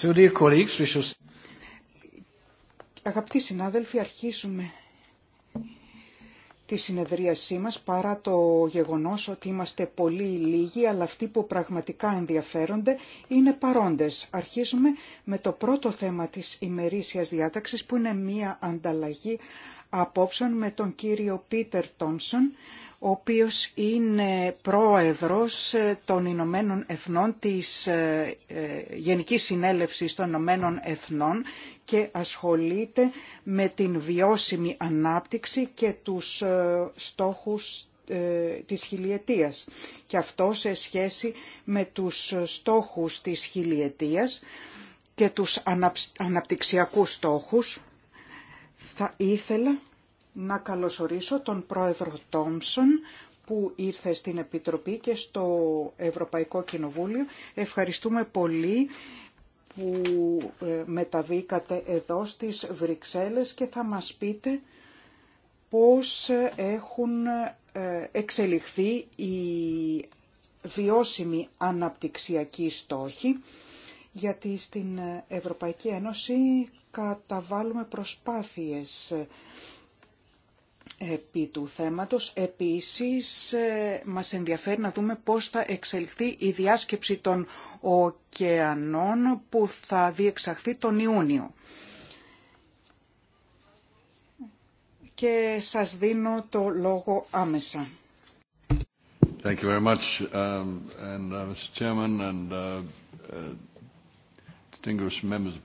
so Αγαπητοί συνάδελφοι, αρχίζουμε τη συνεδρίασή μας παρά το γεγονός ότι είμαστε πολύ λίγοι, αλλά αυτοί που πραγματικά ενδιαφέρονται είναι παρόντες. Αρχίζουμε με το πρώτο θέμα της ημερήσιας διάταξης που είναι μία ανταλλαγή απόψεων με τον κύριο Πίτερ Τόμσον, ο οποίος είναι πρόεδρος ε, των Ηνωμένων Εθνών, της ε, ε, Γενικής Συνέλευσης των Ηνωμένων Εθνών και ασχολείται με την βιώσιμη ανάπτυξη και τους στόχους της χιλιετίας. Και αυτό σε σχέση με τους στόχους της χιλιετίας και τους αναπτυξιακούς στόχους θα ήθελα να καλωσορίσω τον πρόεδρο Τόμσον που ήρθε στην Επιτροπή και στο Ευρωπαϊκό Κοινοβούλιο. Ευχαριστούμε πολύ που ε, μεταβήκατε εδώ στις Βρυξέλλες και θα μας πείτε πώς έχουν ε, εξελιχθεί οι βιώσιμοι αναπτυξιακοί στόχοι, γιατί στην Ευρωπαϊκή Ένωση καταβάλουμε προσπάθειες επί του θέματος. Επίσης, ε, μας ενδιαφέρει να δούμε πώς θα εξελιχθεί η διάσκεψη των ωκεανών που θα διεξαχθεί τον Ιούνιο. Και σας δίνω το λόγο άμεσα. Thank you very much, um, and uh, Mr. Chairman and uh, uh distinguished members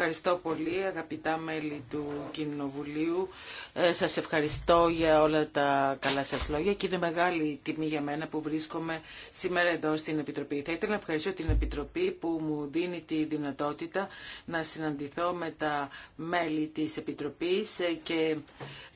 Ευχαριστώ πολύ αγαπητά μέλη του Κοινοβουλίου. Ε, σας ευχαριστώ για όλα τα καλά σας λόγια και είναι μεγάλη τιμή για μένα που βρίσκομαι σήμερα εδώ στην Επιτροπή. Θα ήθελα να ευχαριστώ την Επιτροπή που μου δίνει τη δυνατότητα να συναντηθώ με τα μέλη της Επιτροπής ε, και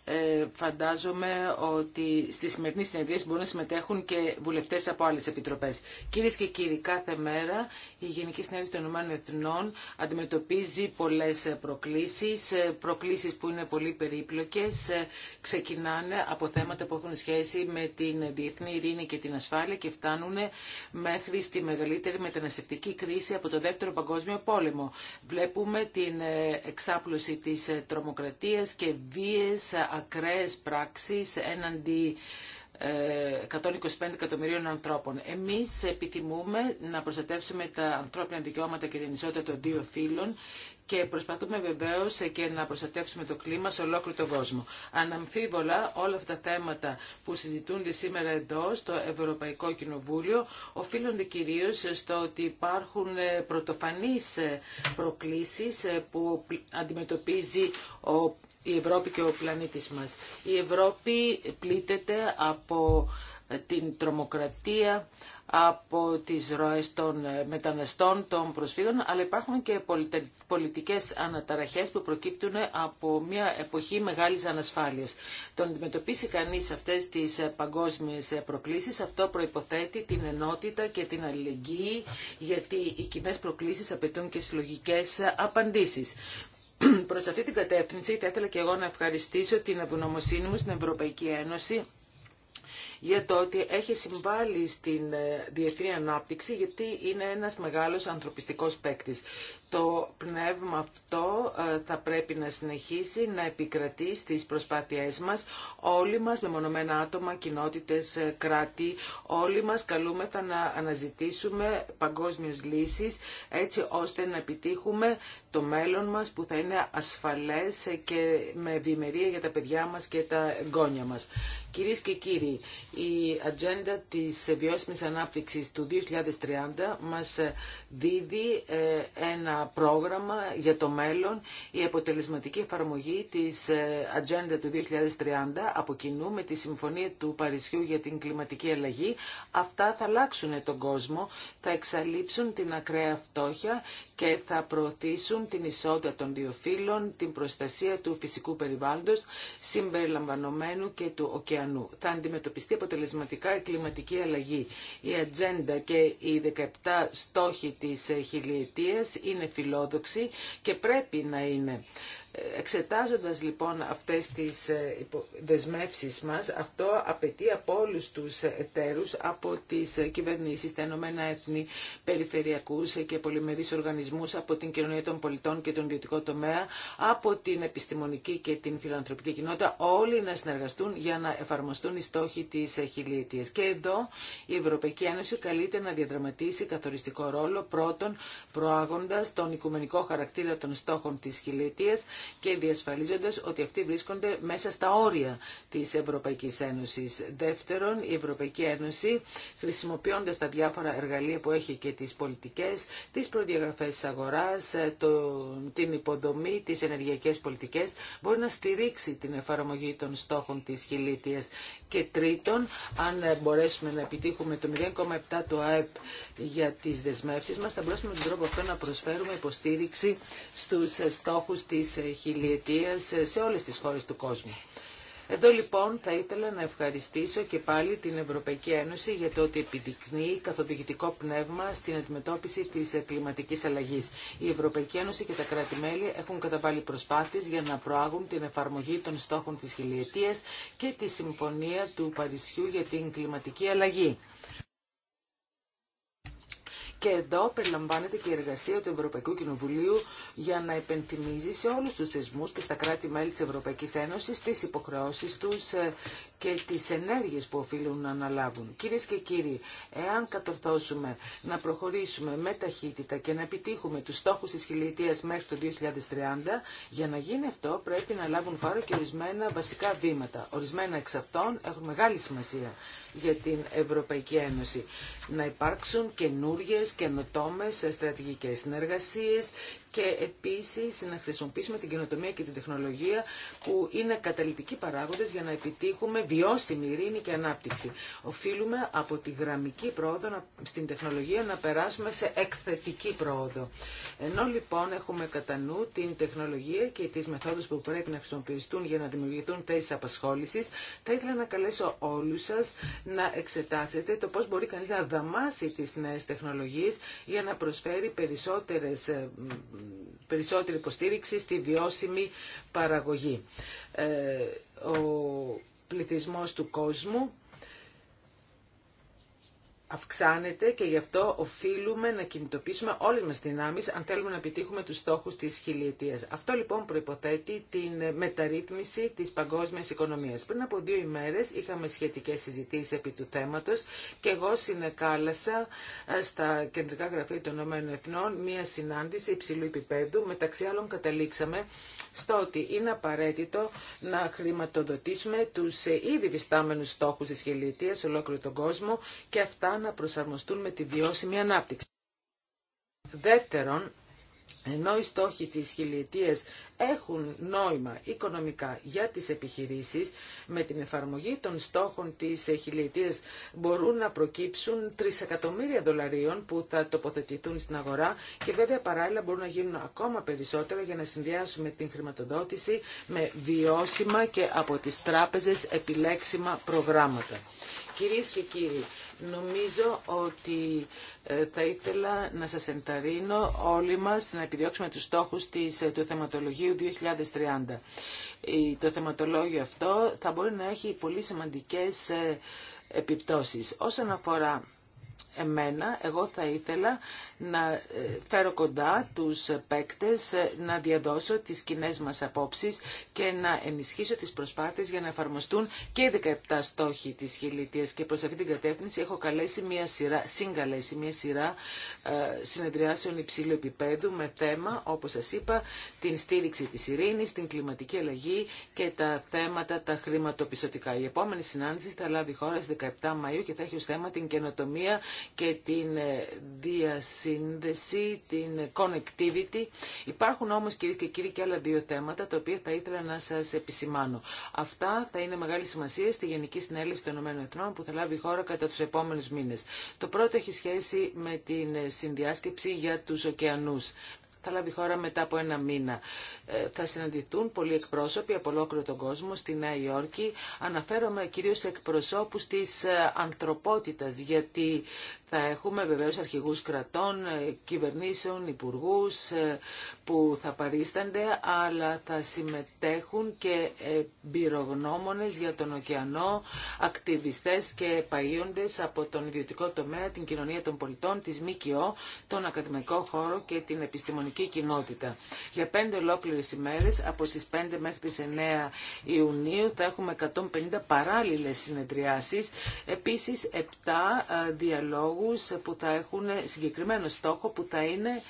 ε, φαντάζομαι ότι στις σημερινές συνεδρίες μπορούν να συμμετέχουν και βουλευτές από άλλε επιτροπές. Κυρίε και κύριοι, κάθε μέρα η Γενική Συνέλευση των Ηνωμένων Εθνών αντιμετωπίζει πολλές προκλήσεις. Ε, προκλήσεις που είναι πολύ περίπλοκες. Ε, ξεκινάνε από θέματα που έχουν σχέση με την διεθνή ειρήνη και την ασφάλεια και φτάνουν μέχρι στη μεγαλύτερη μεταναστευτική κρίση από το Δεύτερο Παγκόσμιο Πόλεμο. Βλέπουμε την εξάπλωση τη τρομοκρατίας και βίες ακραίες πράξεις έναντι 125 ε, εκατομμυρίων ανθρώπων. Εμείς επιθυμούμε να προστατεύσουμε τα ανθρώπινα δικαιώματα και την ισότητα των δύο φύλων και προσπαθούμε βεβαίως και να προστατεύσουμε το κλίμα σε ολόκληρο τον κόσμο. Αναμφίβολα όλα αυτά τα θέματα που συζητούνται σήμερα εδώ στο Ευρωπαϊκό Κοινοβούλιο οφείλονται κυρίως στο ότι υπάρχουν ε, πρωτοφανείς ε, προκλήσεις που αντιμετωπίζει ο η Ευρώπη και ο πλανήτης μας. Η Ευρώπη πλήττεται από την τρομοκρατία, από τις ροές των μεταναστών, των προσφύγων, αλλά υπάρχουν και πολιτικές αναταραχές που προκύπτουν από μια εποχή μεγάλης ανασφάλειας. Το να αντιμετωπίσει κανείς αυτές τις παγκόσμιες προκλήσεις, αυτό προϋποθέτει την ενότητα και την αλληλεγγύη, γιατί οι κοινέ προκλήσεις απαιτούν και συλλογικέ απαντήσεις. Προς αυτή την κατεύθυνση θα ήθελα και εγώ να ευχαριστήσω την ευγνωμοσύνη μου στην Ευρωπαϊκή Ένωση για το ότι έχει συμβάλει στην ε, διεθνή ανάπτυξη γιατί είναι ένας μεγάλος ανθρωπιστικός παίκτη. Το πνεύμα αυτό ε, θα πρέπει να συνεχίσει να επικρατεί στις προσπάθειές μας. Όλοι μας, μονομενά άτομα, κοινότητες, ε, κράτη, όλοι μας καλούμεθα να αναζητήσουμε παγκόσμιες λύσεις έτσι ώστε να επιτύχουμε το μέλλον μας που θα είναι ασφαλές και με ευημερία για τα παιδιά μας και τα εγγόνια μας. Κυρίες και κύριοι, η ατζέντα της βιώσιμης ανάπτυξης του 2030 μας δίδει ε, ένα πρόγραμμα για το μέλλον, η αποτελεσματική εφαρμογή της ε, ατζέντα του 2030 από κοινού με τη Συμφωνία του Παρισιού για την κλιματική αλλαγή. Αυτά θα αλλάξουν τον κόσμο, θα εξαλείψουν την ακραία φτώχεια και θα προωθήσουν την ισότητα των δύο φύλων, την προστασία του φυσικού περιβάλλοντος, συμπεριλαμβανομένου και του ωκεανού. Θα αποτελεσματικά η κλιματική αλλαγή. Η ατζέντα και οι 17 στόχοι της ε, χιλιετίας είναι φιλόδοξοι και πρέπει να είναι. Εξετάζοντας λοιπόν αυτές τις ε, δεσμεύσεις μας, αυτό απαιτεί από όλους τους εταίρους, από τις κυβερνήσεις, τα Ενωμένα Έθνη, περιφερειακούς και πολυμερείς οργανισμούς, από την κοινωνία των πολιτών και τον ιδιωτικό τομέα, από την επιστημονική και την φιλανθρωπική κοινότητα, όλοι να συνεργαστούν για να εφαρμοστούν οι στόχοι της χιλιετίας. Και εδώ η Ευρωπαϊκή Ένωση καλείται να διαδραματίσει καθοριστικό ρόλο, πρώτον προάγοντας τον οικουμενικό χαρακτήρα των στόχων της χιλιετίας, και διασφαλίζοντα ότι αυτοί βρίσκονται μέσα στα όρια τη Ευρωπαϊκή Ένωση. Δεύτερον, η Ευρωπαϊκή Ένωση, χρησιμοποιώντα τα διάφορα εργαλεία που έχει και τι πολιτικέ, τι προδιαγραφέ τη αγοράς, ε, την υποδομή, τι ενεργειακέ πολιτικέ, μπορεί να στηρίξει την εφαρμογή των στόχων τη Χιλίτια. Και τρίτον, αν ε, μπορέσουμε να επιτύχουμε το 0,7 του ΑΕΠ για τι δεσμεύσει μα, θα μπορέσουμε με τον τρόπο αυτό να προσφέρουμε υποστήριξη στου ε, στόχου τη χιλιετίας σε όλες τις χώρες του κόσμου. Εδώ λοιπόν θα ήθελα να ευχαριστήσω και πάλι την Ευρωπαϊκή Ένωση για το ότι επιδεικνύει καθοδηγητικό πνεύμα στην αντιμετώπιση της κλιματικής αλλαγής. Η Ευρωπαϊκή Ένωση και τα κράτη-μέλη έχουν καταβάλει προσπάθειες για να προάγουν την εφαρμογή των στόχων της χιλιετίας και τη Συμφωνία του Παρισιού για την κλιματική αλλαγή. Και εδώ περιλαμβάνεται και η εργασία του Ευρωπαϊκού Κοινοβουλίου για να υπενθυμίζει σε όλους τους θεσμούς και στα κράτη-μέλη της Ευρωπαϊκής Ένωσης τις υποχρεώσεις τους ε, και τις ενέργειες που οφείλουν να αναλάβουν. Κυρίε και κύριοι, εάν κατορθώσουμε να προχωρήσουμε με ταχύτητα και να επιτύχουμε τους στόχους της χιλιετίας μέχρι το 2030, για να γίνει αυτό πρέπει να λάβουν χώρα και ορισμένα βασικά βήματα. Ορισμένα εξ αυτών έχουν μεγάλη σημασία για την Ευρωπαϊκή Ένωση. Να υπάρξουν καινούριε, καινοτόμε στρατηγικές συνεργασίες και επίσης να χρησιμοποιήσουμε την καινοτομία και την τεχνολογία που είναι καταλητικοί παράγοντες για να επιτύχουμε βιώσιμη ειρήνη και ανάπτυξη. Οφείλουμε από τη γραμμική πρόοδο στην τεχνολογία να περάσουμε σε εκθετική πρόοδο. Ενώ λοιπόν έχουμε κατά νου την τεχνολογία και τις μεθόδους που πρέπει να χρησιμοποιηθούν για να δημιουργηθούν θέσεις απασχόληση, θα ήθελα να καλέσω όλους σας να εξετάσετε το πώς μπορεί κανείς να δαμάσει τις νέες τεχνολογίες για να προσφέρει περισσότερες ε, περισσότερη υποστήριξη στη βιώσιμη παραγωγή. Ε, ο πληθυσμός του κόσμου αυξάνεται και γι' αυτό οφείλουμε να κινητοποιήσουμε όλες μας δυνάμεις αν θέλουμε να επιτύχουμε τους στόχους της χιλιετίας. Αυτό λοιπόν προϋποθέτει την μεταρρύθμιση της παγκόσμιας οικονομίας. Πριν από δύο ημέρες είχαμε σχετικές συζητήσεις επί του θέματος και εγώ συνεκάλασα ε, στα κεντρικά γραφεία των ΗΕ μία συνάντηση υψηλού επίπεδου. Μεταξύ άλλων καταλήξαμε στο ότι είναι απαραίτητο να χρηματοδοτήσουμε τους ε, ήδη βιστάμενους στόχους της χιλιετίας σε ολόκληρο τον κόσμο και αυτά να προσαρμοστούν με τη βιώσιμη ανάπτυξη. Δεύτερον, ενώ οι στόχοι της χιλιετίας έχουν νόημα οικονομικά για τις επιχειρήσεις, με την εφαρμογή των στόχων της χιλιετίας μπορούν να προκύψουν εκατομμύρια δολαρίων που θα τοποθετηθούν στην αγορά και βέβαια παράλληλα μπορούν να γίνουν ακόμα περισσότερα για να συνδυάσουμε την χρηματοδότηση με βιώσιμα και από τις τράπεζες επιλέξιμα προγράμματα. Κυρίες και κύριοι, Νομίζω ότι ε, θα ήθελα να σας ενταρρύνω όλοι μας να επιδιώξουμε τους στόχους της, ε, του θεματολογίου 2030. Το θεματολόγιο αυτό θα μπορεί να έχει πολύ σημαντικές ε, επιπτώσεις. Όσον αφορά εμένα, εγώ θα ήθελα να ε, φέρω κοντά τους παίκτες, ε, να διαδώσω τις κοινέ μας απόψεις και να ενισχύσω τις προσπάθειες για να εφαρμοστούν και οι 17 στόχοι της χιλίτιας. Και προς αυτή την κατεύθυνση έχω καλέσει μια σειρά, συγκαλέσει μια σειρά ε, συνεδριάσεων υψηλού επίπεδου με θέμα, όπως σας είπα, την στήριξη της ειρήνης, την κλιματική αλλαγή και τα θέματα τα χρηματοπιστωτικά. Η επόμενη συνάντηση θα λάβει χώρα στις 17 Μαΐου και θα έχει ως θέμα την καινοτομία και την ε, διασύνδεση, την connectivity. Υπάρχουν όμως κυρίες και κύριοι και άλλα δύο θέματα τα οποία θα ήθελα να σας επισημάνω. Αυτά θα είναι μεγάλη σημασία στη Γενική Συνέλευση των ΗΕ που θα λάβει η χώρα κατά τους επόμενους μήνες. Το πρώτο έχει σχέση με την ε, συνδιάσκεψη για τους ωκεανούς θα λάβει χώρα μετά από ένα μήνα. Ε, θα συναντηθούν πολλοί εκπρόσωποι από ολόκληρο τον κόσμο στη Νέα Υόρκη. Αναφέρομαι κυρίως εκπροσώπους της ε, ανθρωπότητας, γιατί θα έχουμε βεβαίως αρχηγούς κρατών, ε, κυβερνήσεων, υπουργούς ε, που θα παρίστανται, αλλά θα συμμετέχουν και πυρογνώμονες για τον ωκεανό, ακτιβιστές και παΐοντες από τον ιδιωτικό τομέα, την κοινωνία των πολιτών, τις ΜΚΟ, τον ακαδημαϊκό χώρο και την επιστημονική κοινότητα. Για πέντε ολόκληρε ημέρες, από τις 5 μέχρι τι 9 Ιουνίου, θα έχουμε 150 παράλληλες συνεδριάσεις, επίσης 7 ε, διαλόγους που θα έχουν συγκεκριμένο στόχο που θα είναι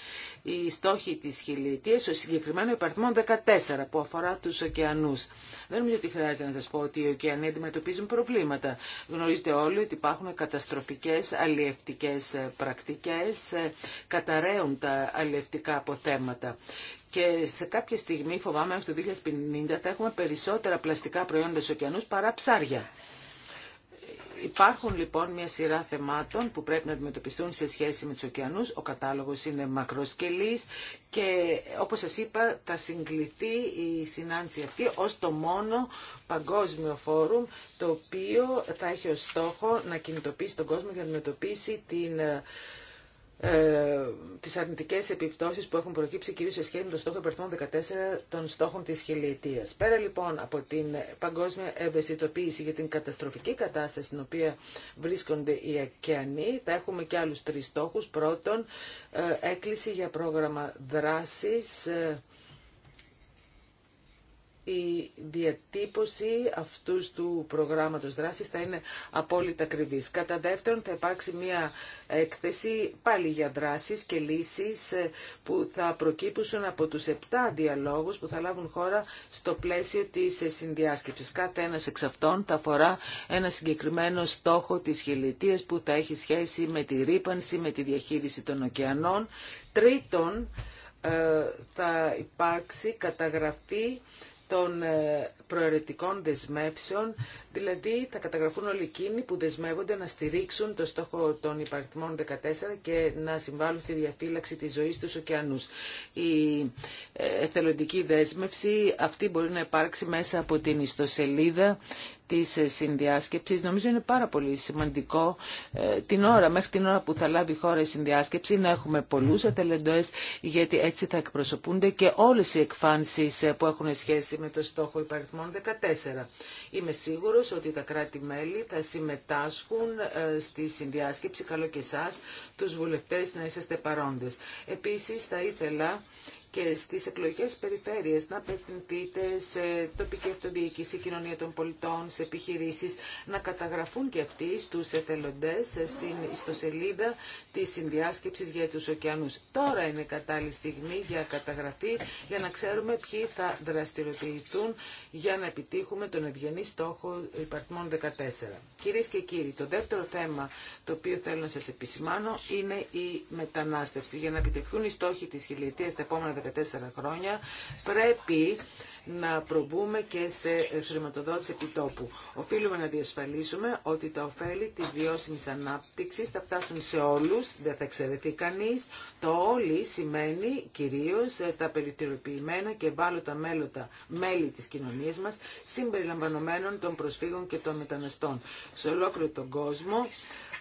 οι στόχοι της χιλιετίας, ο συγκεκριμένο υπαριθμό 14 που αφορά τους ωκεανούς. Δεν νομίζω ότι χρειάζεται να σας πω ότι οι ωκεανοί αντιμετωπίζουν προβλήματα. Γνωρίζετε όλοι ότι υπάρχουν καταστροφικές αλλιευτικές πρακτικές, καταραίουν τα αλλιευτικά αποθέματα και σε κάποια στιγμή φοβάμαι μέχρι το 2050 θα έχουμε περισσότερα πλαστικά προϊόντα στους ωκεανούς παρά ψάρια. Υπάρχουν λοιπόν μια σειρά θεμάτων που πρέπει να αντιμετωπιστούν σε σχέση με τους ωκεανούς. Ο κατάλογος είναι μακροσκελής και όπως σας είπα θα συγκληθεί η συνάντηση αυτή ως το μόνο παγκόσμιο φόρουμ το οποίο θα έχει ως στόχο να κινητοποιήσει τον κόσμο για να αντιμετωπίσει την ε, ε, τις αρνητικές επιπτώσεις που έχουν προκύψει κυρίως σε σχέση με το στόχο υπερθμών 14 των στόχων της χιλιετίας. Πέρα λοιπόν από την παγκόσμια ευαισθητοποίηση για την καταστροφική κατάσταση στην οποία βρίσκονται οι Ακεανοί, θα έχουμε και άλλους τρεις στόχους. Πρώτον, ε, έκκληση για πρόγραμμα δράσης ε, η διατύπωση αυτού του προγράμματος δράσης θα είναι απόλυτα ακριβής. Κατά δεύτερον θα υπάρξει μια έκθεση πάλι για δράσεις και λύσεις ε, που θα προκύπτουν από τους 7 διαλόγους που θα λάβουν χώρα στο πλαίσιο της ε, συνδιάσκεψης. Κάθε ένας εξ αυτών θα αφορά ένα συγκεκριμένο στόχο της χιλιτίας που θα έχει σχέση με τη ρήπανση, με τη διαχείριση των ωκεανών. Τρίτον, ε, θα υπάρξει καταγραφή των ε, προαιρετικών δεσμεύσεων, δηλαδή θα καταγραφούν όλοι εκείνοι που δεσμεύονται να στηρίξουν το στόχο των υπαριθμών 14 και να συμβάλλουν στη διαφύλαξη της ζωής του ωκεανούς. Η ε, εθελοντική δέσμευση αυτή μπορεί να υπάρξει μέσα από την ιστοσελίδα της ε, συνδιάσκεψη. Νομίζω είναι πάρα πολύ σημαντικό ε, την ώρα, μέχρι την ώρα που θα λάβει η χώρα η συνδιάσκεψη να έχουμε πολλούς ατελεντοές γιατί έτσι θα εκπροσωπούνται και όλες οι εκφάνσεις ε, που έχουν σχέση με το στόχο υπαριθμών 14. Είμαι σίγουρος ότι τα κράτη-μέλη θα συμμετάσχουν στη συνδιάσκεψη, καλό και εσά τους βουλευτές να είσαστε παρόντες. Επίσης θα ήθελα και στις εκλογικές περιφέρειες, να απευθυνθείτε σε τοπική αυτοδιοίκηση, κοινωνία των πολιτών, σε επιχειρήσεις, να καταγραφούν και αυτοί στους εθελοντές στην ιστοσελίδα της συνδιάσκεψης για τους ωκεανούς. Τώρα είναι κατάλληλη στιγμή για καταγραφή, για να ξέρουμε ποιοι θα δραστηριοποιηθούν για να επιτύχουμε τον ευγενή στόχο υπαρτμών 14. Κυρίες και κύριοι, το δεύτερο θέμα το οποίο θέλω να σας επισημάνω είναι η μετανάστευση. Για να επιτευχθούν οι στόχοι της χιλιετίας τα επόμενα 14 χρόνια, πρέπει να προβούμε και σε χρηματοδότηση επιτόπου. Οφείλουμε να διασφαλίσουμε ότι τα ωφέλη της βιώσιμη ανάπτυξης θα φτάσουν σε όλους, δεν θα εξαιρεθεί κανείς. Το όλοι σημαίνει κυρίως τα περιτυροποιημένα και ευάλωτα μέλωτα, μέλη της κοινωνίας μας, συμπεριλαμβανομένων των προσφύγων και των μεταναστών. Σε ολόκληρο τον κόσμο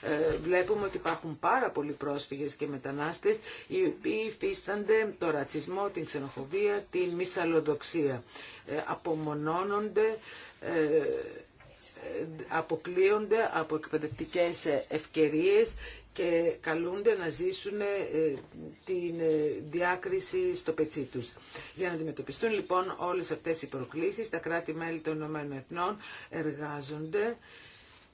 ε, βλέπουμε ότι υπάρχουν πάρα πολλοί πρόσφυγες και μετανάστες οι οποίοι υφίστανται το ρατσισμό, την ξενοφοβία, την μυσαλλοδοξία. Ε, απομονώνονται ε, αποκλείονται από εκπαιδευτικές ευκαιρίες και καλούνται να ζήσουν την διάκριση στο πετσί τους. Για να αντιμετωπιστούν λοιπόν όλες αυτές οι προκλήσεις, τα κράτη-μέλη των ΗΕ εργάζονται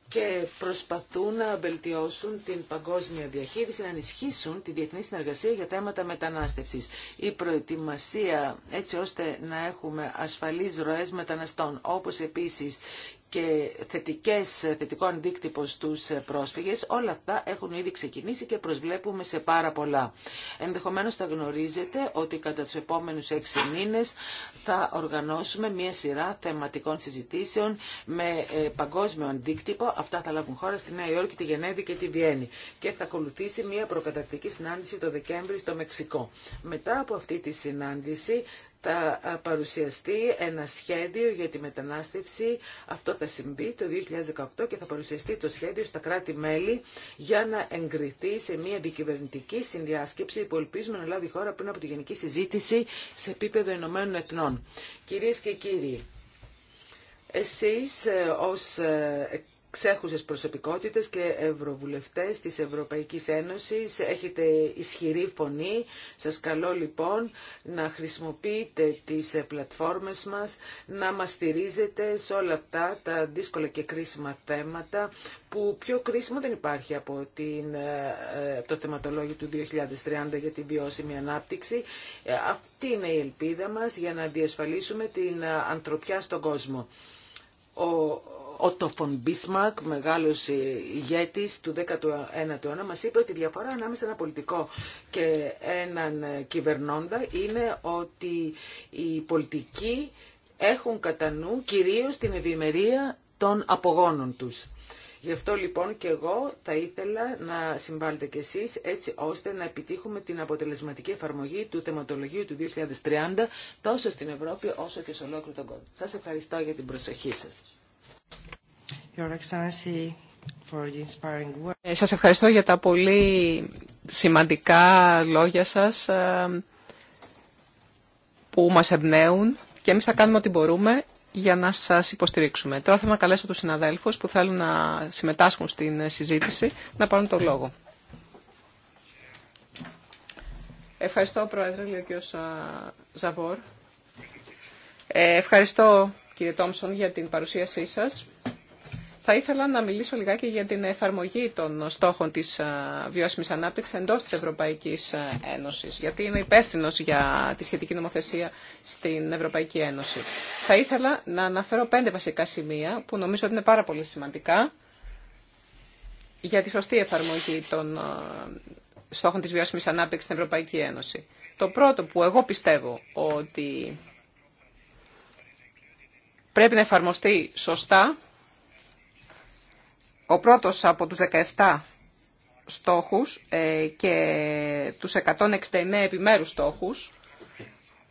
και προσπαθούν να βελτιώσουν την παγκόσμια διαχείριση, να ενισχύσουν τη διεθνή συνεργασία για θέματα μετανάστευσης. Η προετοιμασία έτσι ώστε να έχουμε ασφαλείς ροές μεταναστών, όπως επίσης και θετικές, θετικό αντίκτυπο στους πρόσφυγες, όλα αυτά έχουν ήδη ξεκινήσει και προσβλέπουμε σε πάρα πολλά. Ενδεχομένως θα γνωρίζετε ότι κατά τους επόμενους έξι μήνες θα οργανώσουμε μία σειρά θεματικών συζητήσεων με ε, παγκόσμιο αντίκτυπο. Αυτά θα λάβουν χώρα στη Νέα Υόρκη, τη Γενέβη και τη Βιέννη. Και θα ακολουθήσει μία προκατακτική συνάντηση το Δεκέμβρη στο Μεξικό. Μετά από αυτή τη συνάντηση θα παρουσιαστεί ένα σχέδιο για τη μετανάστευση. Αυτό θα συμβεί το 2018 και θα παρουσιαστεί το σχέδιο στα κράτη-μέλη για να εγκριθεί σε μια δικυβερνητική συνδιάσκεψη που ελπίζουμε να λάβει η χώρα πριν από τη γενική συζήτηση σε επίπεδο Ηνωμένων Εθνών. Κυρίες και κύριοι, εσείς ε, ως ε, ξέχουσες προσωπικότητες και ευρωβουλευτές της Ευρωπαϊκής Ένωσης. Έχετε ισχυρή φωνή. Σας καλώ λοιπόν να χρησιμοποιείτε τις ε, πλατφόρμες μας, να μας στηρίζετε σε όλα αυτά τα δύσκολα και κρίσιμα θέματα που πιο κρίσιμο δεν υπάρχει από, την, ε, ε, το θεματολόγιο του 2030 για την βιώσιμη ανάπτυξη. Αυτή είναι η ελπίδα μας για να διασφαλίσουμε την ανθρωπιά στον κόσμο. Ο Ότο Φον Μπίσμαρκ, μεγάλος ηγέτης του 19ου αιώνα, μα είπε ότι η διαφορά ανάμεσα ένα πολιτικό και έναν κυβερνώντα είναι ότι οι πολιτικοί έχουν κατά νου κυρίως την ευημερία των απογόνων τους. Γι' αυτό λοιπόν και εγώ θα ήθελα να συμβάλλετε κι εσείς έτσι ώστε να επιτύχουμε την αποτελεσματική εφαρμογή του θεματολογίου του 2030 τόσο στην Ευρώπη όσο και σε ολόκληρο τον κόσμο. Σας ευχαριστώ για την προσοχή σας. Your Excellency, ε, σας ευχαριστώ για τα πολύ σημαντικά λόγια σας ε, που μας εμπνέουν και εμείς θα κάνουμε ό,τι μπορούμε για να σας υποστηρίξουμε. Τώρα θέλω να καλέσω τους συναδέλφους που θέλουν να συμμετάσχουν στην συζήτηση να πάρουν το λόγο. Ευχαριστώ, Πρόεδρε, λέει ο Ζαβόρ. Ε, ευχαριστώ, κύριε Τόμσον, για την παρουσίασή σας. Θα ήθελα να μιλήσω λιγάκι για την εφαρμογή των στόχων της βιώσιμης ανάπτυξης εντός της Ευρωπαϊκής Ένωσης, γιατί είμαι υπεύθυνο για τη σχετική νομοθεσία στην Ευρωπαϊκή Ένωση. Θα ήθελα να αναφέρω πέντε βασικά σημεία που νομίζω ότι είναι πάρα πολύ σημαντικά για τη σωστή εφαρμογή των στόχων της βιώσιμης ανάπτυξης στην Ευρωπαϊκή Ένωση. Το πρώτο που εγώ πιστεύω ότι πρέπει να εφαρμοστεί σωστά ο πρώτος από τους 17 στόχους ε, και τους 169 επιμέρους στόχους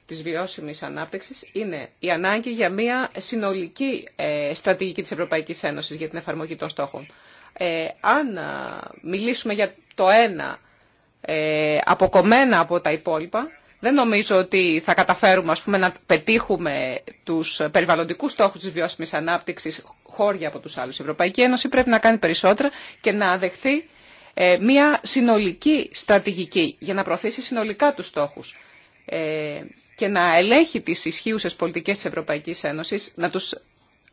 της βιώσιμης ανάπτυξης είναι η ανάγκη για μια συνολική ε, στρατηγική της Ευρωπαϊκής Ένωσης για την εφαρμογή των στόχων. Ε, αν μιλήσουμε για το ένα ε, αποκομμένα από τα υπόλοιπα, δεν νομίζω ότι θα καταφέρουμε ας πούμε, να πετύχουμε τους περιβαλλοντικούς στόχους της βιώσιμης ανάπτυξης χώρια από τους άλλους. Η Ευρωπαϊκή Ένωση πρέπει να κάνει περισσότερα και να δεχθεί ε, μια συνολική στρατηγική για να προωθήσει συνολικά τους στόχους ε, και να ελέγχει τις ισχύουσες πολιτικές της Ευρωπαϊκής Ένωσης, να τους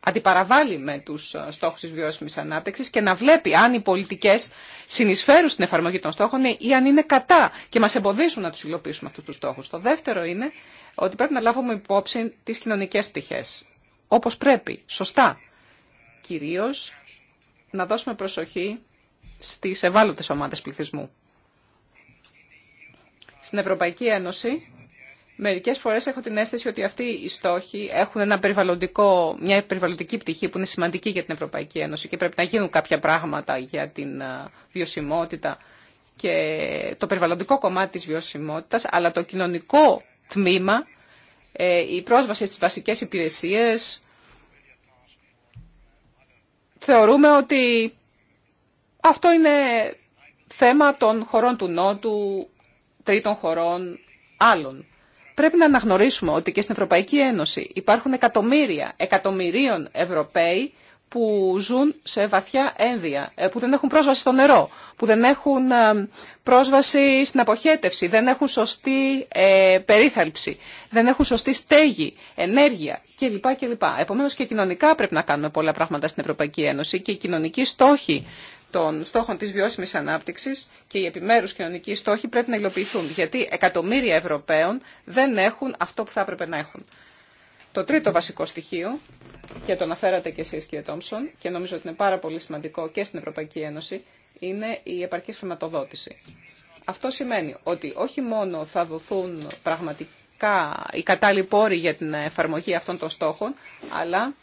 αντιπαραβάλλει με τους ε, στόχους τη βιώσιμης ανάπτυξης και να βλέπει αν οι πολιτικές συνεισφέρουν στην εφαρμογή των στόχων ή αν είναι κατά και μας εμποδίζουν να του υλοποιήσουμε αυτού τους στόχους. Το δεύτερο είναι ότι πρέπει να λάβουμε υπόψη τις κοινωνικέ πτυχέ. όπως πρέπει, σωστά. Κυρίω να δώσουμε προσοχή στι ευάλωτε ομάδε πληθυσμού. Στην Ευρωπαϊκή Ένωση Μερικέ φορές έχω την αίσθηση ότι αυτοί οι στόχοι έχουν ένα περιβαλλοντικό, μια περιβαλλοντική πτυχή που είναι σημαντική για την Ευρωπαϊκή Ένωση και πρέπει να γίνουν κάποια πράγματα για την ε, βιωσιμότητα και το περιβαλλοντικό κομμάτι της βιωσιμότητας, αλλά το κοινωνικό τμήμα, ε, η πρόσβαση στις βασικές υπηρεσίες, θεωρούμε ότι αυτό είναι θέμα των χωρών του Νότου, τρίτων χωρών, άλλων. Πρέπει να αναγνωρίσουμε ότι και στην Ευρωπαϊκή Ένωση υπάρχουν εκατομμύρια εκατομμυρίων Ευρωπαίοι που ζουν σε βαθιά ένδια, ε, που δεν έχουν πρόσβαση στο νερό, που δεν έχουν ε, πρόσβαση στην αποχέτευση, δεν έχουν σωστή ε, περίθαλψη, δεν έχουν σωστή στέγη, ενέργεια κλπ. κλπ. Επομένως και κοινωνικά πρέπει να κάνουμε πολλά πράγματα στην Ευρωπαϊκή Ένωση και οι κοινωνικοί στόχοι των στόχων της βιώσιμης ανάπτυξης και οι επιμέρους κοινωνικοί στόχοι πρέπει να υλοποιηθούν, γιατί εκατομμύρια Ευρωπαίων δεν έχουν αυτό που θα έπρεπε να έχουν. Το τρίτο βασικό στοιχείο, και το αναφέρατε και εσείς κύριε Τόμψον, και νομίζω ότι είναι πάρα πολύ σημαντικό και στην Ευρωπαϊκή Ένωση, είναι η επαρκής χρηματοδότηση. Αυτό σημαίνει ότι όχι μόνο θα δοθούν πραγματικά οι κατάλληλοι πόροι για την εφαρμογή αυτών των στόχων, αλλά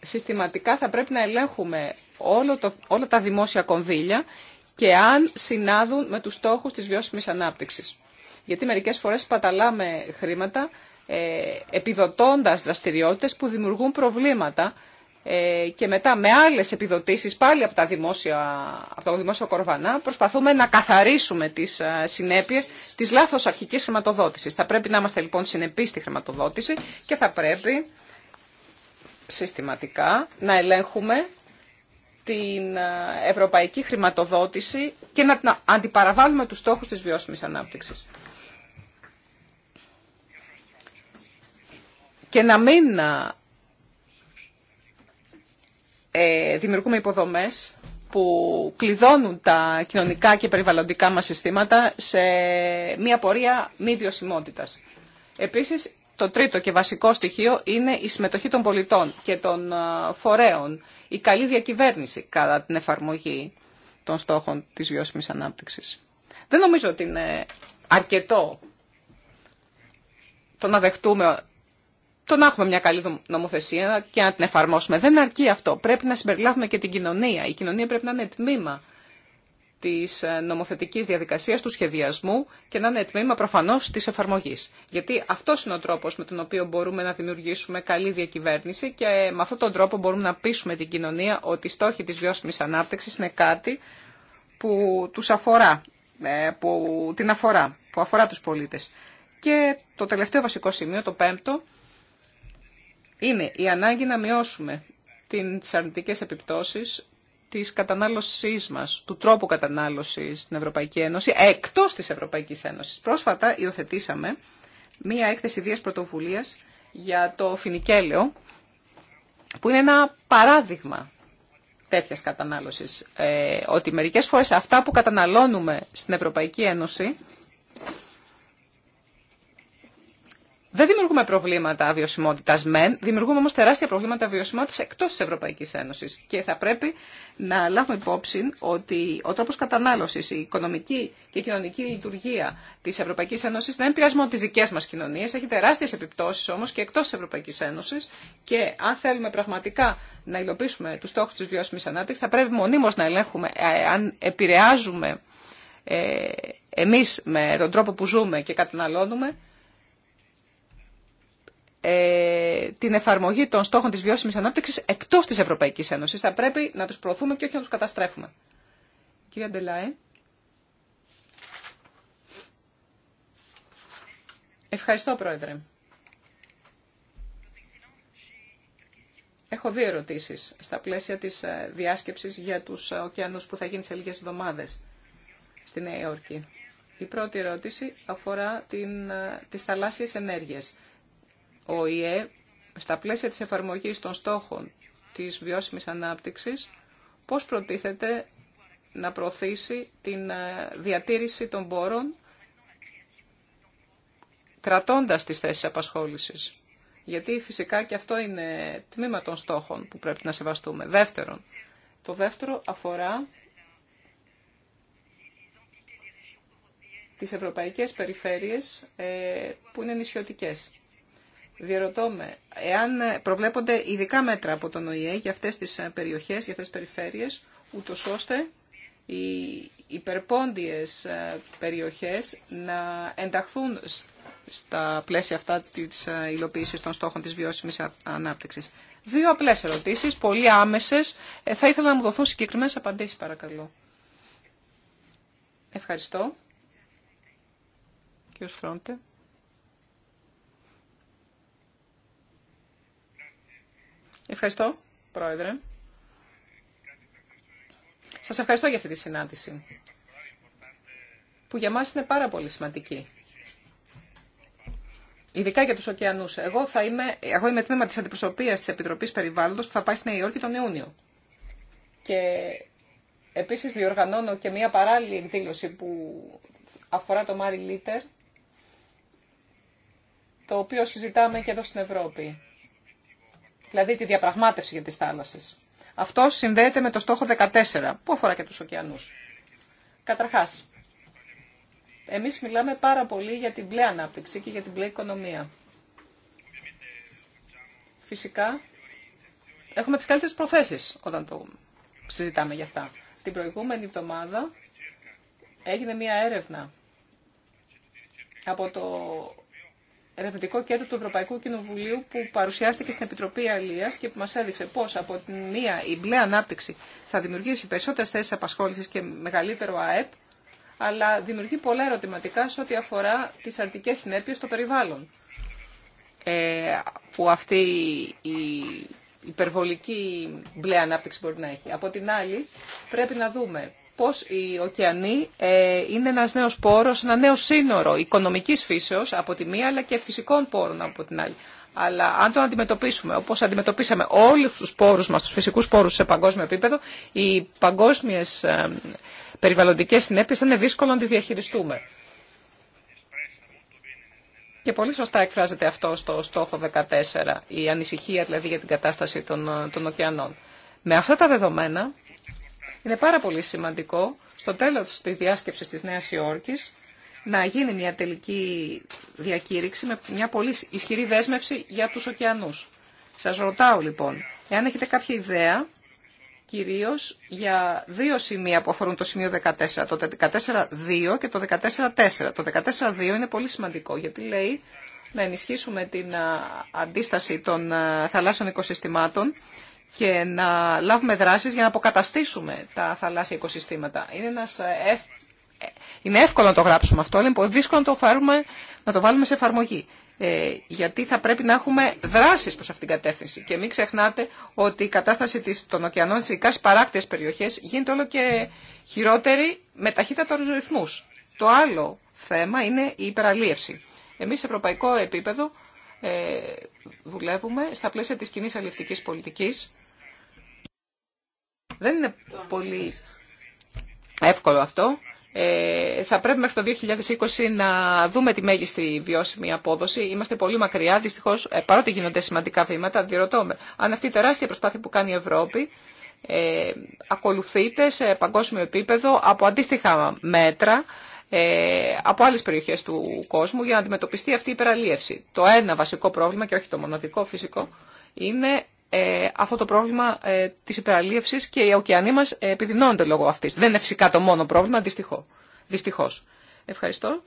συστηματικά θα πρέπει να ελέγχουμε όλο το, όλα τα δημόσια κονδύλια και αν συνάδουν με τους στόχους της βιώσιμης ανάπτυξης. Γιατί μερικές φορές παταλάμε χρήματα ε, επιδοτώντας δραστηριότητες που δημιουργούν προβλήματα ε, και μετά με άλλες επιδοτήσεις πάλι από, τα δημόσια, από το δημόσιο κορβανά προσπαθούμε να καθαρίσουμε τις ε, συνέπειες της λάθος αρχικής χρηματοδότησης. Θα πρέπει να είμαστε λοιπόν συνεπείς στη χρηματοδότηση και θα πρέπει συστηματικά, να ελέγχουμε την ε, ευρωπαϊκή χρηματοδότηση και να αντιπαραβάλλουμε τους στόχους της βιώσιμης ανάπτυξης. Και να μην ε, ε, δημιουργούμε υποδομές που κλειδώνουν τα κοινωνικά και περιβαλλοντικά μας συστήματα σε μια πορεία μη βιωσιμότητας. Επίσης, το τρίτο και βασικό στοιχείο είναι η συμμετοχή των πολιτών και των ε, φορέων, η καλή διακυβέρνηση κατά την εφαρμογή των στόχων της βιώσιμης ανάπτυξης. Δεν νομίζω ότι είναι αρκετό το να δεχτούμε, το να έχουμε μια καλή νομοθεσία και να την εφαρμόσουμε. Δεν αρκεί αυτό. Πρέπει να συμπεριλάβουμε και την κοινωνία. Η κοινωνία πρέπει να είναι τμήμα Τη ε, νομοθετικής διαδικασίας του σχεδιασμού και να είναι τμήμα προφανώς τη εφαρμογή. Γιατί αυτό είναι ο τρόπος με τον οποίο μπορούμε να δημιουργήσουμε καλή διακυβέρνηση και με αυτόν τον τρόπο μπορούμε να πείσουμε την κοινωνία ότι οι στόχοι της βιώσιμη ανάπτυξης είναι κάτι που τους αφορά, ε, που την αφορά, που αφορά του πολίτε. Και το τελευταίο βασικό σημείο, το πέμπτο, είναι η ανάγκη να μειώσουμε τι αρνητικέ επιπτώσει της κατανάλωσής μας, του τρόπου κατανάλωσης στην Ευρωπαϊκή Ένωση, εκτός της Ευρωπαϊκής Ένωσης. Πρόσφατα υιοθετήσαμε μία έκθεση δύο πρωτοβουλίας για το φινικέλαιο, που είναι ένα παράδειγμα τέτοιας κατανάλωσης. Ε, ότι μερικές φορές αυτά που καταναλώνουμε στην Ευρωπαϊκή Ένωση δεν δημιουργούμε προβλήματα βιωσιμότητα μεν, δημιουργούμε όμω τεράστια προβλήματα βιωσιμότητα εκτό τη Ευρωπαϊκή Ένωση. Και θα πρέπει να λάβουμε υπόψη ότι ο τρόπο κατανάλωση, η οικονομική και η κοινωνική λειτουργία τη Ευρωπαϊκή Ένωση δεν είναι μόνο τι δικέ μα κοινωνίε, έχει τεράστιε επιπτώσει όμω και εκτό τη Ευρωπαϊκή Ένωση. Και αν θέλουμε πραγματικά να υλοποιήσουμε του στόχου τη βιώσιμη ανάπτυξη, θα πρέπει μονίμω να ελέγχουμε ε, αν επηρεάζουμε ε, εμείς με τον τρόπο που ζούμε και καταναλώνουμε ε, την εφαρμογή των στόχων της βιώσιμης ανάπτυξης εκτός της Ευρωπαϊκής Ένωσης. Θα πρέπει να τους προωθούμε και όχι να τους καταστρέφουμε. Κυρία Ντελάε. Ευχαριστώ, Πρόεδρε. Έχω δύο ερωτήσεις στα πλαίσια της ε, διάσκεψης για τους ωκεανούς που θα γίνει σε λίγες εβδομάδες στη Νέα Υόρκη. Η πρώτη ερώτηση αφορά την, ε, τις θαλάσσιες ενέργειες ο ΙΕ στα πλαίσια της εφαρμογής των στόχων της βιώσιμης ανάπτυξης, πώς προτίθεται να προωθήσει την ε, διατήρηση των πόρων κρατώντας τις θέσεις απασχόλησης. Γιατί φυσικά και αυτό είναι τμήμα των στόχων που πρέπει να σεβαστούμε. Δεύτερον, το δεύτερο αφορά τις ευρωπαϊκές περιφέρειες ε, που είναι νησιωτικές. Διερωτώ με, εάν προβλέπονται ειδικά μέτρα από τον ΟΗΕ για αυτές τις ε, περιοχές, για αυτές τις περιφέρειες, ούτω ώστε οι υπερπόντιες ε, περιοχές να ενταχθούν στα πλαίσια αυτά της ε, υλοποίησης των στόχων της βιώσιμης ανάπτυξης. Δύο απλές ερωτήσεις, πολύ άμεσες. Θα ήθελα να μου δοθούν συγκεκριμένες απαντήσεις, παρακαλώ. Ευχαριστώ. Κύριος Φρόντε. Ευχαριστώ, Πρόεδρε. Σας ευχαριστώ για αυτή τη συνάντηση, που για μας είναι πάρα πολύ σημαντική. Ειδικά για τους ωκεανούς. Εγώ, θα είμαι, εγώ είμαι τμήμα της αντιπροσωπείας της Επιτροπής Περιβάλλοντος που θα πάει στην Νέα Υόρκη τον Ιούνιο. Και επίσης διοργανώνω και μια παράλληλη εκδήλωση που αφορά το Μάρι Λίτερ, το οποίο συζητάμε και εδώ στην Ευρώπη δηλαδή τη διαπραγμάτευση για τις θάλασσες. Αυτό συνδέεται με το στόχο 14, που αφορά και τους ωκεανούς. Καταρχάς, εμείς μιλάμε πάρα πολύ για την μπλε ανάπτυξη και για την μπλε οικονομία. Φυσικά, έχουμε τις καλύτερες προθέσεις όταν το συζητάμε για αυτά. Την προηγούμενη εβδομάδα έγινε μία έρευνα από το ερευνητικό κέντρο του Ευρωπαϊκού Κοινοβουλίου που παρουσιάστηκε στην Επιτροπή Αλία και που μας έδειξε πώς από τη μία η μπλε ανάπτυξη θα δημιουργήσει περισσότερες θέσεις απασχόλησης και μεγαλύτερο ΑΕΠ, αλλά δημιουργεί πολλά ερωτηματικά σε ό,τι αφορά τις αρτικές συνέπειες στο περιβάλλον. Ε, που αυτή η υπερβολική μπλε ανάπτυξη μπορεί να έχει. Από την άλλη, πρέπει να δούμε πώς οι ωκεανοί ε, είναι ένας νέος πόρος, ένα νέο σύνορο οικονομικής φύσεως από τη μία, αλλά και φυσικών πόρων από την άλλη. Αλλά αν το αντιμετωπίσουμε όπως αντιμετωπίσαμε όλους τους πόρους μας, τους φυσικούς πόρους σε παγκόσμιο επίπεδο, οι παγκόσμιες ε, περιβαλλοντικές συνέπειες θα είναι δύσκολο να τις διαχειριστούμε. Και πολύ σωστά εκφράζεται αυτό στο στόχο 14, η ανησυχία δηλαδή για την κατάσταση των, των ωκεανών. Με αυτά τα δεδομένα είναι πάρα πολύ σημαντικό στο τέλος της διάσκεψης της Νέας Υόρκης να γίνει μια τελική διακήρυξη με μια πολύ ισχυρή δέσμευση για τους ωκεανούς. Σας ρωτάω λοιπόν, εάν έχετε κάποια ιδέα κυρίως για δύο σημεία που αφορούν το σημείο 14, το 14-2 και το 14-4. Το 14-2 είναι πολύ σημαντικό γιατί λέει να ενισχύσουμε την αντίσταση των θαλάσσιων οικοσυστημάτων και να λάβουμε δράσεις για να αποκαταστήσουμε τα θαλάσσια οικοσυστήματα. Είναι, ένας ε, ε, είναι εύκολο να το γράψουμε αυτό, αλλά είναι πολύ δύσκολο να το, φάρουμε, να το βάλουμε σε εφαρμογή. Ε, γιατί θα πρέπει να έχουμε δράσεις προς αυτήν την κατεύθυνση. Και μην ξεχνάτε ότι η κατάσταση της, των ωκεανών, ειδικά στις παράκτιες περιοχές, γίνεται όλο και χειρότερη με ταχύτατους ρυθμούς. Το άλλο θέμα είναι η υπεραλίευση. Εμείς σε ευρωπαϊκό επίπεδο ε, δουλεύουμε στα πλαίσια της κοινή αλληλευτικής πολιτικής. Δεν είναι πολύ εύκολο αυτό. Ε, θα πρέπει μέχρι το 2020 να δούμε τη μέγιστη βιώσιμη απόδοση. Είμαστε πολύ μακριά, δυστυχώ, ε, παρότι γίνονται σημαντικά βήματα. Διερωτώ αν αυτή η τεράστια προσπάθεια που κάνει η Ευρώπη ε, ακολουθείται σε παγκόσμιο επίπεδο από αντίστοιχα μέτρα ε, από άλλες περιοχές του κόσμου για να αντιμετωπιστεί αυτή η υπεραλίευση. Το ένα βασικό πρόβλημα, και όχι το μοναδικό φυσικό, είναι ε, αυτό το πρόβλημα ε, της υπεραλίευσης και οι ωκεανοί μας επιδεινώνονται λόγω αυτής. Δεν είναι φυσικά το μόνο πρόβλημα, δυστυχώ. δυστυχώς. Ευχαριστώ.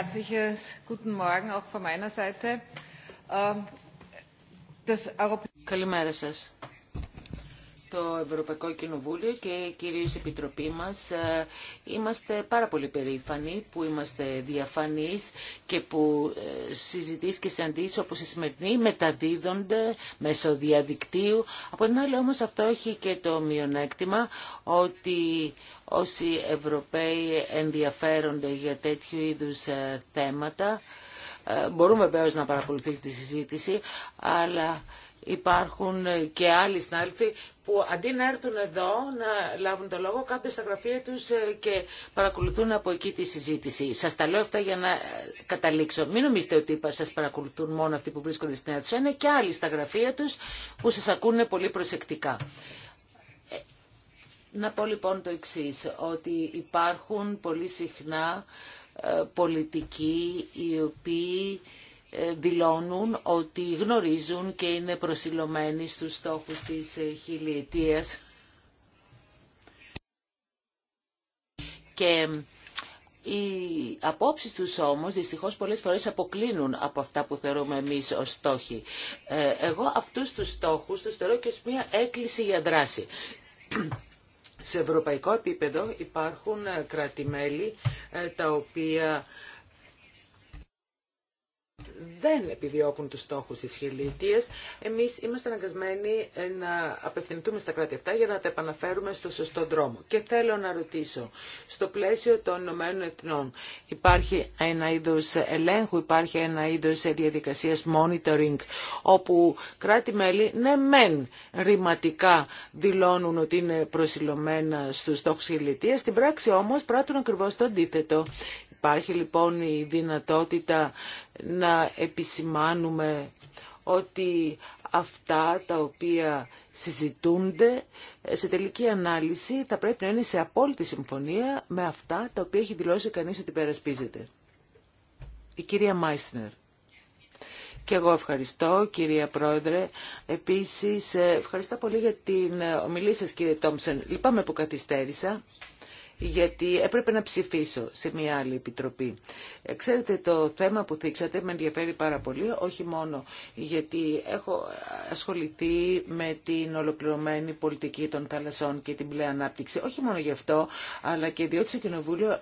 herzliches guten Morgen auch von meiner Seite. Ähm, Καλημέρα σας το Ευρωπαϊκό Κοινοβούλιο και κυρίως η Επιτροπή μας. Ε, είμαστε πάρα πολύ περήφανοι που είμαστε διαφανείς και που ε, συζητήσεις και συναντήσεις όπως η σημερινή μεταδίδονται μέσω διαδικτύου. Από την άλλη όμως αυτό έχει και το μειονέκτημα ότι όσοι Ευρωπαίοι ενδιαφέρονται για τέτοιου είδους ε, θέματα μπορούμε βέβαια να παρακολουθήσουμε τη συζήτηση αλλά υπάρχουν και άλλοι συνάδελφοι που αντί να έρθουν εδώ να λάβουν το λόγο, κάτω στα γραφεία τους ε, και παρακολουθούν από εκεί τη συζήτηση. Σας τα λέω αυτά για να ε, καταλήξω. Μην νομίζετε ότι σας παρακολουθούν μόνο αυτοί που βρίσκονται στην αίθουσα. Είναι και άλλοι στα γραφεία τους που σας ακούνε πολύ προσεκτικά. Ε, να πω λοιπόν το εξής, ότι υπάρχουν πολύ συχνά πολιτικοί οι οποίοι δηλώνουν ότι γνωρίζουν και είναι προσιλωμένοι στους στόχους της ε, χιλιετίας. Και ε, οι απόψεις τους όμως δυστυχώς πολλές φορές αποκλίνουν από αυτά που θεωρούμε εμείς ως στόχοι. Ε, εγώ αυτούς τους στόχους τους θεωρώ και ως μια έκκληση για δράση. Σε ευρωπαϊκό επίπεδο υπάρχουν κράτη-μέλη τα οποία δεν επιδιώκουν τους στόχους της χιλίτιας. Εμείς είμαστε αναγκασμένοι ε, να απευθυνθούμε στα κράτη αυτά για να τα επαναφέρουμε στο σωστό δρόμο. Και θέλω να ρωτήσω, στο πλαίσιο των Ηνωμένων Εθνών υπάρχει ένα είδος ελέγχου, υπάρχει ένα είδος διαδικασίας monitoring, όπου κράτη-μέλη ναι μεν ρηματικά δηλώνουν ότι είναι προσιλωμένα στους στόχους χιλίτιας, στην πράξη όμως πράττουν ακριβώς το αντίθετο. Υπάρχει λοιπόν η δυνατότητα να επισημάνουμε ότι αυτά τα οποία συζητούνται σε τελική ανάλυση θα πρέπει να είναι σε απόλυτη συμφωνία με αυτά τα οποία έχει δηλώσει κανείς ότι περασπίζεται. Η κυρία Μάισνερ. Και εγώ ευχαριστώ κυρία Πρόεδρε. Επίσης ευχαριστώ πολύ για την ομιλία σας κύριε Τόμψεν. Λυπάμαι που καθυστέρησα γιατί έπρεπε να ψηφίσω σε μια άλλη επιτροπή. Ε, ξέρετε, το θέμα που θίξατε με ενδιαφέρει πάρα πολύ, όχι μόνο γιατί έχω ασχοληθεί με την ολοκληρωμένη πολιτική των θαλασσών και την πλέον ανάπτυξη, όχι μόνο γι' αυτό, αλλά και διότι στο Κοινοβούλιο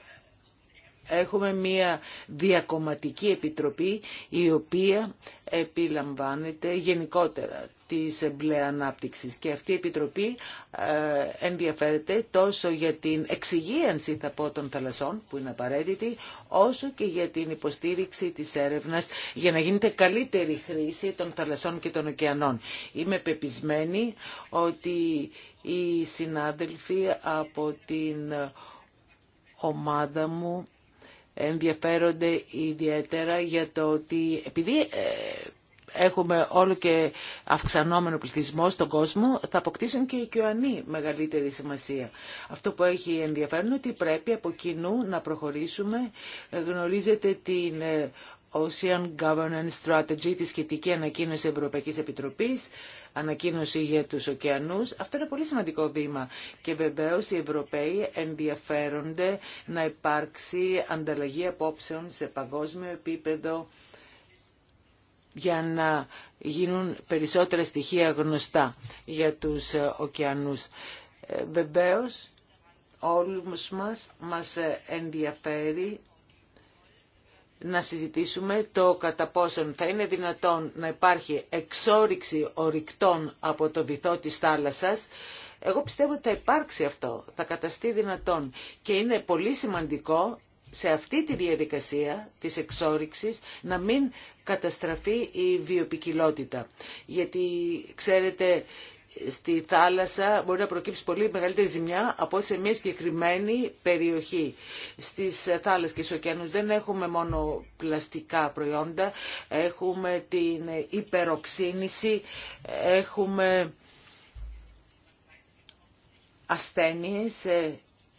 έχουμε μια διακομματική επιτροπή η οποία επιλαμβάνεται γενικότερα της μπλε ανάπτυξης και αυτή η Επιτροπή ε, ενδιαφέρεται τόσο για την εξυγίανση θα πω των θαλασσών που είναι απαραίτητη όσο και για την υποστήριξη της έρευνας για να γίνεται καλύτερη χρήση των θαλασσών και των ωκεανών. Είμαι πεπισμένη ότι οι συνάδελφοι από την ομάδα μου ενδιαφέρονται ιδιαίτερα για το ότι επειδή ε, έχουμε όλο και αυξανόμενο πληθυσμό στον κόσμο, θα αποκτήσουν και οι οικειοανοί μεγαλύτερη σημασία. Αυτό που έχει ενδιαφέρον είναι ότι πρέπει από κοινού να προχωρήσουμε. Γνωρίζετε την ε, Ocean Governance Strategy, τη σχετική ανακοίνωση Ευρωπαϊκής Επιτροπής, ανακοίνωση για τους ωκεανούς. Αυτό είναι πολύ σημαντικό βήμα και βεβαίως οι Ευρωπαίοι ενδιαφέρονται να υπάρξει ανταλλαγή απόψεων σε παγκόσμιο επίπεδο για να γίνουν περισσότερα στοιχεία γνωστά για τους ε, ωκεανούς. Ε, βεβαίως, όλους μας μας ε, ενδιαφέρει να συζητήσουμε το κατά πόσον θα είναι δυνατόν να υπάρχει εξόριξη ορυκτών από το βυθό της θάλασσας. Εγώ πιστεύω ότι θα υπάρξει αυτό, θα καταστεί δυνατόν και είναι πολύ σημαντικό σε αυτή τη διαδικασία της εξόριξης να μην καταστραφεί η βιοπικιλότητα. Γιατί, ξέρετε, στη θάλασσα μπορεί να προκύψει πολύ μεγαλύτερη ζημιά από σε μια συγκεκριμένη περιοχή. Στις θάλασσες και στους ωκεανούς δεν έχουμε μόνο πλαστικά προϊόντα, έχουμε την υπεροξίνηση, έχουμε ασθένειες ε,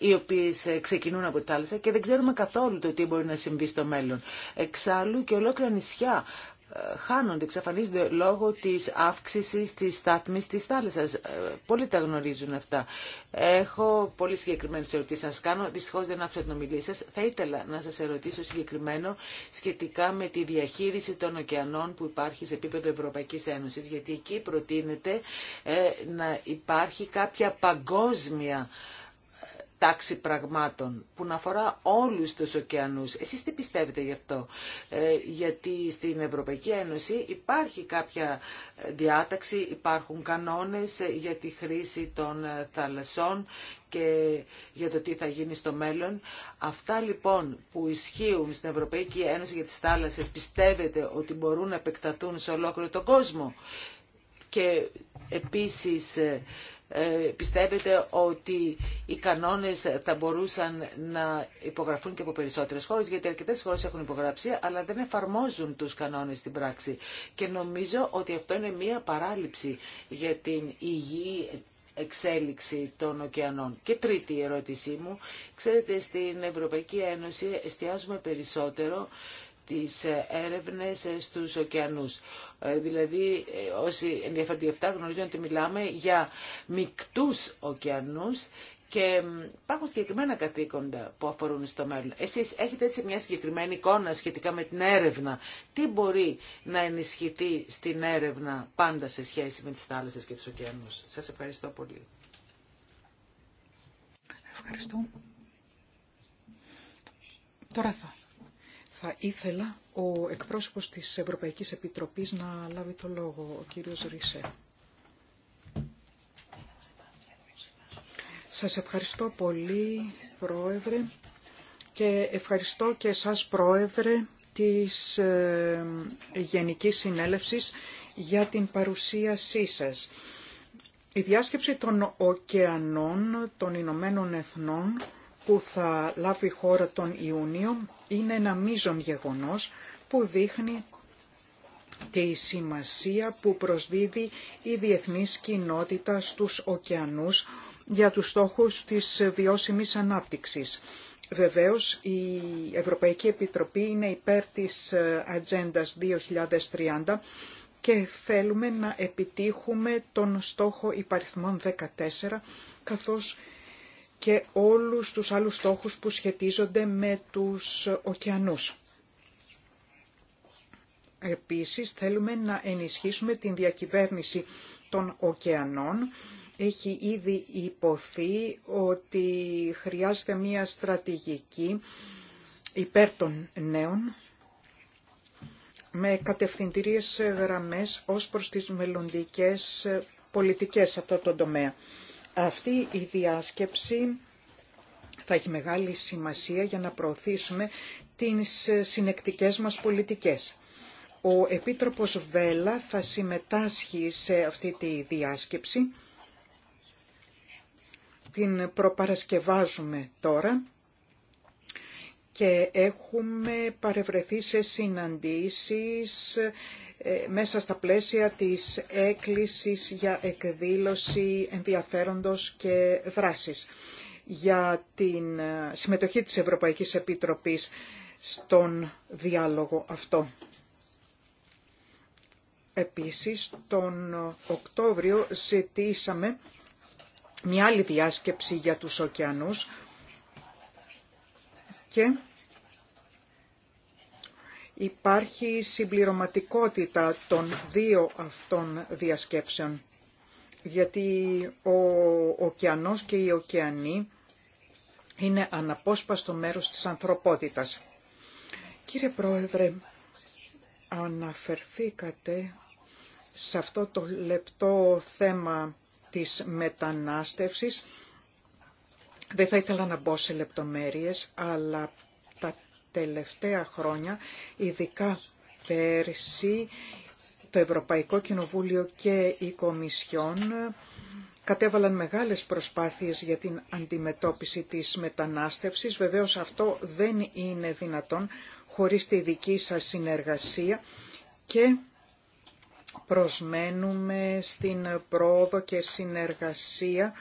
οι οποίε ε, ξεκινούν από τη θάλασσα και δεν ξέρουμε καθόλου το τι μπορεί να συμβεί στο μέλλον. Εξάλλου και ολόκληρα νησιά ε, χάνονται, εξαφανίζονται λόγω της αύξησης της στάθμης της θάλασσα. Ε, πολλοί τα γνωρίζουν αυτά. Έχω πολύ συγκεκριμένες ερωτήσεις να σας κάνω. Δυστυχώς δεν άφησα την ομιλία σας. Θα ήθελα να σας ερωτήσω συγκεκριμένο σχετικά με τη διαχείριση των ωκεανών που υπάρχει σε επίπεδο Ευρωπαϊκής Ένωση, Γιατί εκεί προτείνεται να υπάρχει κάποια παγκόσμια τάξη πραγμάτων που να αφορά όλους τους ωκεανούς. Εσείς τι πιστεύετε γι' αυτό. Ε, γιατί στην Ευρωπαϊκή Ένωση υπάρχει κάποια ε, διάταξη, υπάρχουν κανόνες ε, για τη χρήση των θαλασσών και για το τι θα γίνει στο μέλλον. Αυτά λοιπόν που ισχύουν στην Ευρωπαϊκή Ένωση για τις θάλασσες πιστεύετε ότι μπορούν να επεκταθούν σε ολόκληρο τον κόσμο. Και επίσης ε, πιστεύετε ότι οι κανόνες θα μπορούσαν να υπογραφούν και από περισσότερες χώρες, γιατί αρκετές χώρες έχουν υπογράψει, αλλά δεν εφαρμόζουν τους κανόνες στην πράξη. Και νομίζω ότι αυτό είναι μία παράληψη για την υγιή εξέλιξη των ωκεανών. Και τρίτη ερώτησή μου, ξέρετε στην Ευρωπαϊκή Ένωση εστιάζουμε περισσότερο τις ε, έρευνες ε, στους ωκεανούς. Ε, δηλαδή όσοι ενδιαφέρονται αυτά γνωρίζουν ότι μιλάμε για μικτούς ωκεανούς και υπάρχουν συγκεκριμένα καθήκοντα που αφορούν στο μέλλον. Εσείς έχετε έτσι μια συγκεκριμένη εικόνα σχετικά με την έρευνα. Τι μπορεί να ενισχυθεί στην έρευνα πάντα σε σχέση με τις θάλασσες και τους ωκεανούς. Σας ευχαριστώ πολύ. Ευχαριστώ. Τώρα θα θα ήθελα ο εκπρόσωπος της Ευρωπαϊκής Επιτροπής να λάβει το λόγο, ο κύριος Ρίσε. Σας ευχαριστώ πολύ, Πρόεδρε, και ευχαριστώ και εσάς, Πρόεδρε, της ε, Γενικής Συνέλευσης για την παρουσίασή σας. Η διάσκεψη των ωκεανών των Ηνωμένων Εθνών που θα λάβει η χώρα τον Ιούνιο είναι ένα μείζον γεγονός που δείχνει τη σημασία που προσδίδει η διεθνής κοινότητα στους ωκεανούς για τους στόχους της βιώσιμης ανάπτυξης. Βεβαίως, η Ευρωπαϊκή Επιτροπή είναι υπέρ της Ατζέντα 2030 και θέλουμε να επιτύχουμε τον στόχο υπαριθμών 14, καθώς και όλους τους άλλους στόχους που σχετίζονται με τους ωκεανούς. Επίσης θέλουμε να ενισχύσουμε την διακυβέρνηση των ωκεανών. Έχει ήδη υποθεί ότι χρειάζεται μία στρατηγική υπέρ των νέων με κατευθυντηρίες γραμμές ως προς τις μελλοντικές πολιτικές σε αυτό το τομέα. Αυτή η διάσκεψη θα έχει μεγάλη σημασία για να προωθήσουμε τις συνεκτικές μας πολιτικές. Ο Επίτροπος Βέλα θα συμμετάσχει σε αυτή τη διάσκεψη. Την προπαρασκευάζουμε τώρα και έχουμε παρευρεθεί σε συναντήσεις ε, μέσα στα πλαίσια της έκκλησης για εκδήλωση ενδιαφέροντος και δράσης για την ε, συμμετοχή της Ευρωπαϊκής Επιτροπής στον διάλογο αυτό. Επίσης, τον Οκτώβριο ζητήσαμε μια άλλη διάσκεψη για τους ωκεανούς και υπάρχει συμπληρωματικότητα των δύο αυτών διασκέψεων. Γιατί ο ωκεανός και οι ωκεανοί είναι αναπόσπαστο μέρος της ανθρωπότητας. Κύριε Πρόεδρε, αναφερθήκατε σε αυτό το λεπτό θέμα της μετανάστευσης. Δεν θα ήθελα να μπω σε λεπτομέρειες, αλλά τελευταία χρόνια, ειδικά πέρσι, το Ευρωπαϊκό Κοινοβούλιο και η Κομισιόν κατέβαλαν μεγάλες προσπάθειες για την αντιμετώπιση της μετανάστευσης. Βεβαίως αυτό δεν είναι δυνατόν χωρίς τη δική σας συνεργασία και προσμένουμε στην πρόοδο και συνεργασία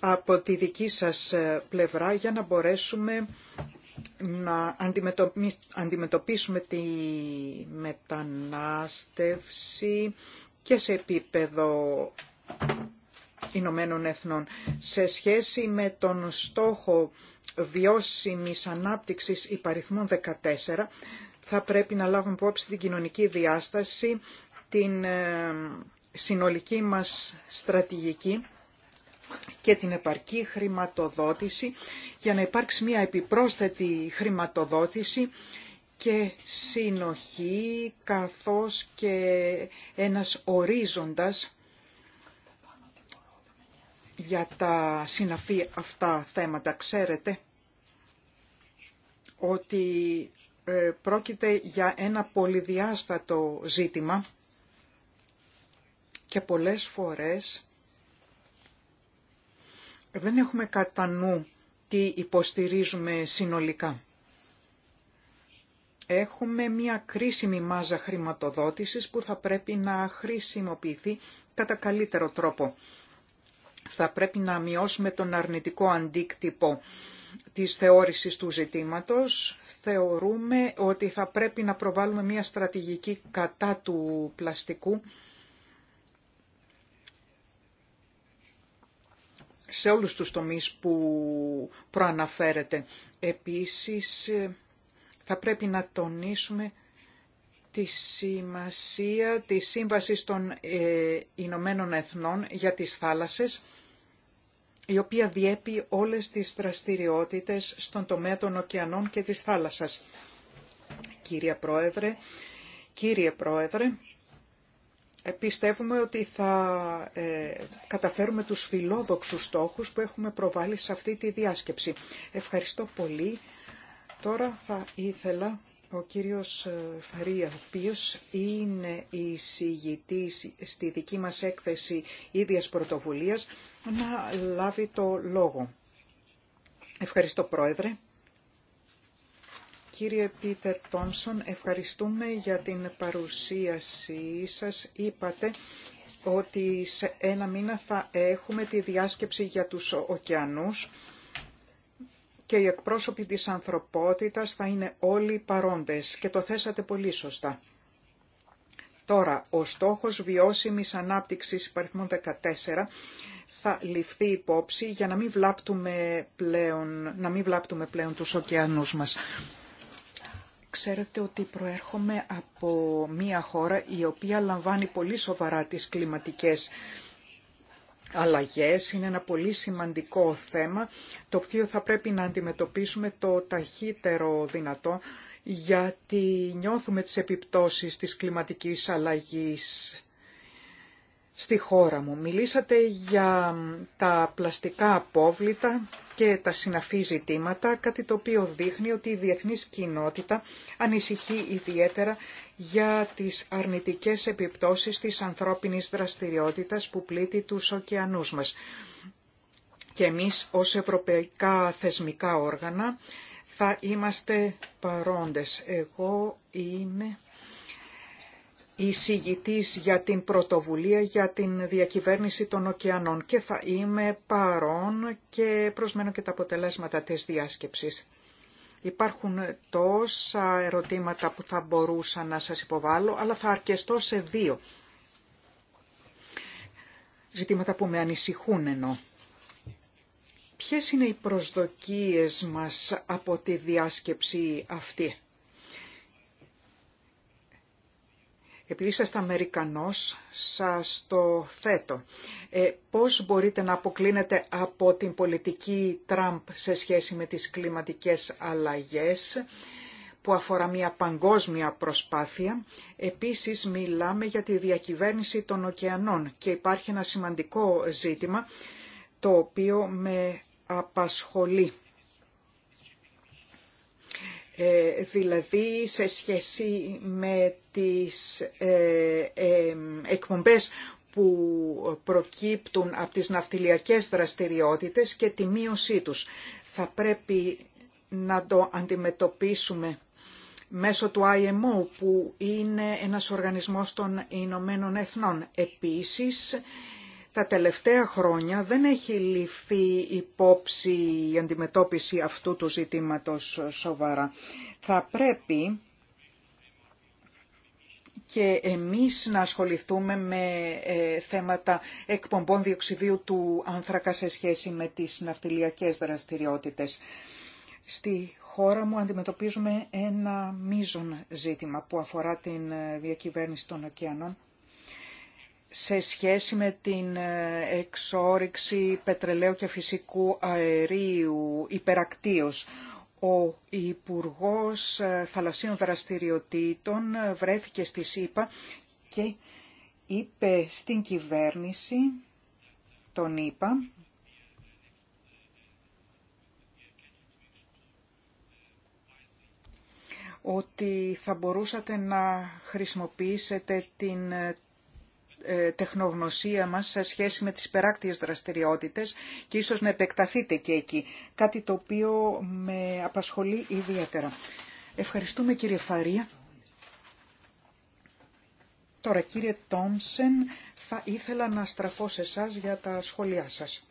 από τη δική σας πλευρά για να μπορέσουμε να αντιμετωπίσουμε τη μετανάστευση και σε επίπεδο Ηνωμένων Εθνών σε σχέση με τον στόχο βιώσιμης ανάπτυξης υπαριθμών 14 θα πρέπει να λάβουμε υπόψη την κοινωνική διάσταση, την ε, συνολική μας στρατηγική και την επαρκή χρηματοδότηση για να υπάρξει μια επιπρόσθετη χρηματοδότηση και συνοχή καθώς και ένας ορίζοντας για τα συναφή αυτά θέματα. Ξέρετε ότι ε, πρόκειται για ένα πολυδιάστατο ζήτημα και πολλές φορές δεν έχουμε κατά νου τι υποστηρίζουμε συνολικά. Έχουμε μια κρίσιμη μάζα χρηματοδότησης που θα πρέπει να χρησιμοποιηθεί κατά καλύτερο τρόπο. Θα πρέπει να μειώσουμε τον αρνητικό αντίκτυπο της θεώρησης του ζητήματος. Θεωρούμε ότι θα πρέπει να προβάλλουμε μια στρατηγική κατά του πλαστικού σε όλους τους τομείς που προαναφέρεται. Επίσης, ε, θα πρέπει να τονίσουμε τη σημασία της Σύμβασης των ε, Ηνωμένων Εθνών για τις θάλασσες, η οποία διέπει όλες τις δραστηριότητες στον τομέα των ωκεανών και της θάλασσας. Κύριε Πρόεδρε, κύριε Πρόεδρε, ε, πιστεύουμε ότι θα ε, καταφέρουμε τους φιλόδοξους στόχους που έχουμε προβάλει σε αυτή τη διάσκεψη. Ευχαριστώ πολύ. Τώρα θα ήθελα ο κύριος ε, Φαρία, ο οποίος είναι εισηγητής στη δική μας έκθεση ίδιας πρωτοβουλίας, να λάβει το λόγο. Ευχαριστώ Πρόεδρε. Κύριε Πίτερ Τόμσον, ευχαριστούμε για την παρουσίασή σας. Είπατε ότι σε ένα μήνα θα έχουμε τη διάσκεψη για τους ωκεανούς και οι εκπρόσωποι της ανθρωπότητας θα είναι όλοι παρόντες και το θέσατε πολύ σωστά. Τώρα, ο στόχος βιώσιμης ανάπτυξης υπαριθμών 14 θα ληφθεί υπόψη για να μην βλάπτουμε πλέον, να μην βλάπτουμε πλέον τους ωκεανούς μας. Ξέρετε ότι προέρχομαι από μία χώρα η οποία λαμβάνει πολύ σοβαρά τις κλιματικές αλλαγές. Είναι ένα πολύ σημαντικό θέμα το οποίο θα πρέπει να αντιμετωπίσουμε το ταχύτερο δυνατό γιατί νιώθουμε τις επιπτώσεις της κλιματικής αλλαγής στη χώρα μου. Μιλήσατε για τα πλαστικά απόβλητα και τα συναφή ζητήματα, κάτι το οποίο δείχνει ότι η διεθνής κοινότητα ανησυχεί ιδιαίτερα για τις αρνητικές επιπτώσεις της ανθρώπινης δραστηριότητας που πλήττει τους ωκεανούς μας. Και εμείς ως ευρωπαϊκά θεσμικά όργανα θα είμαστε παρόντες. Εγώ είμαι εισηγητής για την πρωτοβουλία για την διακυβέρνηση των ωκεανών και θα είμαι παρόν και προσμένω και τα αποτελέσματα της διάσκεψης. Υπάρχουν τόσα ερωτήματα που θα μπορούσα να σας υποβάλω, αλλά θα αρκεστώ σε δύο. Ζητήματα που με ανησυχούν ενώ Ποιες είναι οι προσδοκίες μας από τη διάσκεψη αυτή. επειδή είστε Αμερικανός, σας το θέτω. Ε, πώς μπορείτε να αποκλίνετε από την πολιτική Τραμπ σε σχέση με τις κλιματικές αλλαγές που αφορά μια παγκόσμια προσπάθεια. Επίσης μιλάμε για τη διακυβέρνηση των ωκεανών και υπάρχει ένα σημαντικό ζήτημα το οποίο με απασχολεί ε, δηλαδή σε σχέση με τις ε, ε, εκπομπές που προκύπτουν από τις ναυτιλιακές δραστηριότητες και τη μείωσή τους. Θα πρέπει να το αντιμετωπίσουμε μέσω του IMO που είναι ένας οργανισμός των Ηνωμένων Εθνών. Επίσης, τα τελευταία χρόνια δεν έχει ληφθεί υπόψη η αντιμετώπιση αυτού του ζητήματος σοβαρά. Θα πρέπει και εμείς να ασχοληθούμε με ε, θέματα εκπομπών διοξιδίου του άνθρακα σε σχέση με τις ναυτιλιακές δραστηριότητες. Στη χώρα μου αντιμετωπίζουμε ένα μείζον ζήτημα που αφορά την ε, διακυβέρνηση των ωκεανών σε σχέση με την ε, εξόρυξη πετρελαίου και φυσικού αερίου υπερακτίως. Ο Υπουργός ε, Θαλασσίων Δραστηριοτήτων ε, βρέθηκε στη ΣΥΠΑ και είπε στην κυβέρνηση, τον είπα, ότι θα μπορούσατε να χρησιμοποιήσετε την ε, τεχνογνωσία μας σε σχέση με τις περάκτιες δραστηριότητες και ίσως να επεκταθείτε και εκεί. Κάτι το οποίο με απασχολεί ιδιαίτερα. Ευχαριστούμε κύριε Φαρία. Τώρα κύριε Τόμσεν, θα ήθελα να στραφώ σε εσά για τα σχόλιά σας.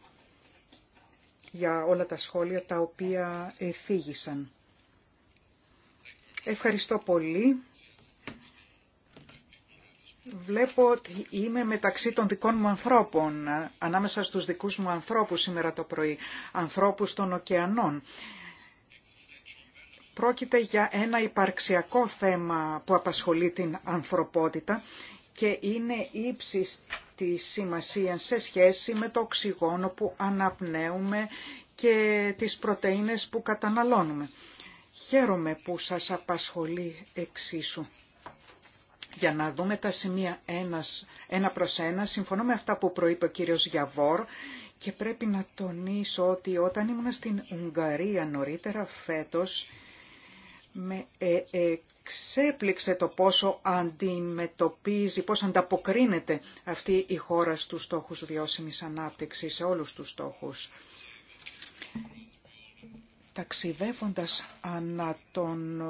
Για όλα τα σχόλια τα οποία εφήγησαν. Ευχαριστώ πολύ. Βλέπω ότι είμαι μεταξύ των δικών μου ανθρώπων, ανάμεσα στους δικούς μου ανθρώπους σήμερα το πρωί, ανθρώπους των ωκεανών. Πρόκειται για ένα υπαρξιακό θέμα που απασχολεί την ανθρωπότητα και είναι ύψης τη σημασία σε σχέση με το οξυγόνο που αναπνέουμε και τις πρωτεΐνες που καταναλώνουμε. Χαίρομαι που σας απασχολεί εξίσου για να δούμε τα σημεία ένας, ένα προς ένα. Συμφωνώ με αυτά που προείπε ο κύριος Γιαβόρ και πρέπει να τονίσω ότι όταν ήμουν στην Ουγγαρία νωρίτερα φέτος με ε, εξέπληξε το πόσο αντιμετωπίζει, πώς ανταποκρίνεται αυτή η χώρα στους στόχους βιώσιμης ανάπτυξης, σε όλους τους στόχους ταξιδεύοντας ανά τον ε,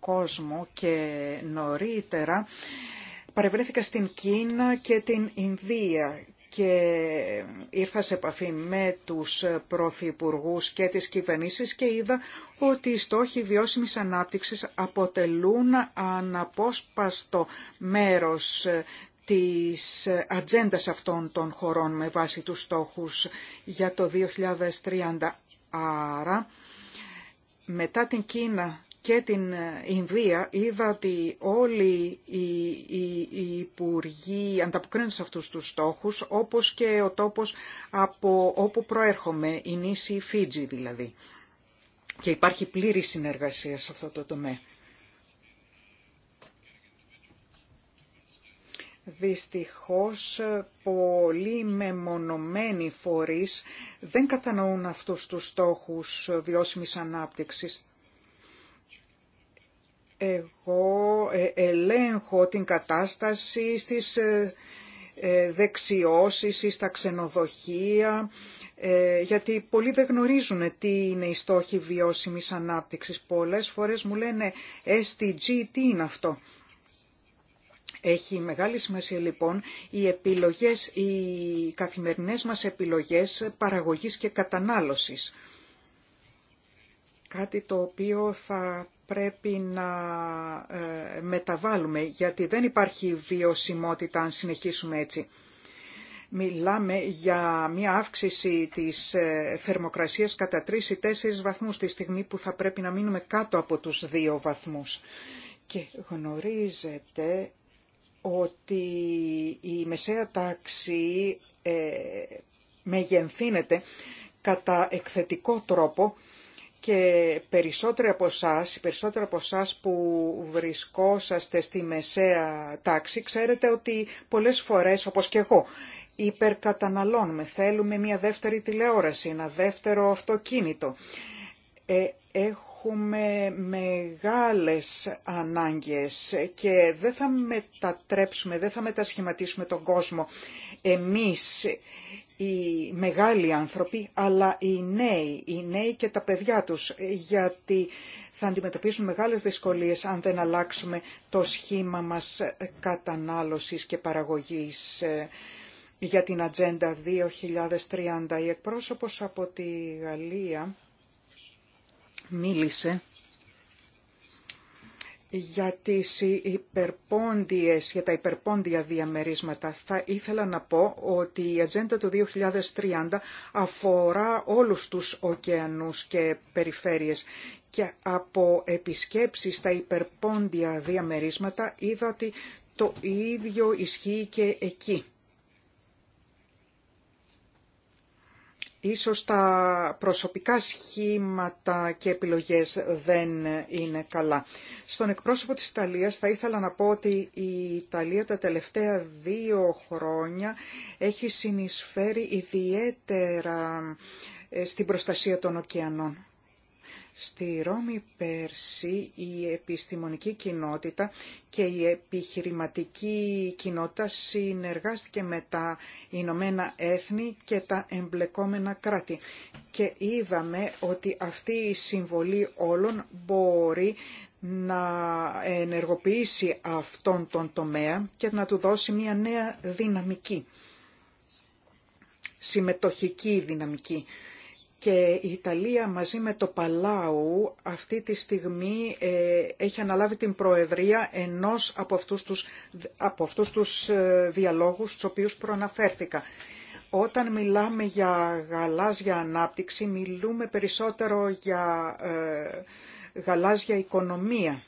κόσμο και νωρίτερα παρευρέθηκα στην Κίνα και την Ινδία και ήρθα σε επαφή με τους πρωθυπουργού και τις κυβερνήσεις και είδα ότι οι στόχοι βιώσιμης ανάπτυξης αποτελούν αναπόσπαστο μέρος ε, της ατζέντα αυτών των χωρών με βάση τους στόχους για το 2030. Άρα μετά την Κίνα και την ε, Ινδία είδα ότι όλοι οι, οι, οι υπουργοί ανταποκρίνουν σε αυτούς τους στόχους, όπως και ο τόπος από όπου προέρχομαι, η νήσι Φίτζη δηλαδή. Και υπάρχει πλήρη συνεργασία σε αυτό το τομέα. Δυστυχώς, πολλοί μεμονωμένοι φορείς δεν κατανοούν αυτούς τους στόχους βιώσιμης ανάπτυξης. Εγώ ε, ελέγχω την κατάσταση στις ε, ε, δεξιώσεις ή στα ξενοδοχεία, γιατί πολλοί δεν γνωρίζουν τι είναι οι στόχοι βιώσιμης ανάπτυξης. Πολλές φορές μου λένε SDG, τι είναι αυτό. Έχει μεγάλη σημασία λοιπόν οι επιλογές, οι καθημερινές μας επιλογές παραγωγής και κατανάλωσης. Κάτι το οποίο θα πρέπει να ε, μεταβάλουμε γιατί δεν υπάρχει βιωσιμότητα αν συνεχίσουμε έτσι. Μιλάμε για μια αύξηση της ε, θερμοκρασίας κατά 3 ή 4 βαθμούς τη στιγμή που θα πρέπει να μείνουμε κάτω από τους 2 βαθμούς. Και γνωρίζετε ότι η μεσαία τάξη ε, μεγενθύνεται κατά εκθετικό τρόπο και περισσότεροι από εσά, περισσότεροι από που βρισκόσαστε στη μεσαία τάξη, ξέρετε ότι πολλές φορές, όπως και εγώ, υπερκαταναλώνουμε, θέλουμε μια δεύτερη τηλεόραση, ένα δεύτερο αυτοκίνητο. Ε, έχω έχουμε μεγάλες ανάγκες και δεν θα μετατρέψουμε, δεν θα μετασχηματίσουμε τον κόσμο εμείς οι μεγάλοι άνθρωποι, αλλά οι νέοι, οι νέοι και τα παιδιά τους, γιατί θα αντιμετωπίσουν μεγάλες δυσκολίες αν δεν αλλάξουμε το σχήμα μας κατανάλωσης και παραγωγής για την Ατζέντα 2030. Η εκπρόσωπος από τη Γαλλία μίλησε για, τις υπερπόντιες, για τα υπερπόντια διαμερίσματα. Θα ήθελα να πω ότι η ατζέντα του 2030 αφορά όλους τους ωκεανούς και περιφέρειες και από επισκέψεις στα υπερπόντια διαμερίσματα είδα ότι το ίδιο ισχύει και εκεί. Ίσως τα προσωπικά σχήματα και επιλογές δεν είναι καλά. Στον εκπρόσωπο της Ιταλίας θα ήθελα να πω ότι η Ιταλία τα τελευταία δύο χρόνια έχει συνεισφέρει ιδιαίτερα ε, στην προστασία των ωκεανών. Στη Ρώμη πέρσι η επιστημονική κοινότητα και η επιχειρηματική κοινότητα συνεργάστηκε με τα Ηνωμένα Έθνη και τα εμπλεκόμενα κράτη. Και είδαμε ότι αυτή η συμβολή όλων μπορεί να ενεργοποιήσει αυτόν τον τομέα και να του δώσει μια νέα δυναμική, συμμετοχική δυναμική και η Ιταλία μαζί με το Παλάου αυτή τη στιγμή ε, έχει αναλάβει την προεδρία ενός από αυτούς τους, από αυτούς τους ε, διαλόγους στους οποίους προαναφέρθηκα. Όταν μιλάμε για γαλάζια ανάπτυξη μιλούμε περισσότερο για ε, γαλάζια οικονομία.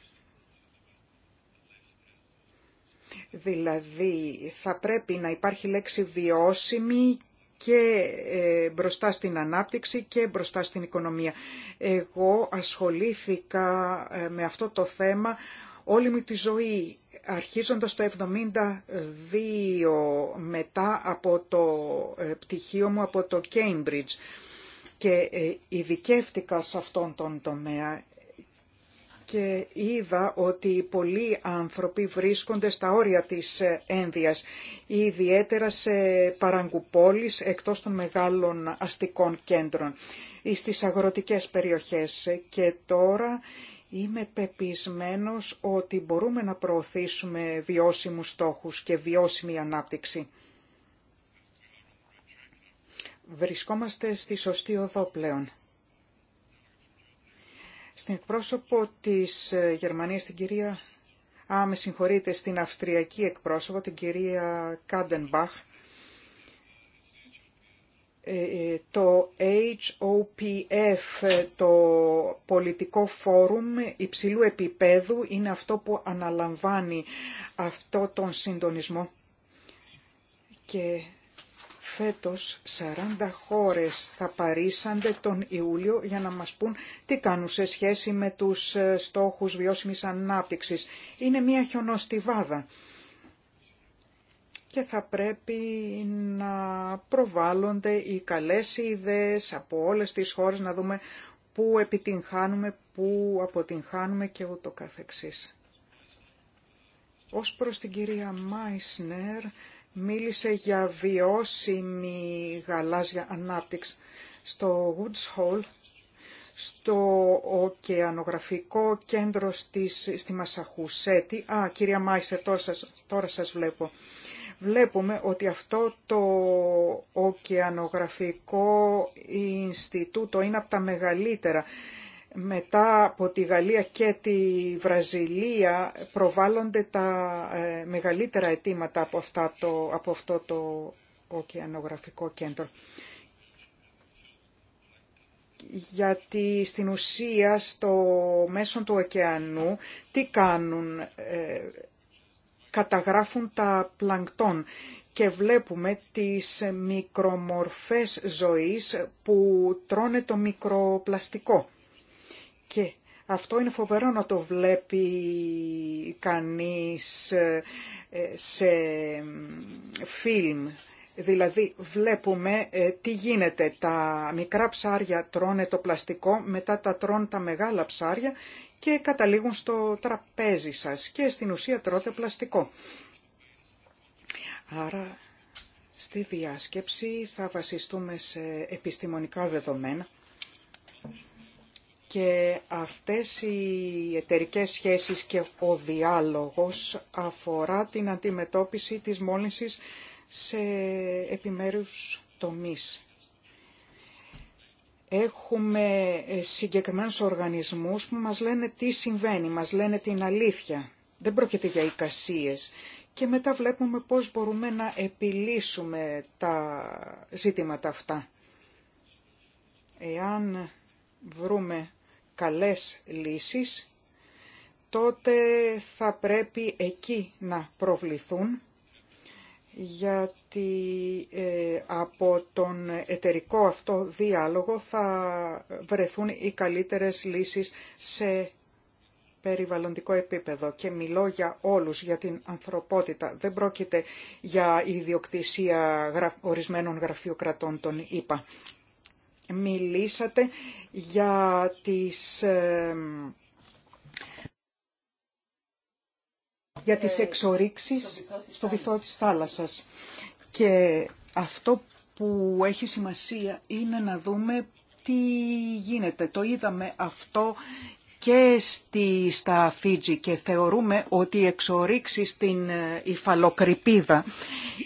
Δηλαδή θα πρέπει να υπάρχει λέξη βιώσιμη και ε, μπροστά στην ανάπτυξη και μπροστά στην οικονομία. Εγώ ασχολήθηκα ε, με αυτό το θέμα όλη μου τη ζωή, αρχίζοντας το 72 μετά από το ε, πτυχίο μου από το Cambridge και ειδικεύτηκα σε αυτόν τον τομέα και είδα ότι πολλοί άνθρωποι βρίσκονται στα όρια της ε, ένδυας, ιδιαίτερα σε παραγκουπόλεις εκτός των μεγάλων αστικών κέντρων ή στις αγροτικές περιοχές και τώρα είμαι πεπισμένος ότι μπορούμε να προωθήσουμε βιώσιμους στόχους και βιώσιμη ανάπτυξη. Βρισκόμαστε στη σωστή οδό πλέον. Στην εκπρόσωπο της ε, Γερμανίας, την κυρία... Α, με συγχωρείτε, στην αυστριακή εκπρόσωπο, την κυρία Κάντενμπαχ, ε, ε, το HOPF, το πολιτικό φόρουμ υψηλού επίπεδου, είναι αυτό που αναλαμβάνει αυτό τον συντονισμό. Και φέτος 40 χώρες θα παρήσανται τον Ιούλιο για να μας πούν τι κάνουν σε σχέση με τους ε, στόχους βιώσιμης ανάπτυξης. Είναι μια χιονοστιβάδα και θα πρέπει να προβάλλονται οι καλές ιδέες από όλες τις χώρες να δούμε πού επιτυγχάνουμε, πού αποτυγχάνουμε και ούτω καθεξής. Ως προς την κυρία Μάισνερ, μίλησε για βιώσιμη γαλάζια ανάπτυξη. Στο Woods Hole, στο Οκεανογραφικό κέντρο στις, στη Μασαχουσέτη, α, κυρία Μάισερ, τώρα σας, βλέπω, βλέπουμε ότι αυτό το Οκεανογραφικό Ινστιτούτο είναι από τα μεγαλύτερα μετά από τη Γαλλία και τη Βραζιλία προβάλλονται τα ε, μεγαλύτερα αιτήματα από, το, από αυτό το ωκεανογραφικό κέντρο. Γιατί στην ουσία στο μέσο του ωκεανού τι κάνουν, ε, καταγράφουν τα πλανκτόν και βλέπουμε τις μικρομορφές ζωής που τρώνε το μικροπλαστικό. Και αυτό είναι φοβερό να το βλέπει κανείς ε, ε, σε φιλμ. Δηλαδή βλέπουμε ε, τι γίνεται. Τα μικρά ψάρια τρώνε το πλαστικό, μετά τα τρώνε τα μεγάλα ψάρια και καταλήγουν στο τραπέζι σας και στην ουσία τρώτε πλαστικό. Άρα στη διάσκεψη θα βασιστούμε σε επιστημονικά δεδομένα και αυτές οι εταιρικές σχέσεις και ο διάλογος αφορά την αντιμετώπιση της μόλυνσης σε επιμέρους τομείς. Έχουμε συγκεκριμένους οργανισμούς που μας λένε τι συμβαίνει, μας λένε την αλήθεια. Δεν πρόκειται για εικασίες. Και μετά βλέπουμε πώς μπορούμε να επιλύσουμε τα ζήτηματα αυτά. Εάν βρούμε καλές λύσεις, τότε θα πρέπει εκεί να προβληθούν γιατί ε, από τον εταιρικό αυτό διάλογο θα βρεθούν οι καλύτερες λύσεις σε περιβαλλοντικό επίπεδο και μιλώ για όλους, για την ανθρωπότητα. Δεν πρόκειται για ιδιοκτησία ορισμένων γραφειοκρατών των είπα μιλήσατε για τις... για τις ε, εξορίξεις στο βυθό της θάλασσας. Και αυτό που έχει σημασία είναι να δούμε τι γίνεται. Το είδαμε αυτό και στη, στα Φίτζη και θεωρούμε ότι η εξορίξη στην ε, υφαλοκρηπίδα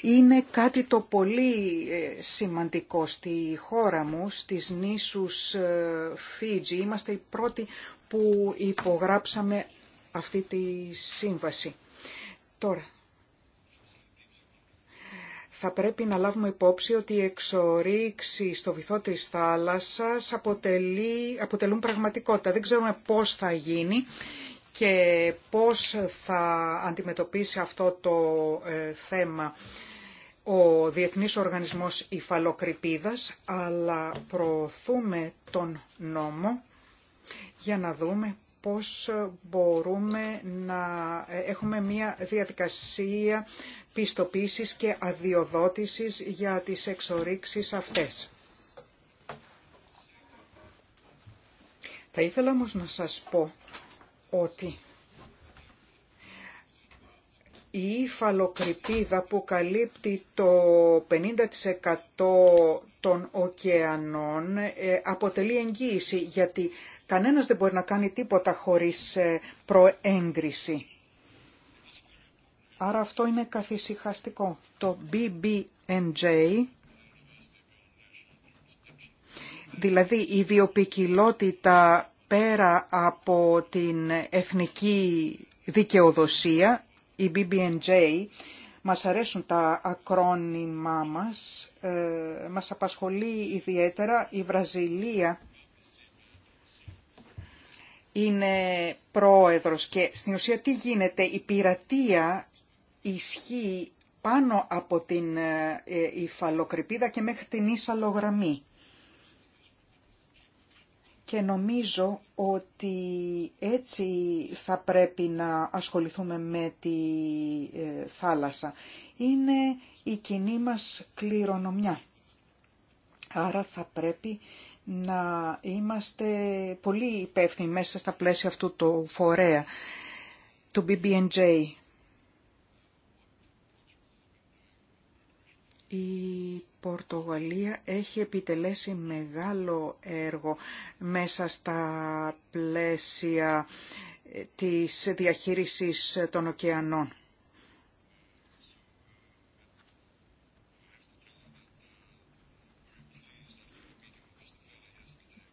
είναι κάτι το πολύ ε, σημαντικό στη χώρα μου, στις νήσους ε, Φίτζη. Είμαστε οι πρώτοι που υπογράψαμε αυτή τη σύμβαση. Τώρα, θα πρέπει να λάβουμε υπόψη ότι η εξορίξη στο βυθό της θάλασσας αποτελεί, αποτελούν πραγματικότητα. Δεν ξέρουμε πώς θα γίνει και πώς θα αντιμετωπίσει αυτό το ε, θέμα ο Διεθνής Οργανισμός Υφαλοκρηπίδας, αλλά προωθούμε τον νόμο για να δούμε πώς μπορούμε να ε, έχουμε μια διαδικασία πιστοποίησης και αδειοδότησης για τις εξορίξεις αυτές. Θα ήθελα όμως να σας πω ότι η υφαλοκρηπίδα που καλύπτει το 50% των ωκεανών ε, αποτελεί εγγύηση γιατί Κανένας δεν μπορεί να κάνει τίποτα χωρίς ε, προέγκριση. Άρα αυτό είναι καθησυχαστικό. Το BBNJ, δηλαδή η βιοπικιλότητα πέρα από την εθνική δικαιοδοσία, η BBNJ, μας αρέσουν τα ακρόνιμά μας, ε, μας απασχολεί ιδιαίτερα η Βραζιλία είναι πρόεδρος και στην ουσία τι γίνεται, η πειρατεία ισχύει πάνω από την ε, ε υφαλοκρηπίδα και μέχρι την ίσαλογραμμή. Και νομίζω ότι έτσι θα πρέπει να ασχοληθούμε με τη ε, θάλασσα. Είναι η κοινή μας κληρονομιά. Άρα θα πρέπει να είμαστε πολύ υπεύθυνοι μέσα στα πλαίσια αυτού του φορέα, του BB&J. Η Πορτογαλία έχει επιτελέσει μεγάλο έργο μέσα στα πλαίσια της διαχείρισης των ωκεανών.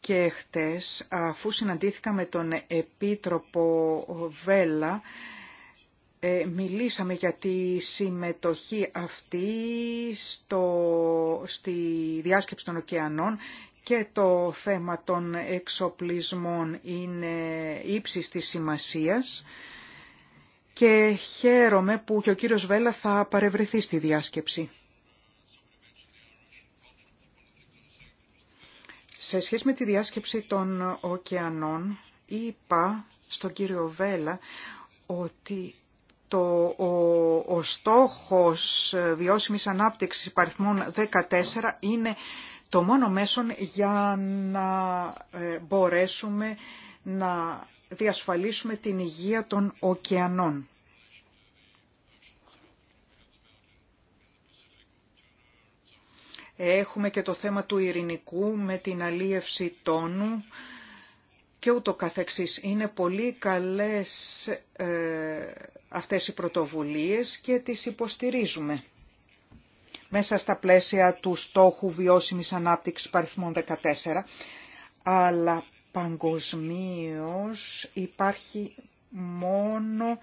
και χτες αφού συναντήθηκα με τον Επίτροπο Βέλα ε, μιλήσαμε για τη συμμετοχή αυτή στο, στη διάσκεψη των ωκεανών και το θέμα των εξοπλισμών είναι ύψης της σημασίας και χαίρομαι που και ο κύριος Βέλα θα παρευρεθεί στη διάσκεψη. Σε σχέση με τη διάσκεψη των ωκεανών, είπα στον κύριο Βέλα ότι το, ο, ο στόχος βιώσιμης ανάπτυξης παριθμών 14 είναι το μόνο μέσο για να ε, μπορέσουμε να διασφαλίσουμε την υγεία των ωκεανών. Έχουμε και το θέμα του ειρηνικού με την αλίευση τόνου και ούτω καθεξής. Είναι πολύ καλές ε, αυτές οι πρωτοβουλίες και τις υποστηρίζουμε μέσα στα πλαίσια του στόχου βιώσιμης ανάπτυξης παριθμών 14, αλλά παγκοσμίω υπάρχει μόνο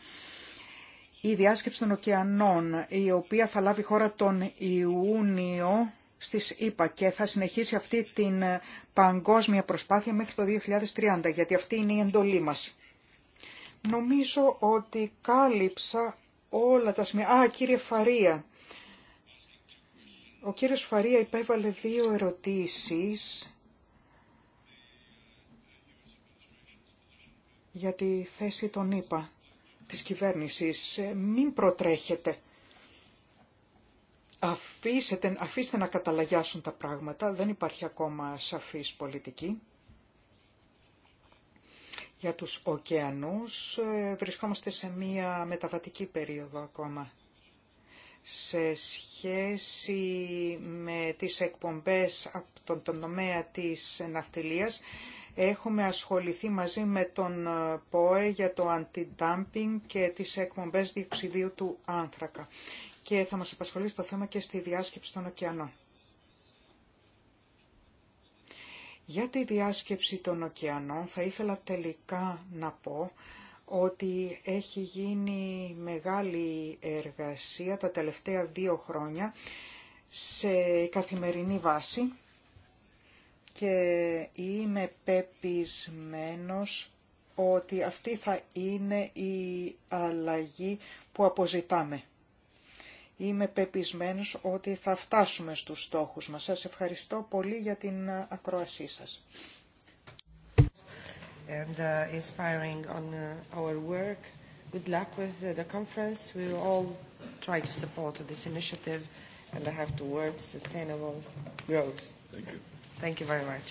η διάσκεψη των ωκεανών, η οποία θα λάβει χώρα τον Ιούνιο στις ΗΠΑ και θα συνεχίσει αυτή την ε, παγκόσμια προσπάθεια μέχρι το 2030, γιατί αυτή είναι η εντολή μας. Νομίζω ότι κάλυψα όλα τα σημεία. Α, κύριε Φαρία. Ο κύριος Φαρία υπέβαλε δύο ερωτήσεις για τη θέση των ΗΠΑ της κυβέρνησης. Ε, μην προτρέχετε αφήστε να καταλαγιάσουν τα πράγματα, δεν υπάρχει ακόμα σαφής πολιτική. Για τους ωκεανούς ε, βρισκόμαστε σε μία μεταβατική περίοδο ακόμα. Σε σχέση με τις εκπομπές από τον, τον τομέα της ναυτιλίας, έχουμε ασχοληθεί μαζί με τον ε, ΠΟΕ για το αντι και τις εκπομπές διοξιδίου του άνθρακα και θα μας απασχολήσει το θέμα και στη διάσκεψη των ωκεανών. Για τη διάσκεψη των ωκεανών θα ήθελα τελικά να πω ότι έχει γίνει μεγάλη εργασία τα τελευταία δύο χρόνια σε καθημερινή βάση και είμαι πεπισμένος ότι αυτή θα είναι η αλλαγή που αποζητάμε είμαι πεπισμένος ότι θα φτάσουμε στους στόχους μας. Σας ευχαριστώ πολύ για την ακροασή σας. And, uh, inspiring on our work. Good luck with the conference. We will all try to support this initiative and I have towards sustainable growth. Thank you. Thank you very much.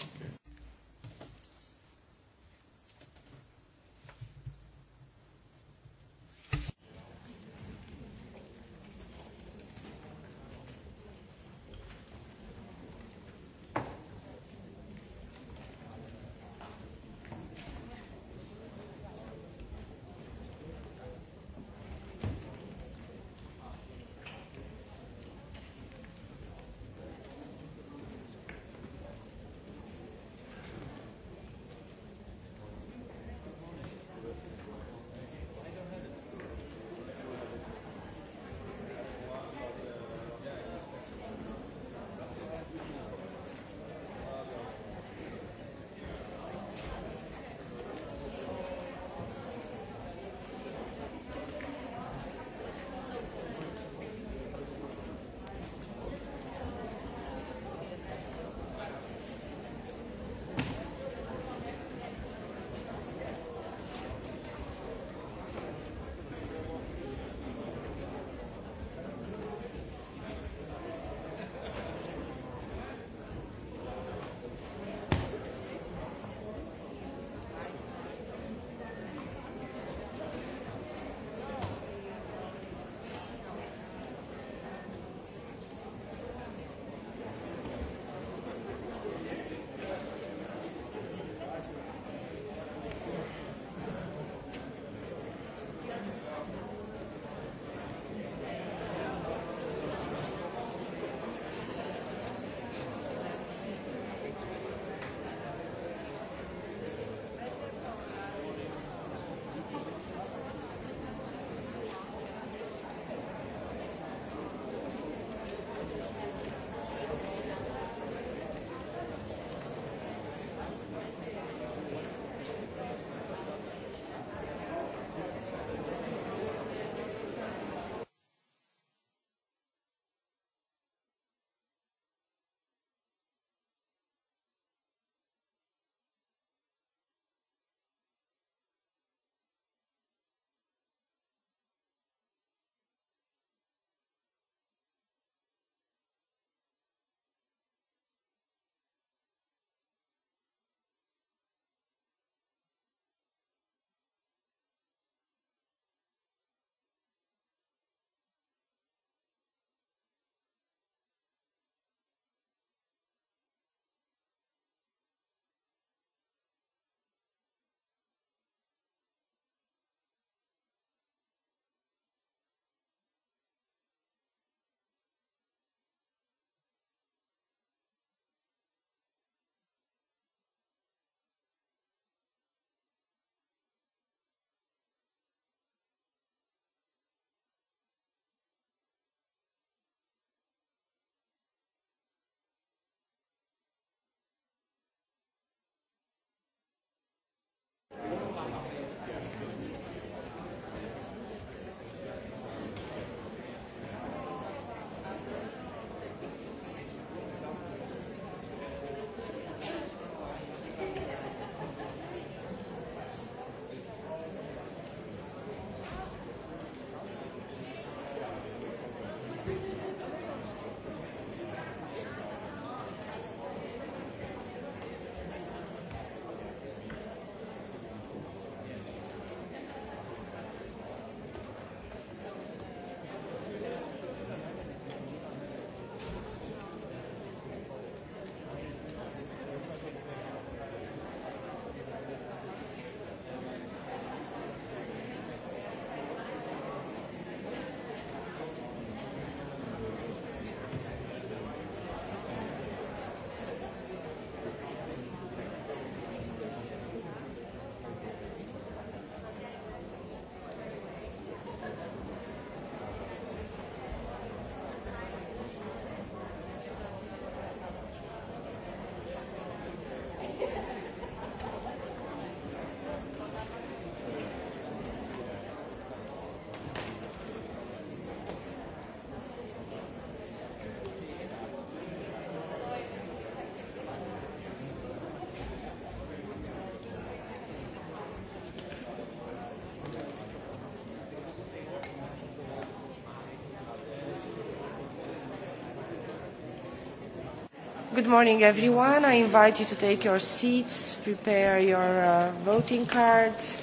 Good morning, everyone. I invite you to take your seats, prepare your uh, voting cards.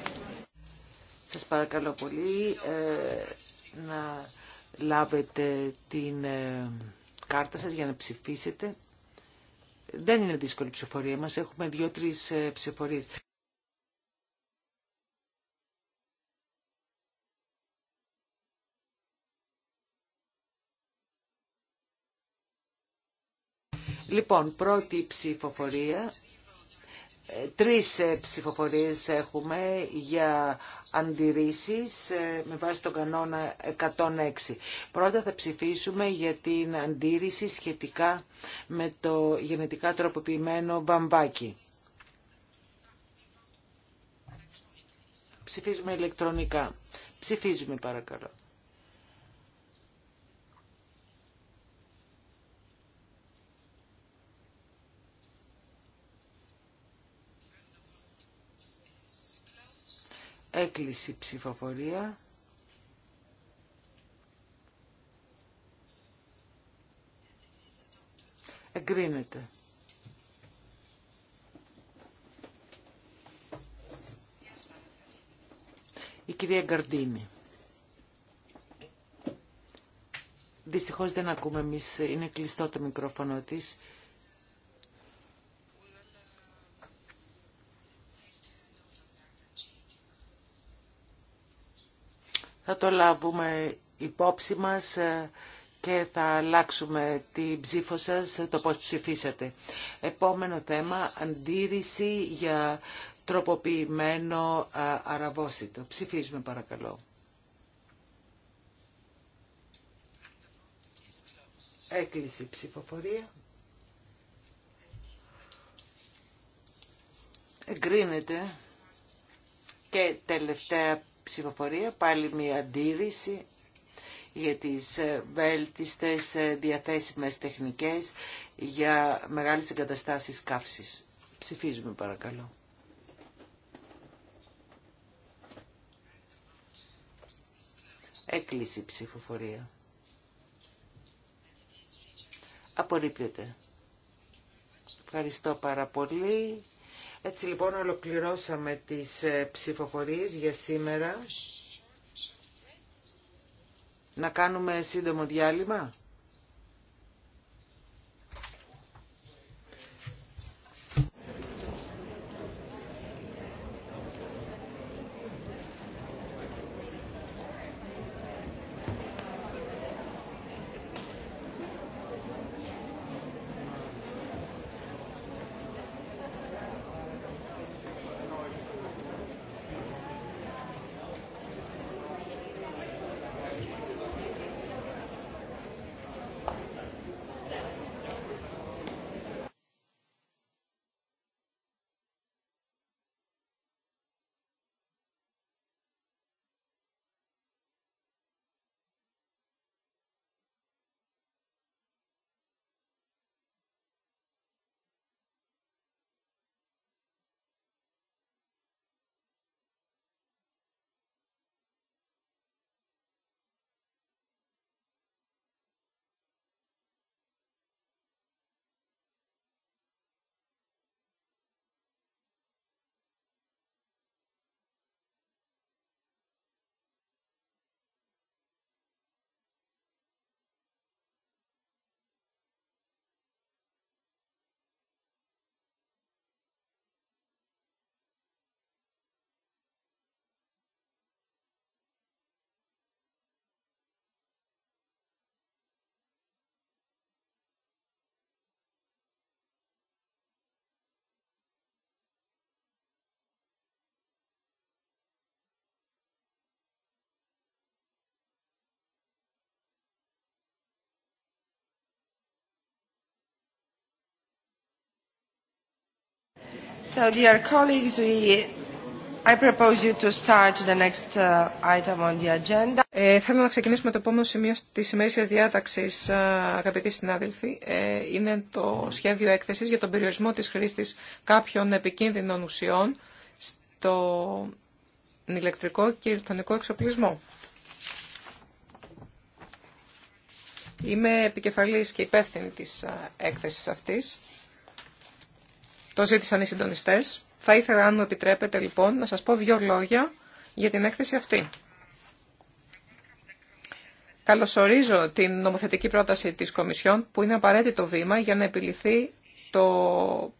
Σας παρακαλώ πολύ ε, να λάβετε την ε, κάρτα σας για να ψηφίσετε. Δεν είναι δύσκολη η ψηφορία μας. Έχουμε δύο-τρεις ε, ψηφορίες. Λοιπόν, πρώτη ψηφοφορία. Ε, τρεις ε, ψηφοφορίες έχουμε για αντιρρήσεις ε, με βάση τον κανόνα 106. Πρώτα θα ψηφίσουμε για την αντίρρηση σχετικά με το γενετικά τροποποιημένο βαμβάκι. Ψηφίζουμε ηλεκτρονικά. Ψηφίζουμε παρακαλώ. Έκλεισε ψηφοφορία. Εγκρίνεται. Η κυρία Γκαρντίνη. Δυστυχώς δεν ακούμε εμείς, είναι κλειστό το μικρόφωνο της. Θα το λάβουμε υπόψη μας ε, και θα αλλάξουμε την ψήφο σας, ε, το πώς ψηφίσατε. Επόμενο θέμα, αντίρρηση για τροποποιημένο ε, αραβόσιτο. Ψηφίζουμε παρακαλώ. Έκλεισε η ψηφοφορία. Εγκρίνεται. Και τελευταία ψηφοφορία, πάλι μια αντίρρηση για τις ε, βέλτιστες ε, διαθέσιμες τεχνικές για μεγάλες εγκαταστάσεις καύσης. Ψηφίζουμε παρακαλώ. Έκλεισε η ψηφοφορία. Απορρίπτεται. Ευχαριστώ πάρα πολύ. Έτσι λοιπόν ολοκληρώσαμε τις ε, ψηφοφορίες για σήμερα. Να κάνουμε σύντομο διάλειμμα. So, dear colleagues, we... I propose you to start the next uh, item on the agenda. Ε, να ξεκινήσουμε το επόμενο σημείο τη ημερήσια διάταξη, ε, αγαπητοί συνάδελφοι. Ε, είναι το σχέδιο έκθεση για τον περιορισμό τη χρήση κάποιων επικίνδυνων ουσιών στο ηλεκτρικό και ηλεκτρονικό εξοπλισμό. Είμαι επικεφαλής και υπεύθυνη της ε, έκθεσης αυτής. Το ζήτησαν οι συντονιστέ. Θα ήθελα, αν μου επιτρέπετε, λοιπόν, να σα πω δύο λόγια για την έκθεση αυτή. Καλωσορίζω την νομοθετική πρόταση της Κομισιόν που είναι απαραίτητο βήμα για να επιληθεί το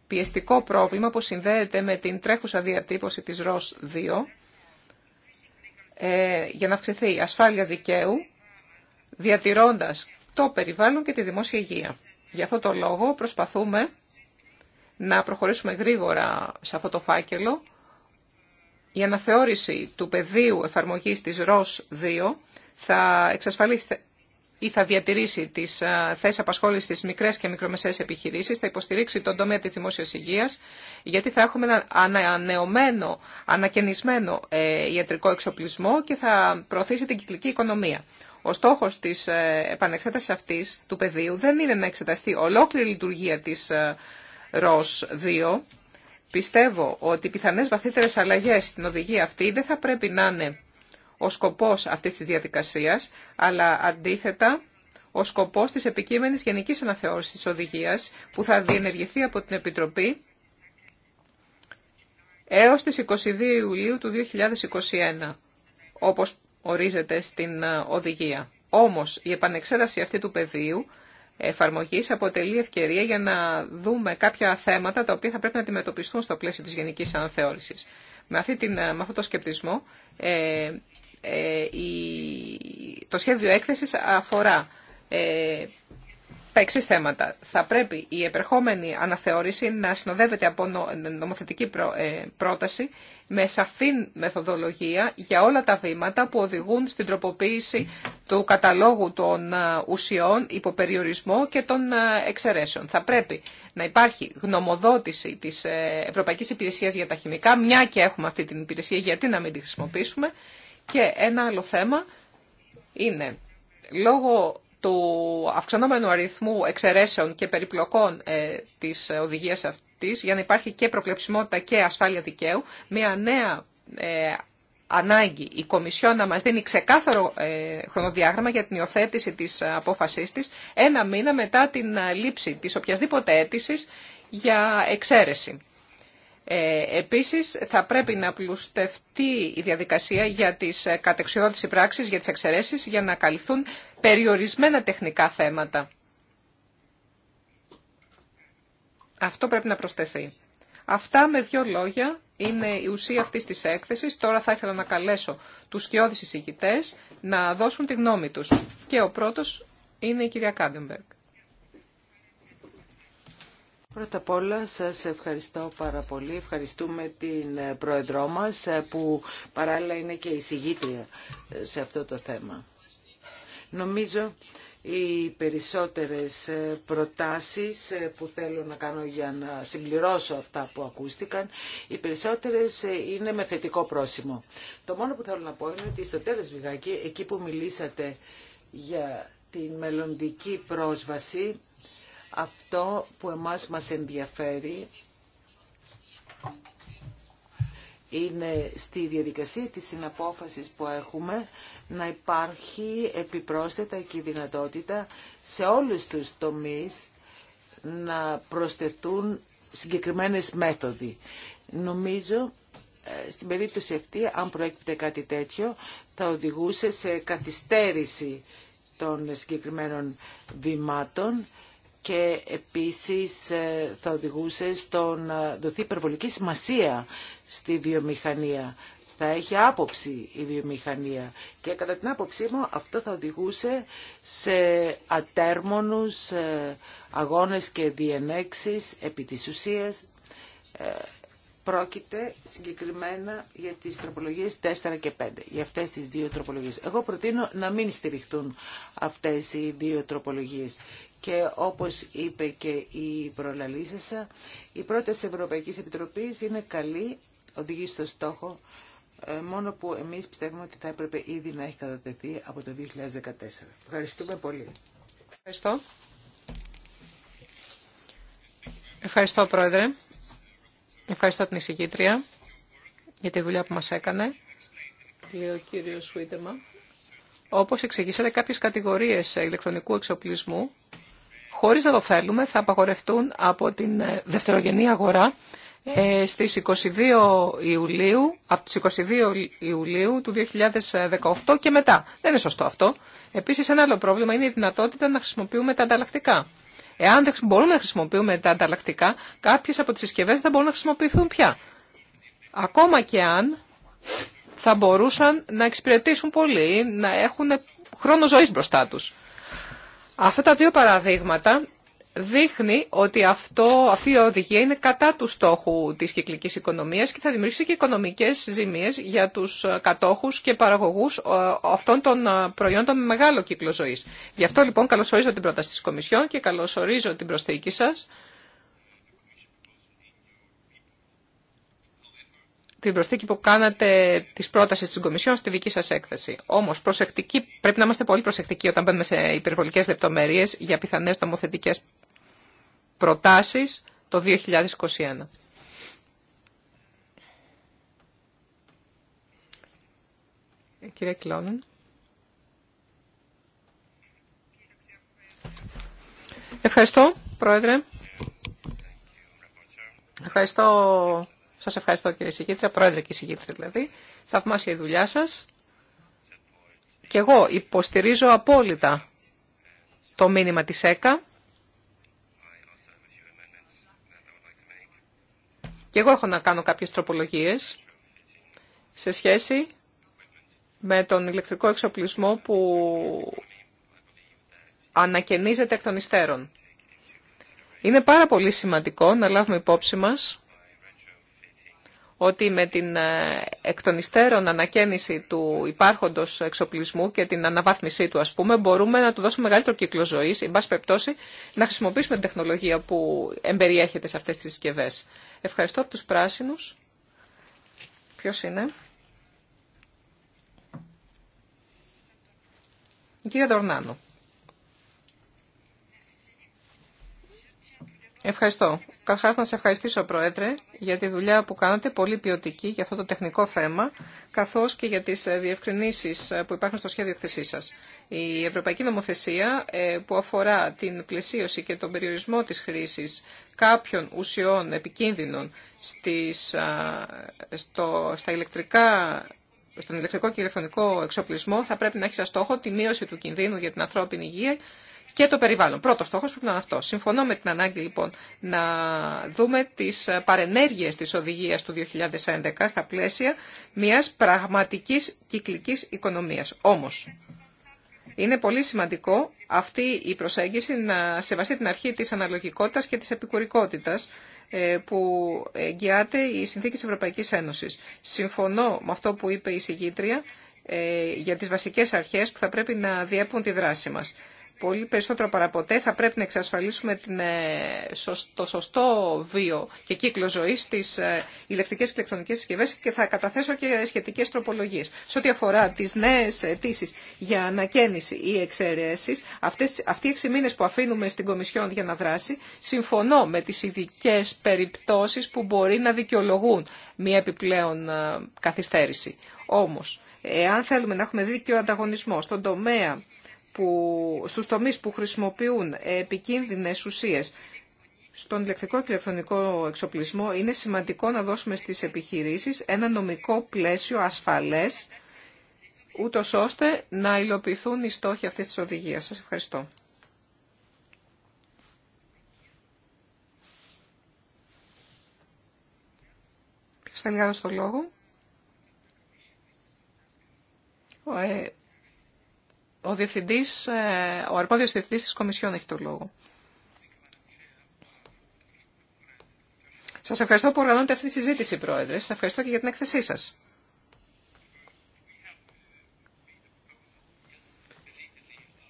πιεστικό πρόβλημα που συνδέεται με την τρέχουσα διατύπωση της ΡΟΣ 2 ε, για να αυξηθεί η ασφάλεια δικαίου διατηρώντας το περιβάλλον και τη δημόσια υγεία. Για αυτό το λόγο προσπαθούμε να προχωρήσουμε γρήγορα σε αυτό το φάκελο. Η αναθεώρηση του πεδίου εφαρμογής της ΡΟΣ 2 θα εξασφαλίσει ή θα διατηρήσει τις θέσεις απασχόλησης στι μικρέ και μικρομεσαίες επιχειρήσεις, θα υποστηρίξει τον τομέα της δημόσια υγείας, γιατί θα έχουμε ένα ανανεωμένο, ανακαινισμένο ε, ιατρικό εξοπλισμό και θα προωθήσει την κυκλική οικονομία. Ο στόχο τη ε, επανεξέτασης αυτής του πεδίου δεν είναι να εξεταστεί ολόκληρη λειτουργία τη ε, ΡΟΣ 2, πιστεύω ότι οι πιθανές βαθύτερες αλλαγές στην οδηγία αυτή δεν θα πρέπει να είναι ο σκοπός αυτής της διαδικασίας, αλλά αντίθετα ο σκοπός της επικείμενης γενικής αναθεώρησης της οδηγίας που θα διενεργηθεί από την Επιτροπή έως τις 22 Ιουλίου του 2021, όπως ορίζεται στην ε, οδηγία. Όμως η επανεξέταση αυτή του πεδίου εφαρμογής αποτελεί ευκαιρία για να δούμε κάποια θέματα τα οποία θα πρέπει να αντιμετωπιστούν στο πλαίσιο της γενικής αναθεώρησης. Με, αυτή ε, με αυτό το σκεπτισμό ε, ε, η, το σχέδιο έκθεσης αφορά ε, τα εξή θέματα. Θα πρέπει η επερχόμενη αναθεώρηση να συνοδεύεται από ε, νομοθετική ε, πρόταση με σαφή μεθοδολογία για όλα τα βήματα που οδηγούν στην τροποποίηση του καταλόγου των ε, ουσιών υπό περιορισμό και των ε, εξαιρέσεων. Θα πρέπει να υπάρχει γνωμοδότηση της ε, Ευρωπαϊκής Υπηρεσίας για τα Χημικά, μια και έχουμε αυτή την υπηρεσία, γιατί να μην τη χρησιμοποιήσουμε. Και ένα άλλο θέμα είναι, λόγω του αυξανόμενου αριθμού εξαιρέσεων και περιπλοκών της οδηγίας για να υπάρχει και προκλεψιμότητα και ασφάλεια δικαίου, μια νέα ε, ανάγκη η Κομισιόν να μας δίνει ξεκάθαρο ε, χρονοδιάγραμμα για την υιοθέτηση της απόφασής της ένα μήνα μετά την ε, λήψη της οποιασδήποτε αίτηση για εξαίρεση. Ε, επίσης, θα πρέπει να πλουστευτεί η διαδικασία για τις ε, κατεξιόδηση πράξεις, για τις εξαιρέσεις, για να καλυφθούν περιορισμένα τεχνικά θέματα Αυτό πρέπει να προσθεθεί. Αυτά με δύο λόγια είναι η ουσία αυτής της έκθεσης. Τώρα θα ήθελα να καλέσω τους σκιώδεις εισηγητές να δώσουν τη γνώμη τους. Και ο πρώτος είναι η κυρία Κάντεμπεργκ. Πρώτα απ' όλα σας ευχαριστώ πάρα πολύ. Ευχαριστούμε την ε, Πρόεδρό μας ε, που παράλληλα είναι και η σε αυτό το θέμα. Νομίζω οι περισσότερες ε, προτάσεις ε, που θέλω να κάνω για να συμπληρώσω αυτά που ακούστηκαν, οι περισσότερες ε, είναι με θετικό πρόσημο. Το μόνο που θέλω να πω είναι ότι στο τέλος Βιγάκη, εκεί που μιλήσατε για την μελλοντική πρόσβαση, αυτό που εμάς μας ενδιαφέρει είναι στη διαδικασία της συναπόφασης που έχουμε να υπάρχει επιπρόσθετα και η δυνατότητα σε όλους τους τομείς να προσθετούν συγκεκριμένες μέθοδοι. Νομίζω ε, στην περίπτωση αυτή, αν προέκυπτε κάτι τέτοιο, θα οδηγούσε σε καθυστέρηση των συγκεκριμένων βημάτων και επίσης ε, θα οδηγούσε στο να ε, δοθεί υπερβολική σημασία στη βιομηχανία. Θα έχει άποψη η βιομηχανία και κατά την άποψή μου αυτό θα οδηγούσε σε ατέρμονους ε, αγώνες και διενέξεις επί της ουσίας Πρόκειται συγκεκριμένα για τις τροπολογίες 4 και 5, για αυτές τις δύο τροπολογίες. Εγώ προτείνω να μην στηριχτούν αυτές οι δύο τροπολογίες. Και όπως είπε και η προλαλήσασα, η πρόταση Ευρωπαϊκής Επιτροπής είναι καλή, οδηγεί στο στόχο, ε, μόνο που εμείς πιστεύουμε ότι θα έπρεπε ήδη να έχει κατατεθεί από το 2014. Ευχαριστούμε πολύ. Ευχαριστώ. Ευχαριστώ, Πρόεδρε. Ευχαριστώ την εισηγήτρια για τη δουλειά που μας έκανε, λέει ο κύριος Σουίτεμα. Όπως εξηγήσατε, κάποιες κατηγορίες ηλεκτρονικού εξοπλισμού, χωρίς να το θέλουμε, θα απαγορευτούν από την ε, δευτερογενή αγορά ε, στις 22 Ιουλίου, από τις 22 Ιουλίου του 2018 και μετά. Δεν είναι σωστό αυτό. Επίσης, ένα άλλο πρόβλημα είναι η δυνατότητα να χρησιμοποιούμε τα ανταλλακτικά. Εάν δεν μπορούμε να χρησιμοποιούμε τα ανταλλακτικά, κάποιε από τις συσκευέ δεν θα μπορούν να χρησιμοποιηθούν πια. Ακόμα και αν θα μπορούσαν να εξυπηρετήσουν πολύ, να έχουν χρόνο ζωή μπροστά του. Αυτά τα δύο παραδείγματα δείχνει ότι αυτό, αυτή η οδηγία είναι κατά του στόχου της κυκλικής οικονομίας και θα δημιουργήσει και οικονομικές ζημίες για τους ε, κατόχους και παραγωγούς ε, αυτών των ε, προϊόντων με μεγάλο κύκλο ζωής. Γι' αυτό λοιπόν καλωσορίζω την πρόταση της Κομισιόν και καλωσορίζω την προσθήκη σας. την προσθήκη που κάνατε τη πρόταση τη Κομισιόν στη δική σα έκθεση. Όμω, πρέπει να είμαστε πολύ προσεκτικοί όταν μπαίνουμε σε υπερβολικέ λεπτομέρειε για πιθανέ νομοθετικέ προτάσεις το 2021. Ε, κύριε Κλόνεν. Ευχαριστώ, Πρόεδρε. Ευχαριστώ, σας ευχαριστώ κύριε Συγκήτρια, Πρόεδρε και Συγκήτρια δηλαδή. Θαυμάσια η δουλειά σας. Και εγώ υποστηρίζω απόλυτα το μήνυμα της ΕΚΑ Και εγώ έχω να κάνω κάποιες τροπολογίες σε σχέση με τον ηλεκτρικό εξοπλισμό που ανακαινίζεται εκ των υστέρων. Είναι πάρα πολύ σημαντικό να λάβουμε υπόψη μας ότι με την ε, εκτονιστέρων των ανακαίνιση του υπάρχοντος εξοπλισμού και την αναβάθμισή του, ας πούμε, μπορούμε να του δώσουμε μεγαλύτερο κύκλο ζωής, εν πάση περιπτώσει, να χρησιμοποιήσουμε την τεχνολογία που εμπεριέχεται σε αυτές τις συσκευέ. Ευχαριστώ από τους πράσινους. Ποιος είναι? Η κυρία Ντορνάνου. Ευχαριστώ. Καταρχά, να σε ευχαριστήσω Πρόεδρε για τη δουλειά που κάνατε, πολύ ποιοτική για αυτό το τεχνικό θέμα, καθώς και για τις ε, διευκρίνήσει ε, που υπάρχουν στο σχέδιο εκθεσή σας. Η Ευρωπαϊκή Νομοθεσία ε, που αφορά την πλαισίωση και τον περιορισμό της χρήση κάποιων ουσιών επικίνδυνων στις, στο, στα ηλεκτρικά στον ηλεκτρικό και ηλεκτρονικό εξοπλισμό θα πρέπει να έχει σαν στόχο τη μείωση του κινδύνου για την ανθρώπινη υγεία και το περιβάλλον. Πρώτο στόχο πρέπει να είναι αυτό. Συμφωνώ με την ανάγκη λοιπόν να δούμε τι παρενέργειε τη οδηγία του 2011 στα πλαίσια μια πραγματική κυκλική οικονομία. Όμω, είναι πολύ σημαντικό αυτή η προσέγγιση να σεβαστεί την αρχή της αναλογικότητας και της επικουρικότητας ε, που εγγυάται η συνθήκη της Ευρωπαϊκής Ένωσης. Συμφωνώ με αυτό που είπε η συγκήτρια ε, για τις βασικές αρχές που θα πρέπει να διέπουν τη δράση μας πολύ περισσότερο παραποτέ θα πρέπει να εξασφαλίσουμε την, ε, το σωστό βίο και κύκλο ζωή στι ε, ηλεκτρικέ και ηλεκτρονικέ συσκευέ και θα καταθέσω και σχετικέ τροπολογίε. Σε ό,τι αφορά τι νέε αιτήσει για ανακαίνιση ή εξαιρέσει, αυτοί οι έξι μήνε που αφήνουμε στην Κομισιόν για να δράσει, συμφωνώ με τι ειδικέ περιπτώσει που μπορεί να δικαιολογούν μια επιπλέον ε, καθυστέρηση. Όμω, εάν θέλουμε να έχουμε δίκιο ανταγωνισμό στον τομέα που, στους τομείς που χρησιμοποιούν επικίνδυνες ουσίες στον ηλεκτρικό και ηλεκτρονικό εξοπλισμό είναι σημαντικό να δώσουμε στις επιχειρήσεις ένα νομικό πλαίσιο ασφαλές ούτω ώστε να υλοποιηθούν οι στόχοι αυτής της οδηγίας. Σας ευχαριστώ. Ποιος θέλει άλλο στο λόγο. Ο, ε, ο, διευθυντής, ε, ο αρπόδιος διευθυντής της Κομισιόν έχει το λόγο. Σας ευχαριστώ που οργανώνετε αυτή τη συζήτηση, Πρόεδρε. Σας ευχαριστώ και για την έκθεσή σας.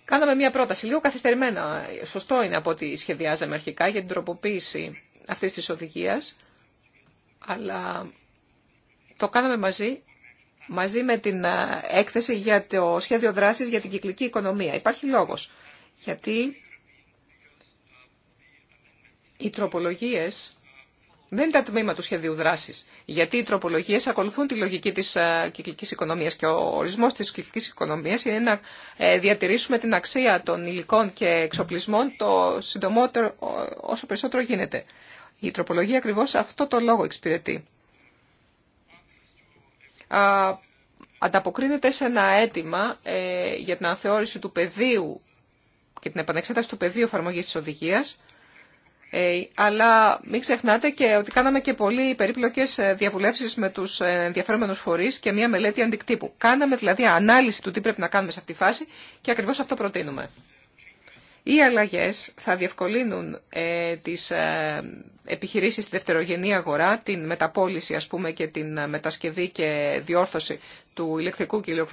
Κάναμε μια πρόταση, λίγο καθυστερημένα, σωστό είναι από ό,τι σχεδιάζαμε αρχικά, για την τροποποίηση αυτής της οδηγίας, αλλά το κάναμε μαζί μαζί με την έκθεση για το σχέδιο δράσης για την κυκλική οικονομία. Υπάρχει λόγος. Γιατί οι τροπολογίες δεν είναι τα τμήμα του σχεδίου δράσης. Γιατί οι τροπολογίες ακολουθούν τη λογική της κυκλικής οικονομίας και ο ορισμός της κυκλικής οικονομίας είναι να ε, διατηρήσουμε την αξία των υλικών και εξοπλισμών το συντομότερο όσο περισσότερο γίνεται. Η τροπολογία ακριβώς αυτό το λόγο εξυπηρετεί ανταποκρίνεται σε ένα αίτημα ε, για την αναθεώρηση του πεδίου και την επανεξέταση του πεδίου εφαρμογής της οδηγίας, ε, αλλά μην ξεχνάτε και ότι κάναμε και πολύ περίπλοκες ε, διαβουλεύσεις με τους ενδιαφέρομενου φορείς και μια μελέτη αντικτύπου. Κάναμε δηλαδή ανάλυση του τι πρέπει να κάνουμε σε αυτή τη φάση και ακριβώς αυτό προτείνουμε. Οι αλλαγές θα διευκολύνουν ε, τις ε, επιχειρήσεις στη δευτερογενή αγορά, την μεταπόληση ας πούμε και την μετασκευή και διόρθωση του ηλεκτρικού και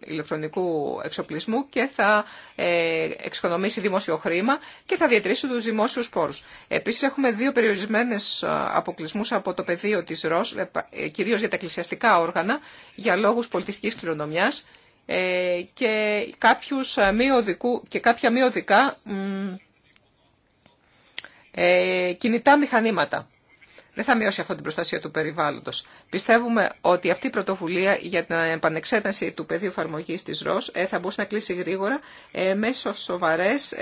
ηλεκτρονικού εξοπλισμού και θα ε, εξοικονομήσει δημόσιο χρήμα και θα διατηρήσει τους δημόσιους πόρους. Επίσης έχουμε δύο περιορισμένες αποκλεισμούς από το πεδίο της ΡΟΣ, κυρίως για τα εκκλησιαστικά όργανα, για λόγους πολιτιστικής κληρονομιάς ε, και, κάποιους ε, και κάποια μειωδικά ε, κινητά μηχανήματα. Δεν θα μειώσει αυτό την προστασία του περιβάλλοντος. Πιστεύουμε ότι αυτή η πρωτοβουλία για την επανεξέταση του πεδίου εφαρμογή της ΡΟΣ ε, θα μπορούσε να κλείσει γρήγορα μέσω σοβαρές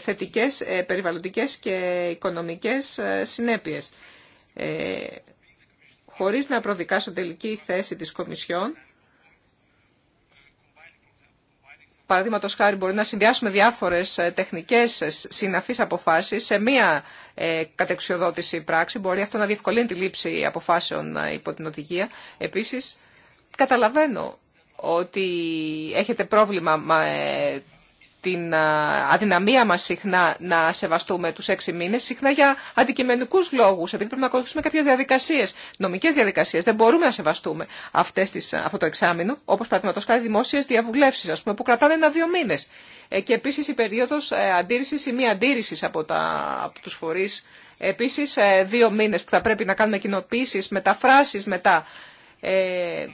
θετικές περιβαλλοντικές και οικονομικές συνέπειες. χωρίς να προδικάσω τελική θέση της Κομισιόν, Παραδείγματο χάρη μπορεί να συνδυάσουμε διάφορες ε, τεχνικέ ε, συναφεί αποφάσεις σε μία ε, κατεξιοδότηση πράξη. Μπορεί αυτό να διευκολύνει τη λήψη αποφάσεων υπό την οδηγία. Επίσης, καταλαβαίνω ότι έχετε πρόβλημα με την αδυναμία μας συχνά να σεβαστούμε τους έξι μήνες, συχνά για αντικειμενικούς λόγους, επειδή πρέπει να ακολουθήσουμε κάποιες διαδικασίες, νομικές διαδικασίες. Δεν μπορούμε να σεβαστούμε αυτές τις, αυτό το εξάμεινο, όπως παραδείγματος χάρη δημόσιες διαβουλεύσεις, ας πούμε, που κρατάνε ένα-δύο μήνες. Ε, και επίσης η περίοδος ε, αντίρρησης ή μη αντίρρησης από, τα, από τους φορείς. Επίσης ε, δύο μήνες που θα πρέπει να κάνουμε κοινοποίησει, μεταφράσει μετά. Ε,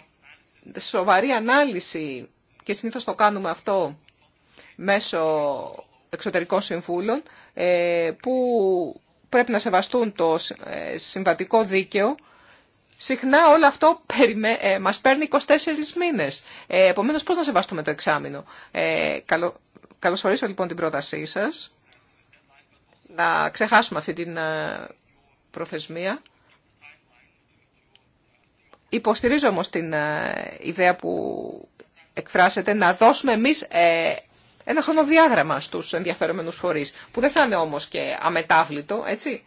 σοβαρή ανάλυση και συνήθως το κάνουμε αυτό μέσω εξωτερικών συμφούλων ε, που πρέπει να σεβαστούν το ε, συμβατικό δίκαιο, συχνά όλο αυτό περιμέ... Ε, μας παίρνει 24 μήνες. Ε, επομένως, πώς να σεβαστούμε το εξάμεινο. Ε, Καλωσορίσω λοιπόν την πρότασή σας. Να ξεχάσουμε αυτή την προθεσμία. Υποστηρίζω όμως την ιδέα που εκφράσετε να δώσουμε εμείς ένα χρονοδιάγραμμα στους ενδιαφερόμενους φορείς, που δεν θα είναι όμως και αμετάβλητο, έτσι.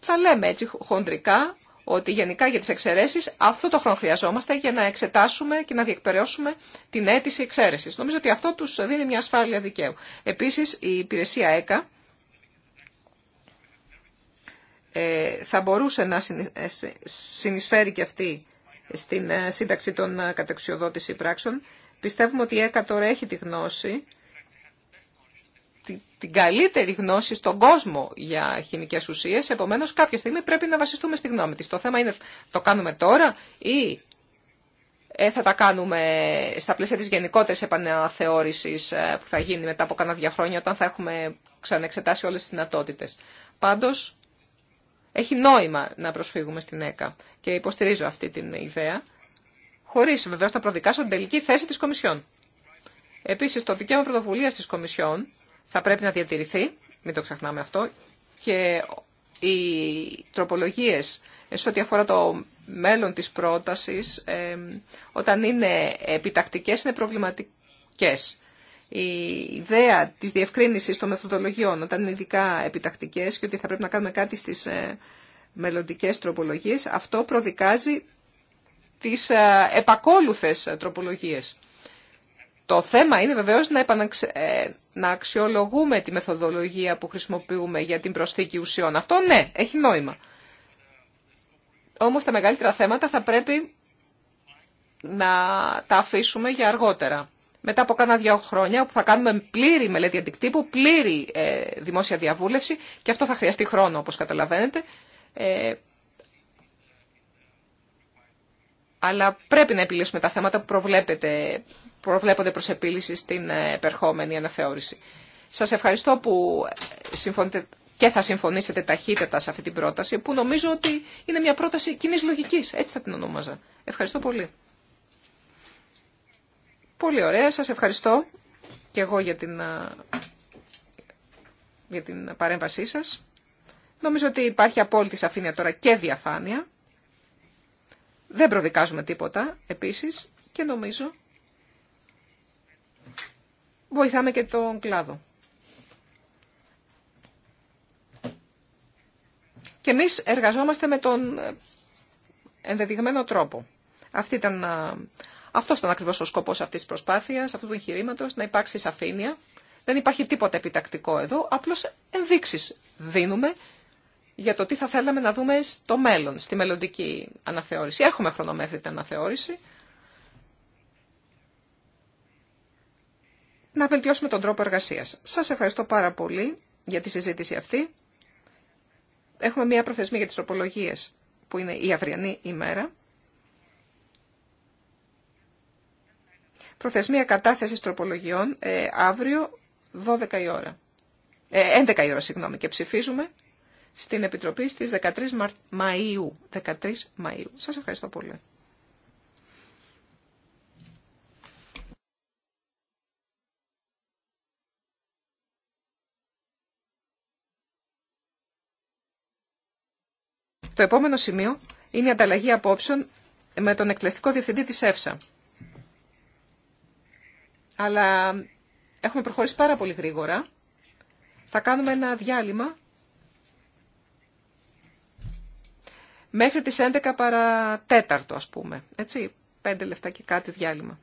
Θα, λέμε έτσι χοντρικά ότι γενικά για τις εξαιρέσεις αυτό το χρόνο χρειαζόμαστε για να εξετάσουμε και να διεκπαιρεώσουμε την αίτηση εξαίρεσης. Νομίζω ότι αυτό τους δίνει μια ασφάλεια δικαίου. Επίσης η υπηρεσία ΕΚΑ ε, θα μπορούσε να ε, συνεισφέρει και αυτή στην ε, σύνταξη των κατεξιοδότηση πράξεων Πιστεύουμε ότι η ΕΚΑ τώρα έχει τη γνώση, την καλύτερη γνώση στον κόσμο για χημικές ουσίες, επομένως κάποια στιγμή πρέπει να βασιστούμε στη γνώμη της. Το θέμα είναι το κάνουμε τώρα ή ε, θα τα κάνουμε στα πλαίσια της γενικότερης επαναθεώρησης ε, που θα γίνει μετά από κανένα δύο χρόνια όταν θα έχουμε ξαναεξετάσει όλες τις δυνατότητες. Πάντως, έχει νόημα να προσφύγουμε στην ΕΚΑ και υποστηρίζω αυτή την ιδέα χωρί βεβαίω να προδικάσω την τελική θέση τη Κομισιόν. Επίση, το δικαίωμα πρωτοβουλία τη Κομισιόν θα πρέπει να διατηρηθεί, μην το ξεχνάμε αυτό, και οι τροπολογίε σε ό,τι αφορά το μέλλον της πρότασης, όταν είναι επιτακτικέ είναι προβληματικέ. Η ιδέα τη διευκρίνηση των μεθοδολογιών, όταν είναι ειδικά επιτακτικέ και ότι θα πρέπει να κάνουμε κάτι στις ε, μελλοντικέ τροπολογίε, αυτό προδικάζει τις ε, επακόλουθες ε, τροπολογίες. Το θέμα είναι βεβαίως να, ε, να αξιολογούμε τη μεθοδολογία που χρησιμοποιούμε για την προσθήκη ουσιών. Αυτό ναι, έχει νόημα. Όμως τα μεγαλύτερα θέματα θα πρέπει να τα αφήσουμε για αργότερα. Μετά από κάνα δύο χρόνια που θα κάνουμε πλήρη μελέτη αντικτύπου, πλήρη δημόσια διαβούλευση και αυτό θα χρειαστεί χρόνο όπως καταλαβαίνετε. αλλά πρέπει να επιλύσουμε τα θέματα που προβλέπονται προς επίλυση στην ε, επερχόμενη αναθεώρηση. Σας ευχαριστώ που συμφωνείτε και θα συμφωνήσετε ταχύτερα σε αυτή την πρόταση, που νομίζω ότι είναι μια πρόταση κοινή λογικής. Έτσι θα την ονόμαζα. Ευχαριστώ πολύ. Πολύ ωραία. Σας ευχαριστώ και εγώ για την, ε, για την παρέμβασή σας. Νομίζω ότι υπάρχει απόλυτη σαφήνεια τώρα και διαφάνεια. Δεν προδικάζουμε τίποτα επίσης και νομίζω βοηθάμε και τον κλάδο. Και εμείς εργαζόμαστε με τον ε, ενδεδειγμένο τρόπο. Αυτή ήταν, ε, αυτός ήταν ακριβώς ο σκοπός αυτής της προσπάθειας, αυτού του εγχειρήματο να υπάρξει σαφήνεια. Δεν υπάρχει τίποτα επιτακτικό εδώ, απλώς ενδείξεις δίνουμε για το τι θα θέλαμε να δούμε στο μέλλον, στη μελλοντική αναθεώρηση. Έχουμε χρόνο μέχρι την αναθεώρηση. Να βελτιώσουμε τον τρόπο εργασίας. Σας ευχαριστώ πάρα πολύ για τη συζήτηση αυτή. Έχουμε μία προθεσμία για τις τροπολογίες που είναι η αυριανή ημέρα. Προθεσμία κατάθεσης τροπολογιών ε, αύριο 12 η ώρα. 11 ε, η ώρα, συγγνώμη, και ψηφίζουμε στην Επιτροπή στις 13 Μαΐου. 13 Μαΐου. Σας ευχαριστώ πολύ. Το επόμενο σημείο είναι η ανταλλαγή απόψεων με τον εκτελεστικό διευθυντή της ΕΦΣΑ. Αλλά έχουμε προχωρήσει πάρα πολύ γρήγορα. Θα κάνουμε ένα διάλειμμα μέχρι τις 11 παρατέταρτο ας πούμε. Έτσι, 5 λεπτά και κάτι διάλειμμα.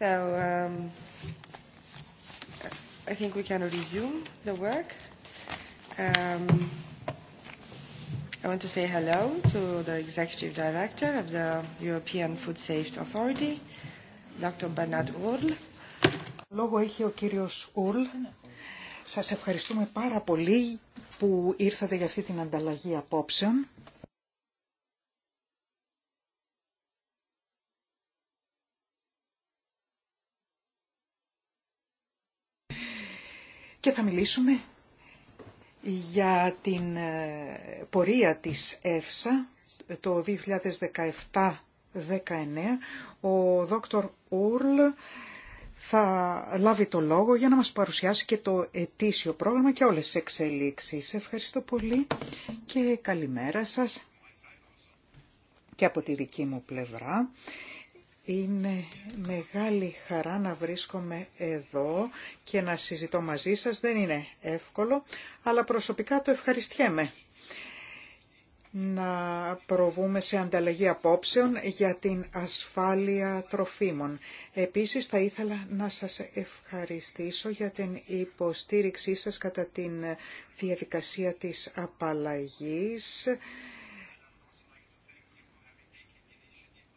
So, um, I think we can resume the work. Um, I want to say hello to the Executive Director of the European Food Safety Authority, Dr. Bernard Url. Λόγο έχει ο κύριος Ουρλ. Σας ευχαριστούμε πάρα πολύ που ήρθατε για αυτή την ανταλλαγή απόψεων. και θα μιλήσουμε για την ε, πορεία της ΕΦΣΑ το 2017-19. Ο δόκτωρ Ούρλ θα λάβει το λόγο για να μας παρουσιάσει και το ετήσιο πρόγραμμα και όλες τις εξελίξεις. Ευχαριστώ πολύ και καλημέρα σας και από τη δική μου πλευρά. Είναι μεγάλη χαρά να βρίσκομαι εδώ και να συζητώ μαζί σας. Δεν είναι εύκολο, αλλά προσωπικά το ευχαριστιέμαι να προβούμε σε ανταλλαγή απόψεων για την ασφάλεια τροφίμων. Επίσης θα ήθελα να σας ευχαριστήσω για την υποστήριξή σας κατά την διαδικασία της απαλλαγής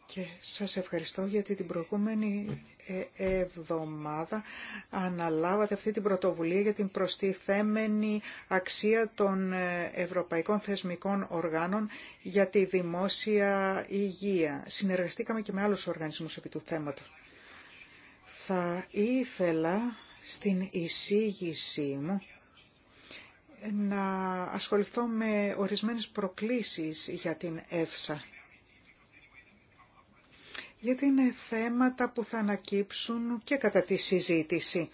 Και σας ευχαριστώ γιατί την προηγούμενη ε, εβδομάδα αναλάβατε αυτή την πρωτοβουλία για την προστιθέμενη αξία των ε, ευρωπαϊκών θεσμικών οργάνων για τη δημόσια υγεία. Συνεργαστήκαμε και με άλλους οργανισμούς επί του θέματος. Θα ήθελα στην εισήγησή μου να ασχοληθώ με ορισμένες προκλήσεις για την ΕΦΣΑ γιατί είναι θέματα που θα ανακύψουν και κατά τη συζήτηση.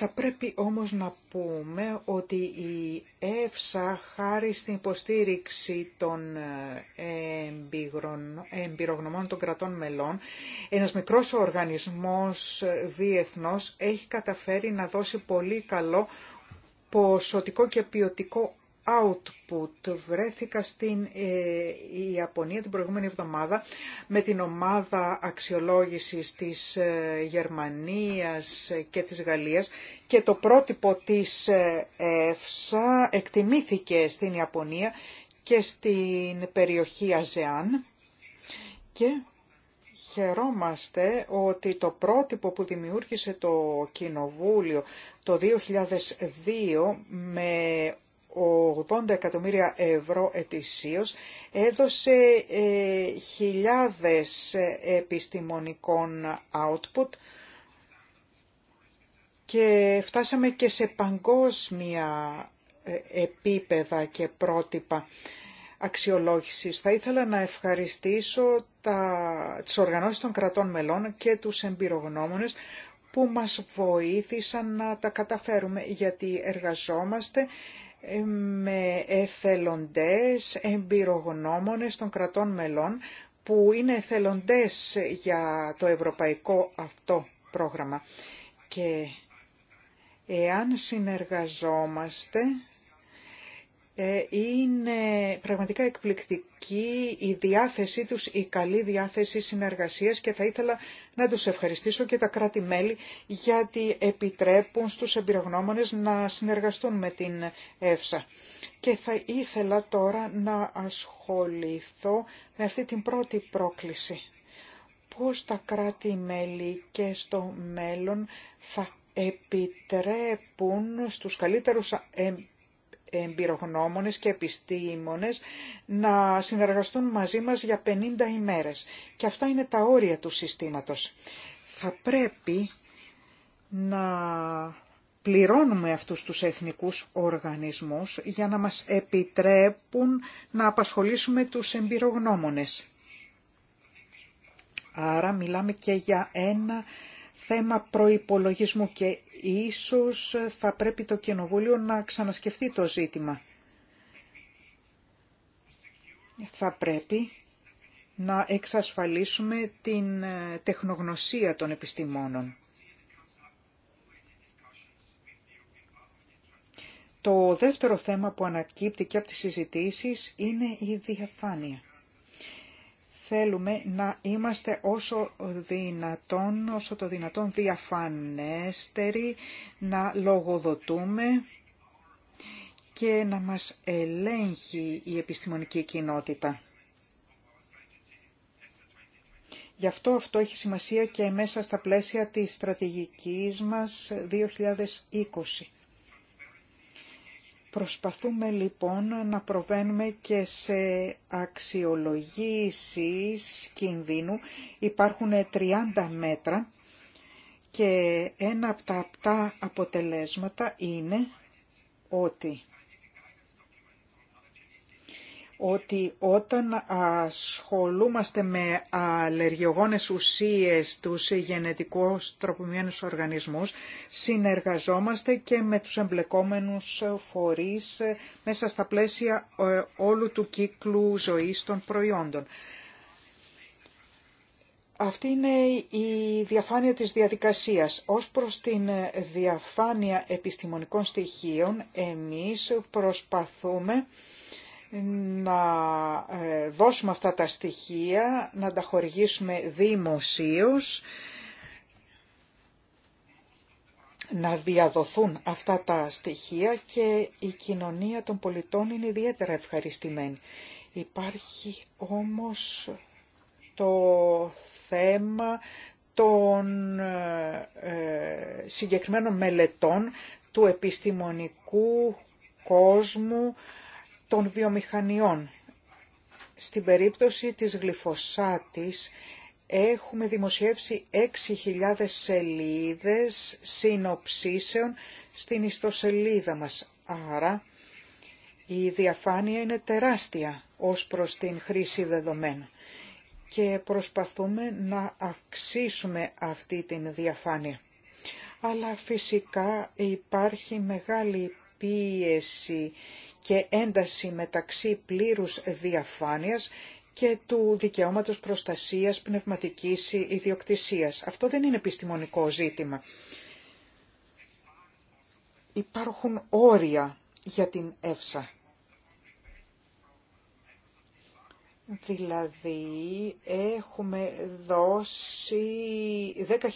Θα πρέπει όμως να πούμε ότι η ΕΦΣΑ χάρη στην υποστήριξη των ε, εμπειρογνωμών των κρατών μελών, ένας μικρός οργανισμός ε, διεθνός έχει καταφέρει να δώσει πολύ καλό ποσοτικό και ποιοτικό output. Βρέθηκα στην ε, Ιαπωνία την προηγούμενη εβδομάδα με την ομάδα αξιολόγησης της ε, Γερμανίας και της Γαλλίας και το πρότυπο της ΕΦΣΑ εκτιμήθηκε στην Ιαπωνία και στην περιοχή ΑΖΕΑΝ και χαιρόμαστε ότι το πρότυπο που δημιούργησε το Κοινοβούλιο το 2002 με 80 εκατομμύρια ευρώ ετησίως, έδωσε ε, χιλιάδες επιστημονικών output και φτάσαμε και σε παγκόσμια ε, επίπεδα και πρότυπα αξιολόγησης. Θα ήθελα να ευχαριστήσω τα, τις οργανώσεις των κρατών μελών και τους εμπειρογνώμονες που μας βοήθησαν να τα καταφέρουμε γιατί εργαζόμαστε με εθελοντές, εμπειρογνώμονες των κρατών μελών που είναι εθελοντές για το ευρωπαϊκό αυτό πρόγραμμα. Και εάν συνεργαζόμαστε ε, είναι πραγματικά εκπληκτική η διάθεσή τους, η καλή διάθεση συνεργασίας και θα ήθελα να τους ευχαριστήσω και τα κράτη-μέλη γιατί επιτρέπουν στους εμπειρογνώμονες να συνεργαστούν με την ΕΦΣΑ. Και θα ήθελα τώρα να ασχοληθώ με αυτή την πρώτη πρόκληση. Πώς τα κράτη-μέλη και στο μέλλον θα επιτρέπουν στους καλύτερους εμπειρογνώμονες και επιστήμονες να συνεργαστούν μαζί μας για 50 ημέρες. Και αυτά είναι τα όρια του συστήματος. Θα πρέπει να πληρώνουμε αυτούς τους εθνικούς οργανισμούς για να μας επιτρέπουν να απασχολήσουμε τους εμπειρογνώμονες. Άρα μιλάμε και για ένα θέμα προϋπολογισμού και ίσως θα πρέπει το Κοινοβούλιο να ξανασκεφτεί το ζήτημα. Θα πρέπει να εξασφαλίσουμε την ε, τεχνογνωσία των επιστημόνων. Το δεύτερο θέμα που ανακύπτει και από τις συζητήσεις είναι η διαφάνεια θέλουμε να είμαστε όσο δυνατόν, όσο το δυνατόν διαφανέστεροι, να λογοδοτούμε και να μας ελέγχει η επιστημονική κοινότητα. Γι' αυτό αυτό έχει σημασία και μέσα στα πλαίσια της στρατηγικής μας 2020. Προσπαθούμε λοιπόν να προβαίνουμε και σε αξιολογήσεις κινδύνου. Υπάρχουν 30 μέτρα και ένα από τα αποτελέσματα είναι ότι ότι όταν ασχολούμαστε με αλλεργιογόνες ουσίες τους γενετικούς τροποποιημένους οργανισμούς, συνεργαζόμαστε και με τους εμπλεκόμενους φορείς μέσα στα πλαίσια ε, όλου του κύκλου ζωής των προϊόντων. Αυτή είναι η διαφάνεια της διαδικασίας. Ως προς την διαφάνεια επιστημονικών στοιχείων, εμείς προσπαθούμε να ε, δώσουμε αυτά τα στοιχεία, να τα χορηγήσουμε δημοσίως, να διαδοθούν αυτά τα στοιχεία και η κοινωνία των πολιτών είναι ιδιαίτερα ευχαριστημένη. Υπάρχει όμως το θέμα των ε, συγκεκριμένων μελετών του επιστημονικού κόσμου των βιομηχανιών. Στην περίπτωση της γλυφοσάτης έχουμε δημοσιεύσει 6.000 σελίδες συνοψίσεων στην ιστοσελίδα μας. Άρα η διαφάνεια είναι τεράστια ως προς την χρήση δεδομένων και προσπαθούμε να αυξήσουμε αυτή την διαφάνεια. Αλλά φυσικά υπάρχει μεγάλη πίεση και ένταση μεταξύ πλήρους διαφάνειας και του δικαιώματος προστασίας πνευματικής ιδιοκτησίας. Αυτό δεν είναι επιστημονικό ζήτημα. Υπάρχουν όρια για την ΕΦΣΑ. Δηλαδή έχουμε δώσει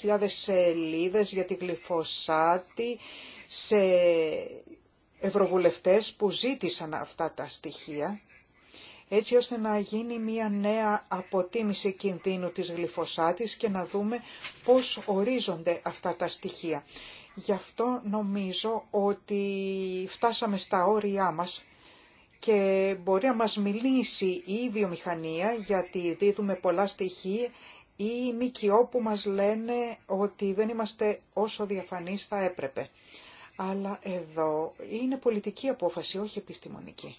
10.000 σελίδες για τη γλυφοσάτη σε ευρωβουλευτές που ζήτησαν αυτά τα στοιχεία έτσι ώστε να γίνει μια νέα αποτίμηση κινδύνου της γλυφοσάτης και να δούμε πώς ορίζονται αυτά τα στοιχεία. Γι' αυτό νομίζω ότι φτάσαμε στα όρια μας και μπορεί να μας μιλήσει η βιομηχανία γιατί δίδουμε πολλά στοιχεία ή η ΜΚΟ που μας λένε ότι δεν είμαστε όσο διαφανείς θα έπρεπε αλλά εδώ είναι πολιτική απόφαση, όχι επιστημονική.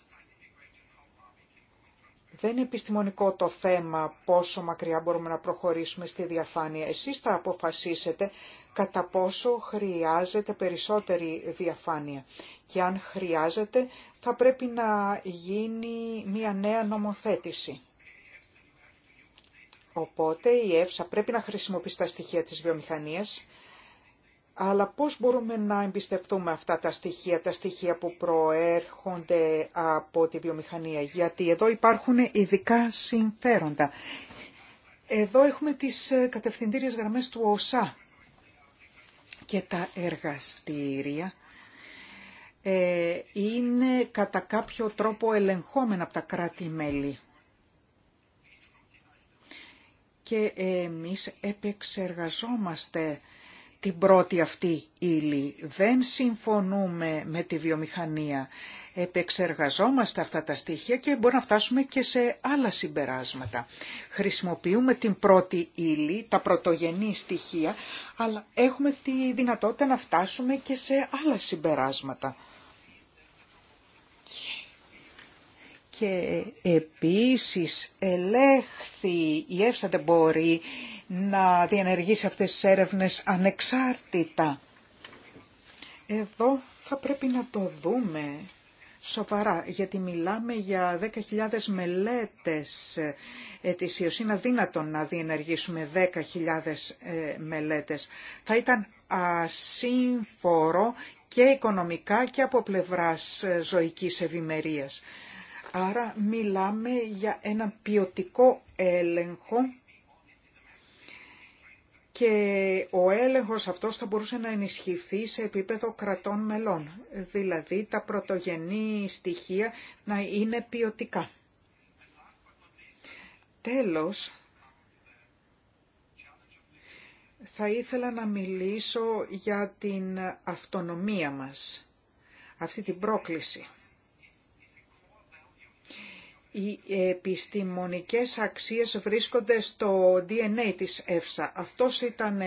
Δεν είναι επιστημονικό το θέμα πόσο μακριά μπορούμε να προχωρήσουμε στη διαφάνεια. Εσείς θα αποφασίσετε κατά πόσο χρειάζεται περισσότερη διαφάνεια. Και αν χρειάζεται θα πρέπει να γίνει μια νέα νομοθέτηση. Οπότε η ΕΦΣΑ πρέπει να χρησιμοποιήσει τα στοιχεία της βιομηχανίας αλλά πώς μπορούμε να εμπιστευτούμε αυτά τα στοιχεία, τα στοιχεία που προέρχονται από τη βιομηχανία, γιατί εδώ υπάρχουν ειδικά συμφέροντα. Εδώ έχουμε τις ε, κατευθυντήριες γραμμές του ΟΣΑ και τα εργαστήρια ε, είναι κατά κάποιο τρόπο ελεγχόμενα από τα κράτη-μέλη. Και εμείς επεξεργαζόμαστε την πρώτη αυτή ύλη. Δεν συμφωνούμε με τη βιομηχανία. Επεξεργαζόμαστε αυτά τα στοιχεία και μπορούμε να φτάσουμε και σε άλλα συμπεράσματα. Χρησιμοποιούμε την πρώτη ύλη, τα πρωτογενή στοιχεία, αλλά έχουμε τη δυνατότητα να φτάσουμε και σε άλλα συμπεράσματα. Και επίσης ελέγχθη, η ΕΦΣΑ δεν μπορεί να διενεργήσει αυτές τις έρευνες ανεξάρτητα. Εδώ θα πρέπει να το δούμε σοβαρά, γιατί μιλάμε για 10.000 μελέτες ετησίως. Είναι αδύνατο να διενεργήσουμε 10.000 ε, μελέτες. Θα ήταν ασύμφορο και οικονομικά και από πλευράς ε, ζωικής ευημερίας. Άρα μιλάμε για ένα ποιοτικό έλεγχο και ο έλεγχος αυτός θα μπορούσε να ενισχυθεί σε επίπεδο κρατών μελών, δηλαδή τα πρωτογενή στοιχεία να είναι ποιοτικά. Τέλος, θα ήθελα να μιλήσω για την αυτονομία μας, αυτή την πρόκληση οι επιστημονικές αξίες βρίσκονται στο DNA της ΕΦΣΑ. Αυτός ήταν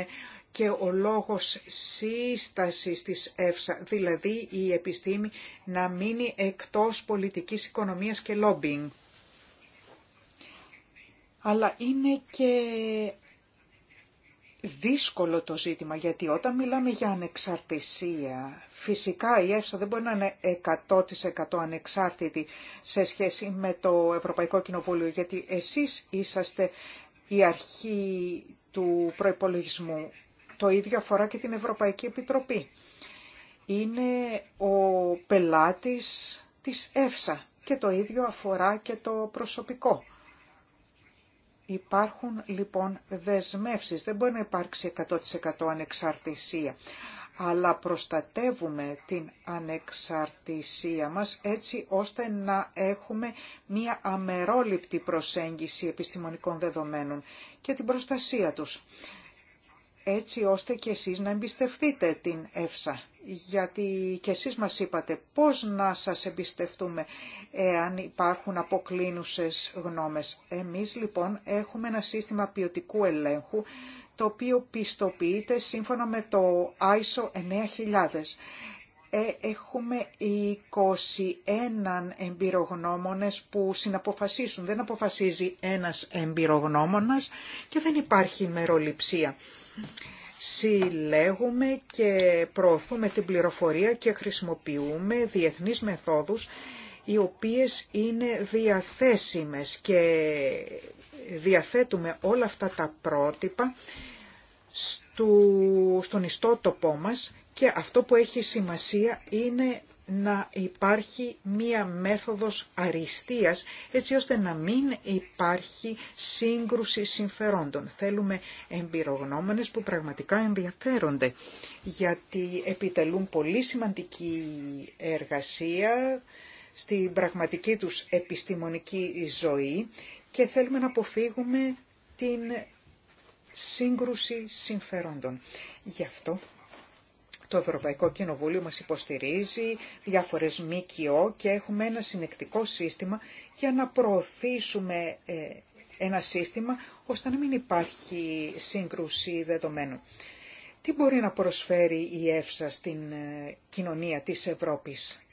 και ο λόγος σύστασης της ΕΦΣΑ, δηλαδή η επιστήμη να μείνει εκτός πολιτικής οικονομίας και λόμπινγκ. Αλλά είναι και δύσκολο το ζήτημα, γιατί όταν μιλάμε για ανεξαρτησία, φυσικά η ΕΦΣΑ δεν μπορεί να είναι 100% ανεξάρτητη σε σχέση με το Ευρωπαϊκό Κοινοβούλιο, γιατί εσείς είσαστε η αρχή του προϋπολογισμού. Το ίδιο αφορά και την Ευρωπαϊκή Επιτροπή. Είναι ο πελάτης της ΕΦΣΑ και το ίδιο αφορά και το προσωπικό Υπάρχουν λοιπόν δεσμεύσεις, δεν μπορεί να υπάρξει 100% ανεξαρτησία, αλλά προστατεύουμε την ανεξαρτησία μας έτσι ώστε να έχουμε μία αμερόληπτη προσέγγιση επιστημονικών δεδομένων και την προστασία τους, έτσι ώστε και εσείς να εμπιστευτείτε την ΕΦΣΑ γιατί και εσείς μας είπατε πώς να σας εμπιστευτούμε εάν υπάρχουν αποκλίνουσες γνώμες. Εμείς λοιπόν έχουμε ένα σύστημα ποιοτικού ελέγχου το οποίο πιστοποιείται σύμφωνα με το ISO 9000. Ε, έχουμε 21 εμπειρογνώμονες που συναποφασίσουν. Δεν αποφασίζει ένας εμπειρογνώμονας και δεν υπάρχει μεροληψία συλλέγουμε και προωθούμε την πληροφορία και χρησιμοποιούμε διεθνείς μεθόδους οι οποίες είναι διαθέσιμες και διαθέτουμε όλα αυτά τα πρότυπα στον ιστότοπό μας και αυτό που έχει σημασία είναι να υπάρχει μία μέθοδος αριστείας έτσι ώστε να μην υπάρχει σύγκρουση συμφερόντων. Θέλουμε εμπειρογνώμονες που πραγματικά ενδιαφέρονται γιατί επιτελούν πολύ σημαντική εργασία στην πραγματική τους επιστημονική ζωή και θέλουμε να αποφύγουμε την σύγκρουση συμφερόντων. Γι' αυτό το Ευρωπαϊκό Κοινοβούλιο μας υποστηρίζει διάφορες ΜΚΟ και έχουμε ένα συνεκτικό σύστημα για να προωθήσουμε ε, ένα σύστημα ώστε να μην υπάρχει σύγκρουση δεδομένων. Τι μπορεί να προσφέρει η ΕΦΣΑ στην ε, κοινωνία της Ευρώπης.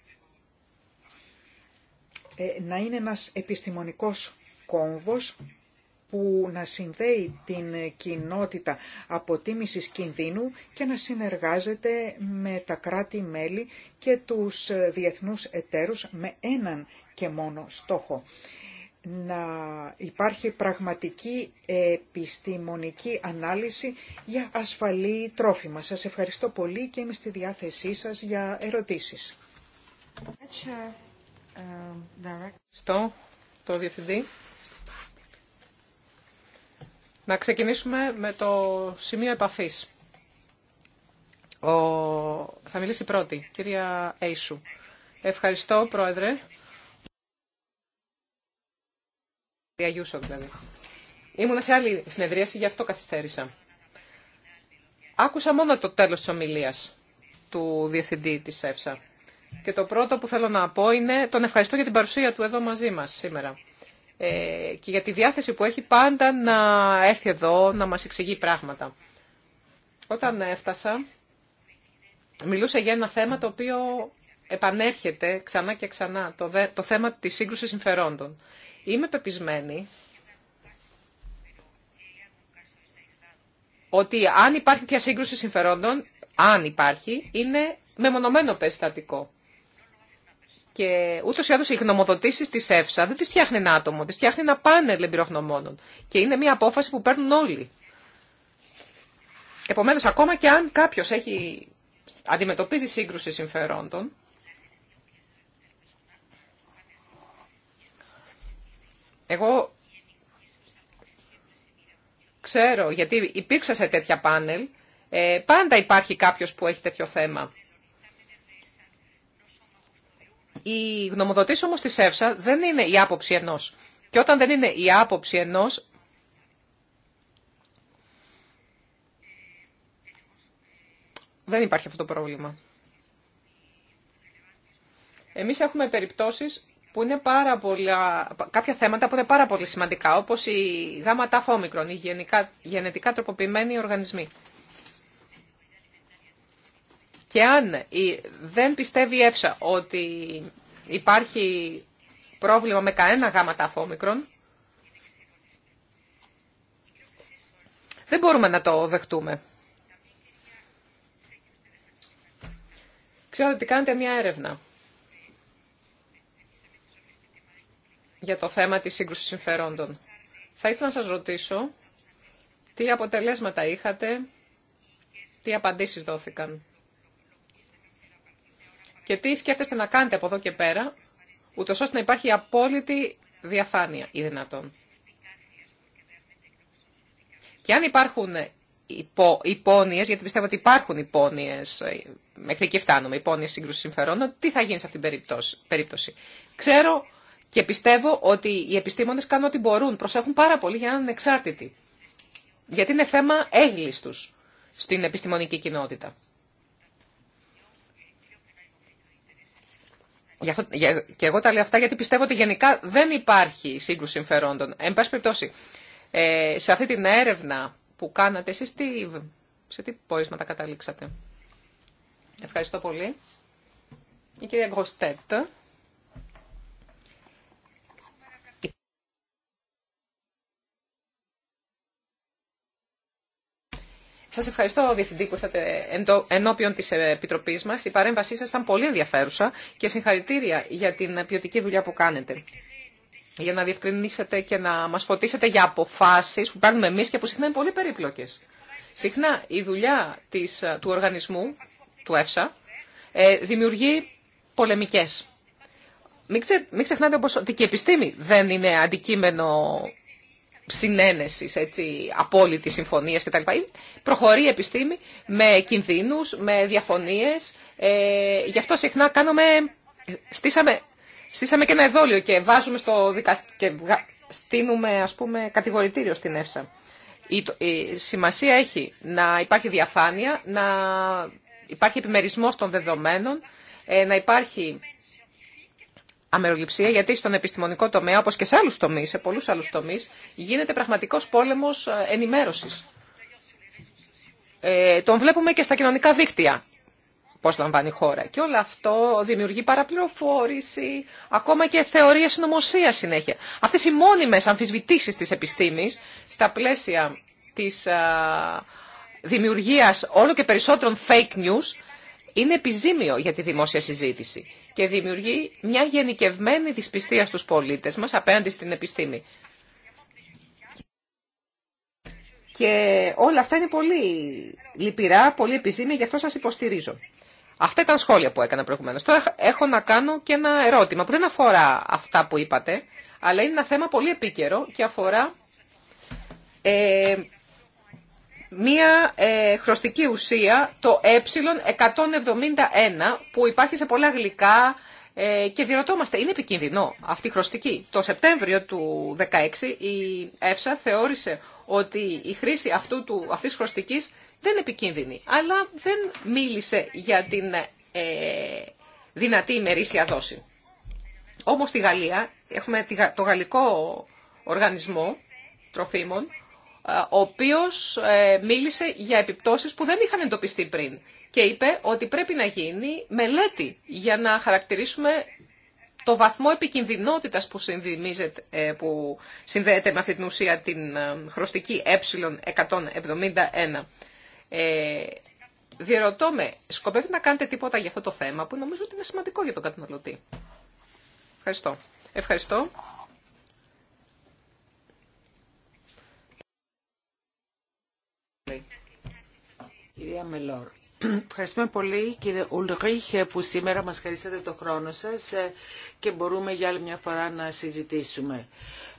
Ε, να είναι ένας επιστημονικός κόμβος που να συνδέει την κοινότητα αποτίμησης κινδύνου και να συνεργάζεται με τα κράτη-μέλη και τους διεθνούς εταίρους με έναν και μόνο στόχο. Να υπάρχει πραγματική επιστημονική ανάλυση για ασφαλή τρόφιμα. Σας ευχαριστώ πολύ και είμαι στη διάθεσή σας για ερωτήσεις. Uh, Στο, το Διευθυντή. Να ξεκινήσουμε με το σημείο επαφής. Ο... Θα μιλήσει πρώτη, κυρία Αίσου. Ευχαριστώ, Πρόεδρε. Κυρία δηλαδή. Ήμουνα σε άλλη συνεδρίαση, γι' αυτό καθυστέρησα. Άκουσα μόνο το τέλος της ομιλίας του Διευθυντή της ΕΦΣΑ. Και το πρώτο που θέλω να πω είναι τον ευχαριστώ για την παρουσία του εδώ μαζί μας σήμερα. Ε, και για τη διάθεση που έχει πάντα να έρθει εδώ να μας εξηγεί πράγματα. Όταν έφτασα, μιλούσα για ένα θέμα το οποίο επανέρχεται ξανά και ξανά, το, το θέμα της σύγκρουσης συμφερόντων. Είμαι πεπισμένη ότι αν υπάρχει πια σύγκρουση συμφερόντων, αν υπάρχει, είναι μεμονωμένο περιστατικό. Και ούτω ή άλλω οι γνωμοδοτήσει τη ΕΦΣΑ δεν τι φτιάχνει ένα άτομο, τι φτιάχνει ένα πάνελ εμπειρογνωμόνων. Και είναι μια απόφαση που παίρνουν όλοι. Επομένω, ακόμα και αν κάποιο έχει αντιμετωπίζει σύγκρουση συμφερόντων, εγώ ξέρω, γιατί υπήρξα σε τέτοια πάνελ, ε, πάντα υπάρχει κάποιος που έχει τέτοιο θέμα. Οι γνωμοδοτήσει όμω της ΕΦΣΑ δεν είναι η άποψη ενό. Και όταν δεν είναι η άποψη ενό. δεν υπάρχει αυτό το πρόβλημα. Εμείς έχουμε περιπτώσεις που είναι πάρα πολλά, κάποια θέματα που είναι πάρα πολύ σημαντικά, όπως η γάμα τάφα όμικρον, οι γενετικά τροποποιημένοι οργανισμοί. Και αν δεν πιστεύει η ΕΦΣΑ ότι υπάρχει πρόβλημα με κανένα γάμα ταφόμικρον, δεν μπορούμε να το δεχτούμε. Ξέρω ότι κάνετε μια έρευνα για το θέμα της σύγκρουσης συμφερόντων. Θα ήθελα να σας ρωτήσω τι αποτελέσματα είχατε, τι απαντήσεις δόθηκαν και τι σκέφτεστε να κάνετε από εδώ και πέρα, ούτως ώστε να υπάρχει απόλυτη διαφάνεια ή δυνατόν. Και αν υπάρχουν υπό, υπόνοιες, γιατί πιστεύω ότι υπάρχουν υπόνοιες, μέχρι εκεί φτάνουμε, υπόνοιες σύγκρουσης συμφερόντων, τι θα γίνει σε αυτήν την περίπτωση. Ξέρω και πιστεύω ότι οι επιστήμονες κάνουν ό,τι μπορούν, προσέχουν πάρα πολύ για να είναι εξάρτητοι. Γιατί είναι θέμα έγκλειστους στην επιστημονική κοινότητα. και εγώ τα λέω αυτά γιατί πιστεύω ότι γενικά δεν υπάρχει σύγκρουση συμφερόντων. Εν πάση περιπτώσει, ε, σε αυτή την έρευνα που κάνατε, εσείς τι, σε τι τα καταλήξατε. Ευχαριστώ πολύ. Η κυρία Γκοστέτ. Σα ευχαριστώ, Διευθυντή, που ήρθατε ενώπιον της Επιτροπής μας. Η παρέμβασή σα ήταν πολύ ενδιαφέρουσα και συγχαρητήρια για την ποιοτική δουλειά που κάνετε. Για να διευκρινίσετε και να μας φωτίσετε για αποφάσεις που παίρνουμε εμείς και που συχνά είναι πολύ περίπλοκες. Συχνά η δουλειά της, του οργανισμού, του ΕΦΣΑ, ε, δημιουργεί πολεμικές. Μην, μην ξεχνάτε ότι και η επιστήμη δεν είναι αντικείμενο Συνένεση έτσι, απόλυτη συμφωνίας κτλ. Προχωρεί η επιστήμη με κινδύνους, με διαφωνίες. Ε, γι' αυτό συχνά κάνουμε, στήσαμε, στήσαμε και ένα εδόλιο και βάζουμε στο δικαστήριο και στείνουμε, ας πούμε, κατηγορητήριο στην ΕΦΣΑ. Η, η σημασία έχει να υπάρχει διαφάνεια, να υπάρχει επιμερισμός των δεδομένων, ε, να υπάρχει αμεροληψία, γιατί στον επιστημονικό τομέα, όπως και σε άλλους τομείς, σε πολλούς άλλους τομείς, γίνεται πραγματικός πόλεμος ε, ενημέρωσης. Ε, τον βλέπουμε και στα κοινωνικά δίκτυα, πώς λαμβάνει η χώρα. Και όλο αυτό δημιουργεί παραπληροφόρηση, ακόμα και θεωρία συνωμοσία συνέχεια. Αυτές οι μόνιμες αμφισβητήσεις της επιστήμης, στα πλαίσια της δημιουργία δημιουργίας όλο και περισσότερων fake news, είναι επιζήμιο για τη δημόσια συζήτηση και δημιουργεί μια γενικευμένη δυσπιστία στους πολίτες μας απέναντι στην επιστήμη. Και όλα αυτά είναι πολύ λυπηρά, πολύ επιζήμια, γι' αυτό σας υποστηρίζω. Αυτά ήταν σχόλια που έκανα προηγουμένως. Τώρα έχω να κάνω και ένα ερώτημα που δεν αφορά αυτά που είπατε, αλλά είναι ένα θέμα πολύ επίκαιρο και αφορά ε, μία ε, χρωστική ουσία, το ε171, που υπάρχει σε πολλά γλυκά ε, και διερωτώμαστε, είναι επικίνδυνο αυτή η χρωστική. Το Σεπτέμβριο του 2016 η ΕΦΣΑ θεώρησε ότι η χρήση αυτού του, αυτής της χρωστικής δεν είναι επικίνδυνη, αλλά δεν μίλησε για την ε, δυνατή ημερήσια δόση. Όμως στη Γαλλία έχουμε το γαλλικό οργανισμό τροφίμων, ε, ο οποίος ε, μίλησε για επιπτώσεις που δεν είχαν εντοπιστεί πριν και είπε ότι πρέπει να γίνει μελέτη για να χαρακτηρίσουμε το βαθμό επικινδυνότητας που, ε, που συνδέεται με αυτή την ουσία την χρωστική ε171. Ε, διερωτώ με, σκοπεύετε να κάνετε τίποτα για αυτό το θέμα που νομίζω ότι είναι σημαντικό για τον καταναλωτή. Ευχαριστώ. Ευχαριστώ. Κυρία Μελόρ. Ευχαριστούμε πολύ κύριε Ουλρίχ που σήμερα μας χαρίσατε το χρόνο σας ε, και μπορούμε για άλλη μια φορά να συζητήσουμε.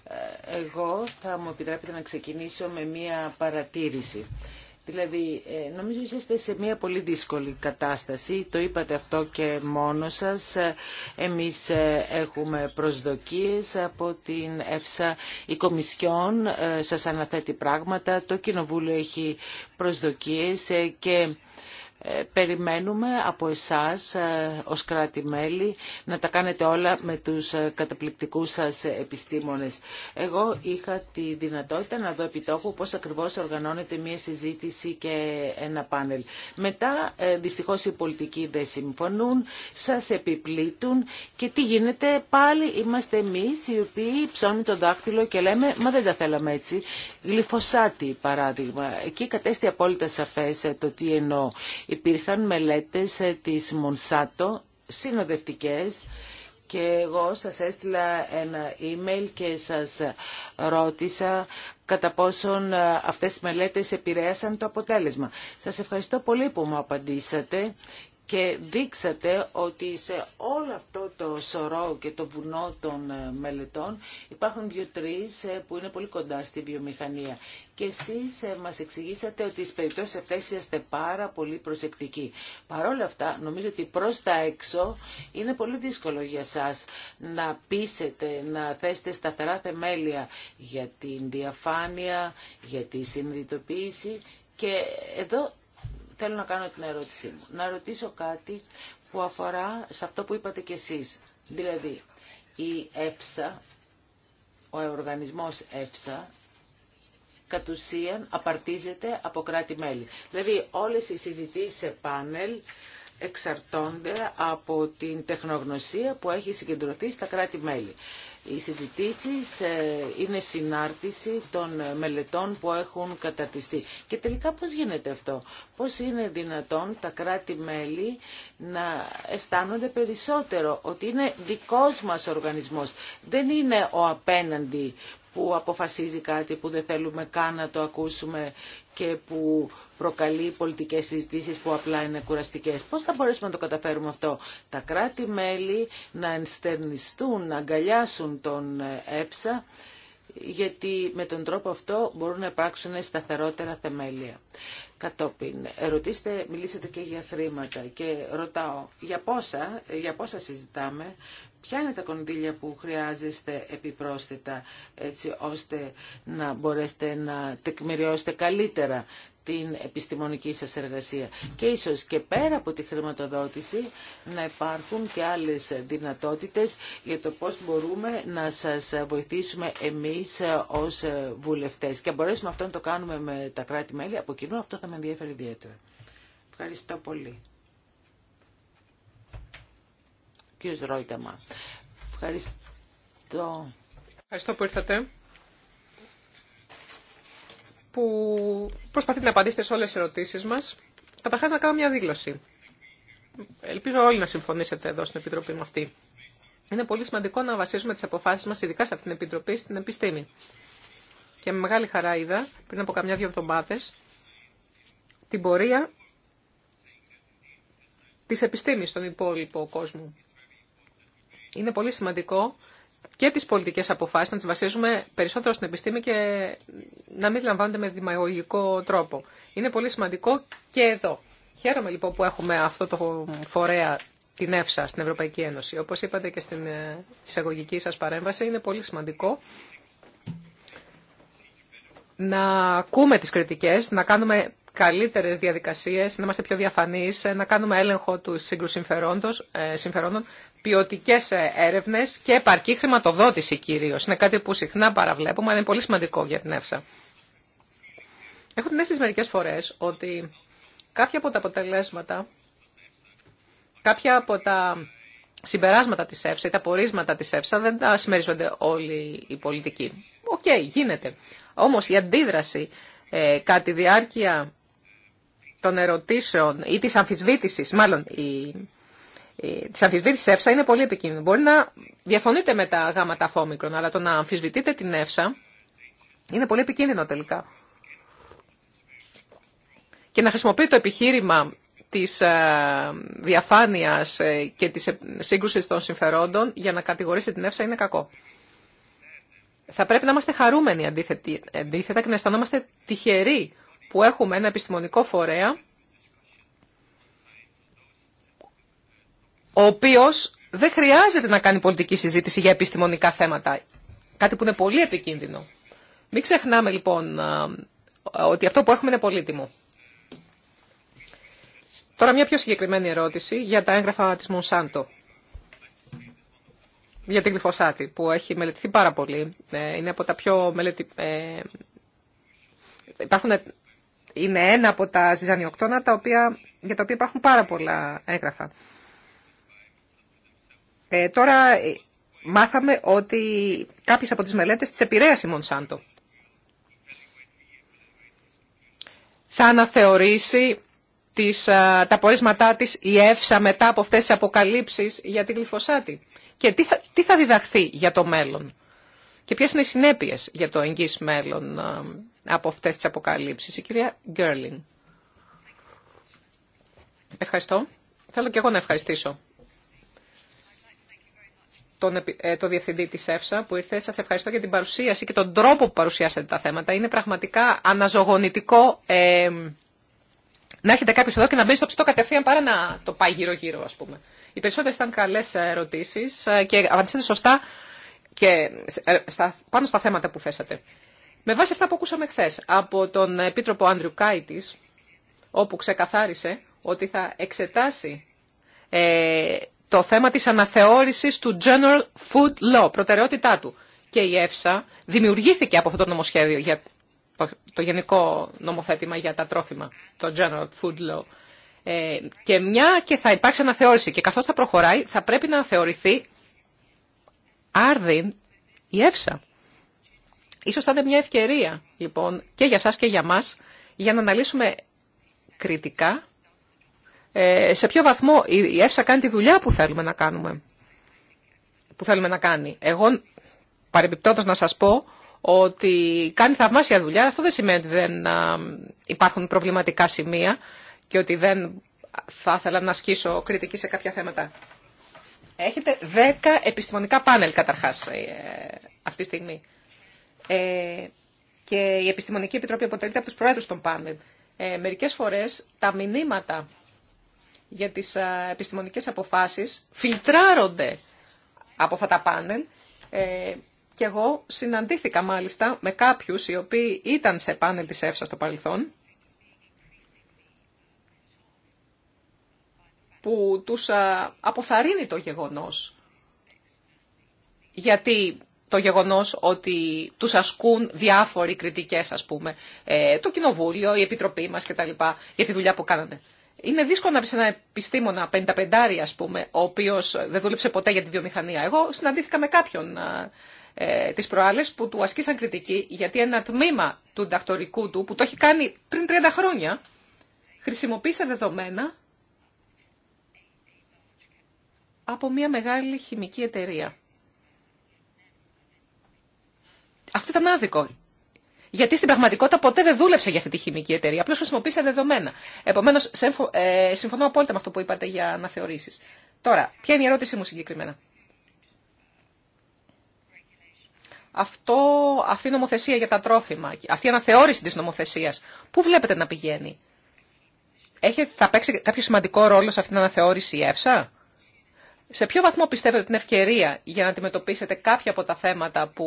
Ε, εγώ θα μου επιτρέπετε να ξεκινήσω με μια παρατήρηση. Δηλαδή, ε, νομίζω είστε σε μια πολύ δύσκολη κατάσταση. Το είπατε αυτό και μόνο σας. Εμείς ε, έχουμε προσδοκίες από την ΕΦΣΑ. Η Κομισιόν ε, σας αναθέτει πράγματα. Το Κοινοβούλιο έχει προσδοκίες και ε, περιμένουμε από εσάς ε, ως κράτη-μέλη να τα κάνετε όλα με τους ε, καταπληκτικούς σας επιστήμονες. Εγώ είχα τη δυνατότητα να δω επιτόπου πώς ακριβώς οργανώνεται μια συζήτηση και ένα πάνελ. Μετά δυστυχώς οι πολιτικοί δεν συμφωνούν, σας επιπλήττουν και τι γίνεται πάλι είμαστε εμείς οι οποίοι ψώνουν το δάχτυλο και λέμε μα δεν τα θέλαμε έτσι. Γλυφοσάτη παράδειγμα. Εκεί κατέστη απόλυτα σαφές το τι εννοώ υπήρχαν μελέτες ε, της Μονσάτο, συνοδευτικές, και εγώ σας έστειλα ένα email και σας ρώτησα κατά πόσον ε, αυτές οι μελέτες επηρέασαν το αποτέλεσμα. Σας ευχαριστώ πολύ που μου απαντήσατε και δείξατε ότι σε όλο αυτό το σωρό και το βουνό των ε, μελετών υπάρχουν δύο-τρεις ε, που είναι πολύ κοντά στη βιομηχανία. Και εσείς ε, μας εξηγήσατε ότι στις περιπτώσεις αυτές είστε πάρα πολύ προσεκτικοί. Παρ' όλα αυτά, νομίζω ότι προς τα έξω είναι πολύ δύσκολο για σας να πείσετε, να θέσετε σταθερά θεμέλια για την διαφάνεια, για τη συνειδητοποίηση και εδώ θέλω να κάνω την ερώτησή μου. Να ρωτήσω κάτι που αφορά σε αυτό που είπατε κι εσείς. Δηλαδή, η ΕΦΣΑ, ο οργανισμός ΕΦΣΑ, κατ' ουσίαν απαρτίζεται από κράτη-μέλη. Δηλαδή, όλες οι συζητήσεις σε πάνελ εξαρτώνται από την τεχνογνωσία που έχει συγκεντρωθεί στα κράτη-μέλη. Οι συζητήσεις ε, είναι συνάρτηση των μελετών που έχουν καταρτιστεί. Και τελικά πώς γίνεται αυτό. Πώς είναι δυνατόν τα κράτη-μέλη να αισθάνονται περισσότερο ότι είναι δικός μας οργανισμός. Δεν είναι ο απέναντι που αποφασίζει κάτι που δεν θέλουμε καν να το ακούσουμε και που προκαλεί πολιτικές συζητήσεις που απλά είναι κουραστικές. Πώς θα μπορέσουμε να το καταφέρουμε αυτό. Τα κράτη-μέλη να ενστερνιστούν, να αγκαλιάσουν τον ΕΨΑ γιατί με τον τρόπο αυτό μπορούν να υπάρξουν σταθερότερα θεμέλια. Κατόπιν, ρωτήστε, μιλήσατε και για χρήματα και ρωτάω για πόσα, για πόσα συζητάμε, ποια είναι τα κονδύλια που χρειάζεστε επιπρόσθετα έτσι ώστε να μπορέσετε να τεκμηριώσετε καλύτερα την επιστημονική σας εργασία. Και ίσως και πέρα από τη χρηματοδότηση να υπάρχουν και άλλες δυνατότητες για το πώς μπορούμε να σας βοηθήσουμε εμείς ως βουλευτές. Και αν μπορέσουμε αυτό να το κάνουμε με τα κράτη-μέλη από κοινού, αυτό θα με ενδιαφέρει ιδιαίτερα. Ευχαριστώ πολύ. Κύριος Ρόιταμα. Ευχαριστώ. Ευχαριστώ που ήρθατε που προσπαθείτε να απαντήσετε σε όλες τις ερωτήσεις μας. Καταρχάς να κάνω μια δήλωση. Ελπίζω όλοι να συμφωνήσετε εδώ στην Επιτροπή μου αυτή. Είναι πολύ σημαντικό να βασίζουμε τις αποφάσεις μας, ειδικά σε αυτήν την Επιτροπή, στην επιστήμη. Και με μεγάλη χαρά είδα, πριν από καμιά δύο εβδομάδες, την πορεία της επιστήμης στον υπόλοιπο κόσμο. Είναι πολύ σημαντικό και τις πολιτικές αποφάσεις να τις βασίζουμε περισσότερο στην επιστήμη και να μην λαμβάνονται με δημαγωγικό τρόπο. Είναι πολύ σημαντικό και εδώ. Χαίρομαι λοιπόν που έχουμε αυτό το φορέα την ΕΦΣΑ στην Ευρωπαϊκή Ένωση. Όπως είπατε και στην ε, εισαγωγική σας παρέμβαση, είναι πολύ σημαντικό να ακούμε τις κριτικές, να κάνουμε καλύτερες διαδικασίες, να είμαστε πιο διαφανείς, ε, να κάνουμε έλεγχο του σύγκρου ε, συμφερόντων ποιοτικέ έρευνε και επαρκή χρηματοδότηση κυρίω. Είναι κάτι που συχνά παραβλέπουμε, αλλά είναι πολύ σημαντικό για την ΕΦΣΑ. Έχω την αίσθηση μερικέ φορέ ότι κάποια από τα αποτελέσματα, κάποια από τα συμπεράσματα της ΕΦΣΑ ή τα πορίσματα της ΕΦΣΑ δεν τα συμμερίζονται όλοι οι πολιτικοί. Οκ, γίνεται. Όμω, η αντίδραση ε, κατά τη διάρκεια των ερωτήσεων ή της αμφισβήτησης, μάλλον η ε, της αμφισβήτησης ΕΦΣΑ είναι πολύ επικίνδυνο. Μπορεί να διαφωνείτε με τα γάματα φόμικρον, αλλά το να αμφισβητείτε την ΕΦΣΑ είναι πολύ επικίνδυνο τελικά. Και να χρησιμοποιεί το επιχείρημα της ε, διαφάνειας ε, και της σύγκρουσης των συμφερόντων για να κατηγορήσει την ΕΦΣΑ είναι κακό. Θα πρέπει να είμαστε χαρούμενοι αντίθετα και να αισθανόμαστε τυχεροί που έχουμε ένα επιστημονικό φορέα ο οποίος δεν χρειάζεται να κάνει πολιτική συζήτηση για επιστημονικά θέματα. Κάτι που είναι πολύ επικίνδυνο. Μην ξεχνάμε λοιπόν ότι αυτό που έχουμε είναι πολύτιμο. Τώρα μια πιο συγκεκριμένη ερώτηση για τα έγγραφα της Μονσάντο. Για την γλυφοσάτη που έχει μελετηθεί πάρα πολύ. Ε, είναι από τα πιο μελετη... Ε, Είναι ένα από τα ζυζανιοκτώνα οποία... για τα οποία υπάρχουν πάρα πολλά έγγραφα. Ε, τώρα ε, μάθαμε ότι κάποιες από τις μελέτες της επηρέασε η Μονσάντο. Θα αναθεωρήσει τις, τα πορίσματά της η ΕΦΣΑ μετά από αυτές τις αποκαλύψεις για την γλυφοσάτη. Και τι θα, τι θα διδαχθεί για το μέλλον. Και ποιες είναι οι συνέπειες για το εγγύς μέλλον από αυτές τις αποκαλύψεις. Η κυρία Γκέρλιν. Ευχαριστώ. Θέλω και εγώ να ευχαριστήσω τον, ε, Διευθυντή της ΕΦΣΑ που ήρθε. Σας ευχαριστώ για την παρουσίαση και τον τρόπο που παρουσιάσατε τα θέματα. Είναι πραγματικά αναζωογονητικό ε, να έρχεται κάποιο εδώ και να μπει στο ψητό κατευθείαν παρά να το πάει γύρω-γύρω, ας πούμε. Οι περισσότερες ήταν καλές ερωτήσεις ε, και απαντήσατε σωστά και ε, στα, πάνω στα θέματα που θέσατε. Με βάση αυτά που ακούσαμε χθε από τον Επίτροπο Άνδριου Κάιτης, όπου ξεκαθάρισε ότι θα εξετάσει ε, το θέμα της αναθεώρησης του General Food Law, προτεραιότητά του. Και η ΕΦΣΑ δημιουργήθηκε από αυτό το νομοσχέδιο για το, γενικό νομοθέτημα για τα τρόφιμα, το General Food Law. Ε, και μια και θα υπάρξει αναθεώρηση και καθώς θα προχωράει θα πρέπει να αναθεωρηθεί άρδιν η ΕΦΣΑ. Ίσως θα είναι μια ευκαιρία λοιπόν και για σας και για μας για να αναλύσουμε κριτικά ε, σε ποιο βαθμό η ΕΦΣΑ κάνει τη δουλειά που θέλουμε να κάνουμε. Που θέλουμε να κάνει. Εγώ παρεμπιπτόντως να σας πω ότι κάνει θαυμάσια δουλειά. Αυτό δεν σημαίνει ότι δεν υπάρχουν προβληματικά σημεία και ότι δεν θα ήθελα να ασκήσω κριτική σε κάποια θέματα. Έχετε 10 επιστημονικά πάνελ καταρχάς ε, αυτή τη στιγμή. Ε, και η Επιστημονική Επιτροπή αποτελείται από τους προέδρους των πάνελ. μερικές φορές τα μηνύματα για τις επιστημονικές αποφάσεις φιλτράρονται από αυτά τα πάνελ ε, και εγώ συναντήθηκα μάλιστα με κάποιους οι οποίοι ήταν σε πάνελ της ΕΦΣΑ στο παρελθόν που τους αποθαρρύνει το γεγονός. Γιατί το γεγονός ότι τους ασκούν διάφοροι κριτικές, ας πούμε, ε, το Κοινοβούλιο, η Επιτροπή μας κτλ. για τη δουλειά που κάνανε. Είναι δύσκολο να πει ένα επιστήμονα 55 ας πούμε, ο οποίο δεν δούλεψε ποτέ για τη βιομηχανία. Εγώ συναντήθηκα με κάποιον ε, τι προάλλε που του ασκήσαν κριτική γιατί ένα τμήμα του διδακτορικού του που το έχει κάνει πριν 30 χρόνια χρησιμοποίησε δεδομένα από μια μεγάλη χημική εταιρεία. Αυτό ήταν άδικο γιατί στην πραγματικότητα ποτέ δεν δούλεψε για αυτή τη χημική εταιρεία, απλώ χρησιμοποίησε δεδομένα. Επομένως, ε, συμφωνώ απόλυτα με αυτό που είπατε για αναθεωρήσεις. Τώρα, ποια είναι η ερώτησή μου συγκεκριμένα. Αυτό, αυτή η νομοθεσία για τα τρόφιμα, αυτή η αναθεώρηση της νομοθεσίας, πού βλέπετε να πηγαίνει. Έχει, θα παίξει κάποιο σημαντικό ρόλο σε αυτή την αναθεώρηση η ΕΦΣΑ. Σε ποιο βαθμό πιστεύετε την ευκαιρία για να αντιμετωπίσετε κάποια από τα θέματα που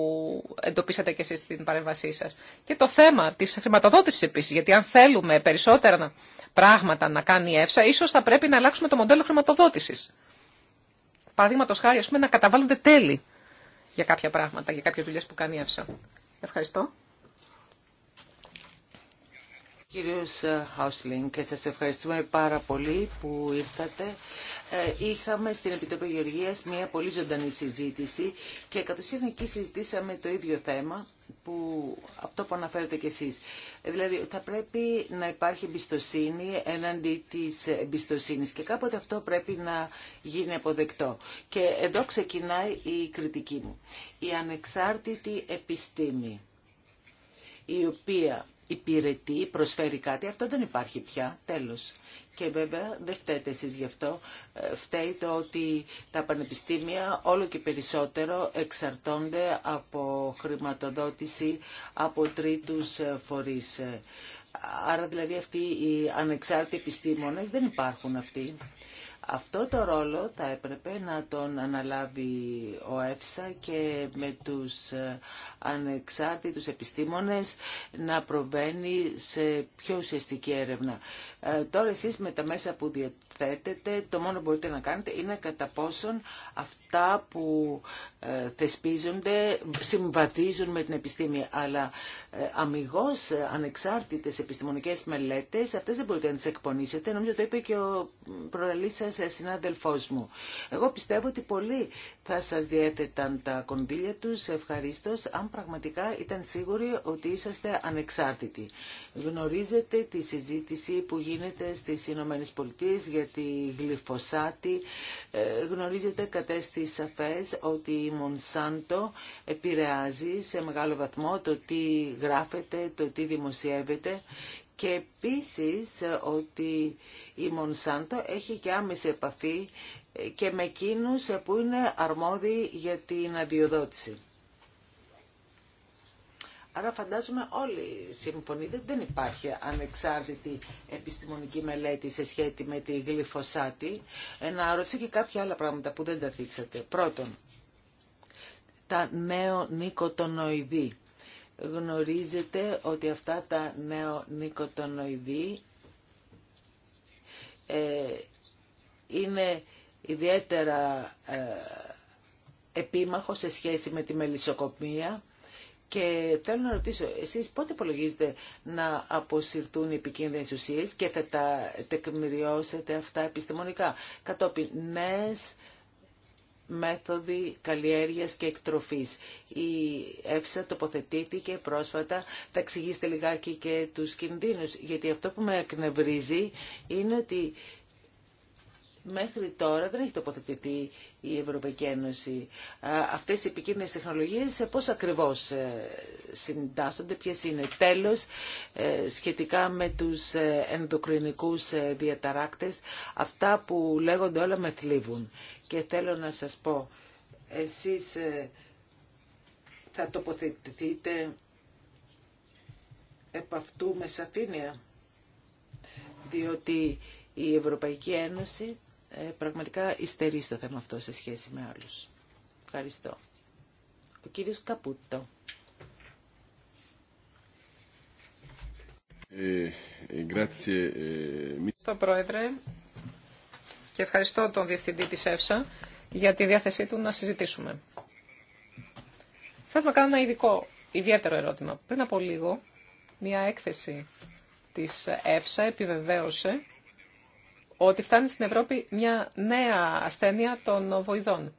εντοπίσατε και εσείς στην παρέμβασή σας. Και το θέμα της χρηματοδότησης επίσης, γιατί αν θέλουμε περισσότερα πράγματα να κάνει η ΕΦΣΑ, ίσως θα πρέπει να αλλάξουμε το μοντέλο χρηματοδότησης. Παραδείγματο χάρη, ας πούμε, να καταβάλλονται τέλη για κάποια πράγματα, για κάποιες δουλειές που κάνει η ΕΦΣΑ. Ευχαριστώ. Κύριος ε, Χάουσλινγκ, σας ευχαριστούμε πάρα πολύ που ήρθατε. Ε, είχαμε στην Επιτροπή Γεωργίας μια πολύ ζωντανή συζήτηση και κατ' ουσίαν εκεί συζητήσαμε το ίδιο θέμα που αυτό που αναφέρετε κι εσείς. Ε, δηλαδή θα πρέπει να υπάρχει εμπιστοσύνη έναντι της εμπιστοσύνης και κάποτε αυτό πρέπει να γίνει αποδεκτό. Και εδώ ξεκινάει η κριτική μου. Η ανεξάρτητη επιστήμη η οποία υπηρετεί, προσφέρει κάτι, αυτό δεν υπάρχει πια, τέλος. Και βέβαια δεν φταίτε εσείς γι' αυτό. Ε, φταίει το ότι τα πανεπιστήμια όλο και περισσότερο εξαρτώνται από χρηματοδότηση από τρίτους ε, φορείς. Ε, άρα δηλαδή αυτοί οι ανεξάρτητοι επιστήμονες δεν υπάρχουν αυτοί. Αυτό το ρόλο θα έπρεπε να τον αναλάβει ο ΕΦΣΑ και με τους ε, ανεξάρτητους επιστήμονες να προβαίνει σε πιο ουσιαστική έρευνα. Ε, τώρα εσείς με τα μέσα που διαθέτετε το μόνο που μπορείτε να κάνετε είναι κατά πόσον αυτά που ε, θεσπίζονται συμβατίζουν με την επιστήμη. Αλλά αμυγός ανεξάρτητες επιστημονικές μελέτες αυτές δεν μπορείτε να τις εκπονήσετε. Νομίζω το είπε και ο σε συνάδελφός μου. Εγώ πιστεύω ότι πολλοί θα σας διέθεταν τα κονδύλια τους ευχαρίστω αν πραγματικά ήταν σίγουροι ότι είσαστε ανεξάρτητοι. Γνωρίζετε τη συζήτηση που γίνεται στις Ηνωμένε για τη γλυφοσάτη. Ε, γνωρίζετε κατέστη σαφές ότι η Μονσάντο επηρεάζει σε μεγάλο βαθμό το τι γράφεται, το τι δημοσιεύεται και επίσης ότι η Μονσάντο έχει και άμεση επαφή ε, και με εκείνους που είναι αρμόδιοι για την αδειοδότηση. Άρα φαντάζομαι όλοι συμφωνείτε ότι δεν υπάρχει ανεξάρτητη επιστημονική μελέτη σε σχέση με τη γλυφοσάτη. Να ρωτήσω και κάποια άλλα πράγματα που δεν τα δείξατε. Πρώτον, τα νέο νοικοτονοειδή γνωρίζετε ότι αυτά τα νεονικοτονοειδή ε, είναι ιδιαίτερα ε, επίμαχο σε σχέση με τη μελισσοκοπία και θέλω να ρωτήσω, εσείς πότε υπολογίζετε να αποσυρθούν οι επικίνδυνες ουσίες και θα τα τεκμηριώσετε αυτά επιστημονικά. Κατόπιν, νέες μέθοδοι καλλιέργειας και εκτροφής. Η ΕΦΣΑ τοποθετήθηκε πρόσφατα, θα εξηγήσετε λιγάκι και τους κινδύνους, γιατί αυτό που με εκνευρίζει είναι ότι μέχρι τώρα δεν έχει τοποθετηθεί η Ευρωπαϊκή Ένωση. Αυτές οι επικίνδυνες τεχνολογίες ε, πώς ακριβώς ε, συντάσσονται, ποιες είναι. Τέλος, ε, σχετικά με τους ενδοκρινικούς διαταράκτες, αυτά που λέγονται όλα με θλίβουν. Και θέλω να σας πω, εσείς ε, θα τοποθετηθείτε επ' αυτού με σαφήνεια, διότι η Ευρωπαϊκή Ένωση ε, πραγματικά υστερεί στο θέμα αυτό σε σχέση με άλλους. Ευχαριστώ. Ο κύριος Καπούτο. Ε, Ευχαριστώ, Πρόεδρε και ευχαριστώ τον Διευθυντή της ΕΦΣΑ για τη διάθεσή του να συζητήσουμε. Θα ήθελα να κάνω ένα ειδικό, ιδιαίτερο ερώτημα. Πριν από λίγο, μια έκθεση της ΕΦΣΑ επιβεβαίωσε ότι φτάνει στην Ευρώπη μια νέα ασθένεια των βοηδών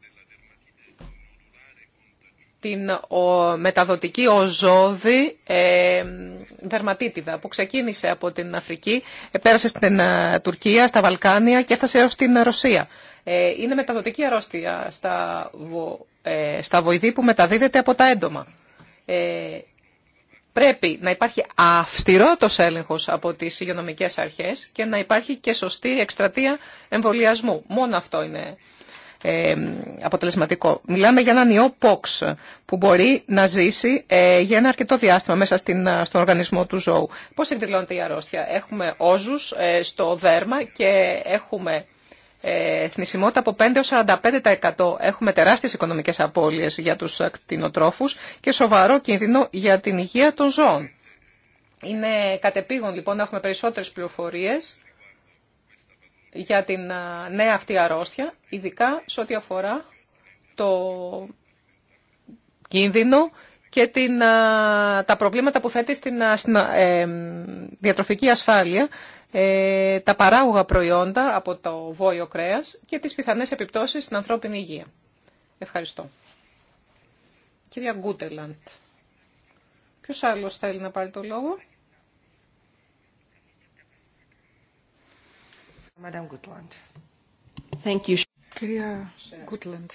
την ο, μεταδοτική οζόδη ε, δερματίτιδα που ξεκίνησε από την Αφρική, ε, πέρασε στην ε, Τουρκία, στα Βαλκάνια και έφτασε έως την Ρωσία. Ε, είναι μεταδοτική αρρώστια στα, στα βοηδή που μεταδίδεται από τα έντομα. πρέπει να υπάρχει αυστηρότος έλεγχος από τις υγειονομικές αρχές και να υπάρχει και σωστή εκστρατεία εμβολιασμού. Μόνο αυτό είναι ε, αποτελεσματικό. Μιλάμε για έναν ιό POX που μπορεί να ζήσει ε, για ένα αρκετό διάστημα μέσα στην, ε, στον οργανισμό του ζώου. Πώς εκδηλώνεται η αρρώστια. Έχουμε όζους στο δέρμα και έχουμε ε, θνησιμότητα από 5 45%. Έχουμε τεράστιες οικονομικές απώλειες για τους ακτινοτρόφους και σοβαρό κίνδυνο για την υγεία των ζώων. Είναι κατεπήγον λοιπόν να έχουμε περισσότερες πληροφορίες για την νέα αυτή αρρώστια, ειδικά σε ό,τι αφορά το κίνδυνο και την, τα προβλήματα που θέτει στην, διατροφική ασφάλεια, ε, τα παράγωγα προϊόντα από το βόλιο κρέας και τις πιθανές επιπτώσεις στην ανθρώπινη υγεία. Ευχαριστώ. Κυρία Γκούτελαντ, ποιος άλλος θέλει να πάρει το λόγο? Κυρία Γκούτλαντ,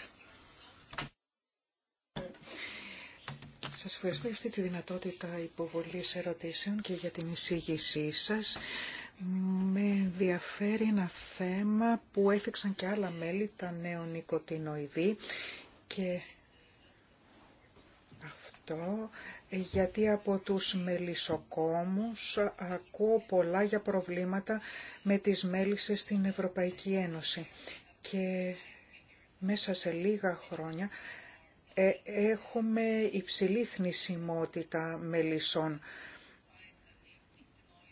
σας ευχαριστώ για αυτή τη δυνατότητα υποβολής ερωτήσεων και για την εισήγησή σας. Με ενδιαφέρει ένα θέμα που έφυξαν και άλλα μέλη, τα νεονικοτινοειδή και αυτό γιατί από τους μελισσοκόμους ακούω πολλά για προβλήματα με τις μέλισσες στην Ευρωπαϊκή Ένωση. Και μέσα σε λίγα χρόνια ε, έχουμε υψηλή θνησιμότητα μελισσών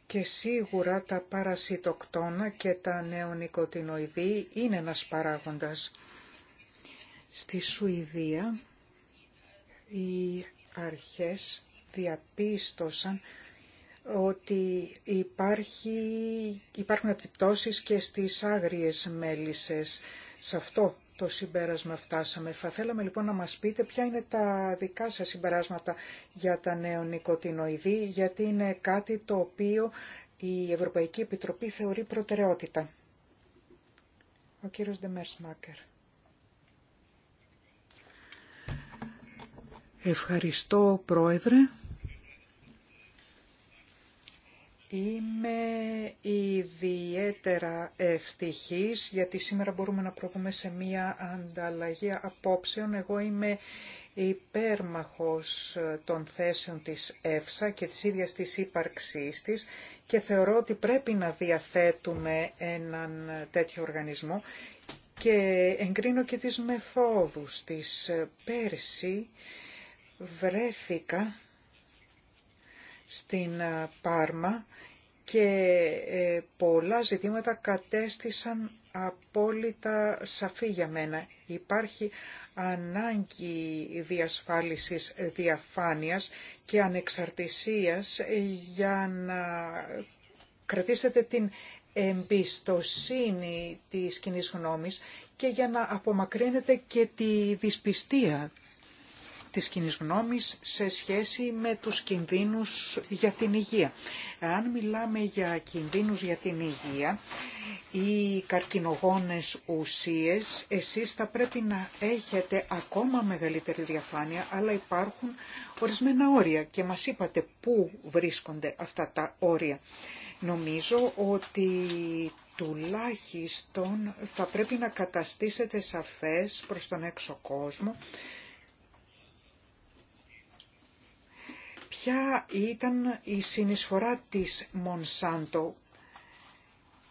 και σίγουρα τα παρασιτοκτόνα και τα νεονικοτινοειδή είναι ένας παράγοντας. Στη Σουηδία η αρχές διαπίστωσαν ότι υπάρχει, υπάρχουν επιπτώσεις και στις άγριες μέλισσες. Σε αυτό το συμπέρασμα φτάσαμε. Θα θέλαμε λοιπόν να μας πείτε ποια είναι τα δικά σας συμπεράσματα για τα νεονικοτινοειδή, γιατί είναι κάτι το οποίο η Ευρωπαϊκή Επιτροπή θεωρεί προτεραιότητα. Ο κύριος Ντεμέρσμακερ. Ευχαριστώ, Πρόεδρε. Είμαι ιδιαίτερα ευτυχής γιατί σήμερα μπορούμε να προδούμε σε μία ανταλλαγή απόψεων. Εγώ είμαι υπέρμαχος των θέσεων της ΕΦΣΑ και της ίδιας της ύπαρξής της και θεωρώ ότι πρέπει να διαθέτουμε έναν τέτοιο οργανισμό και εγκρίνω και τις μεθόδους της πέρσι βρέθηκα στην Πάρμα και ε, πολλά ζητήματα κατέστησαν απόλυτα σαφή για μένα. Υπάρχει ανάγκη διασφάλισης διαφάνειας και ανεξαρτησίας για να κρατήσετε την εμπιστοσύνη της κοινή γνώμης και για να απομακρύνετε και τη δυσπιστία της κοινή γνώμης σε σχέση με τους κινδύνους για την υγεία. Αν μιλάμε για κινδύνους για την υγεία ή καρκινογόνες ουσίες, εσείς θα πρέπει να έχετε ακόμα μεγαλύτερη διαφάνεια, αλλά υπάρχουν ορισμένα όρια και μας είπατε πού βρίσκονται αυτά τα όρια. Νομίζω ότι τουλάχιστον θα πρέπει να καταστήσετε σαφές προς τον έξω κόσμο Ποια ήταν η συνεισφορά της Μονσάντο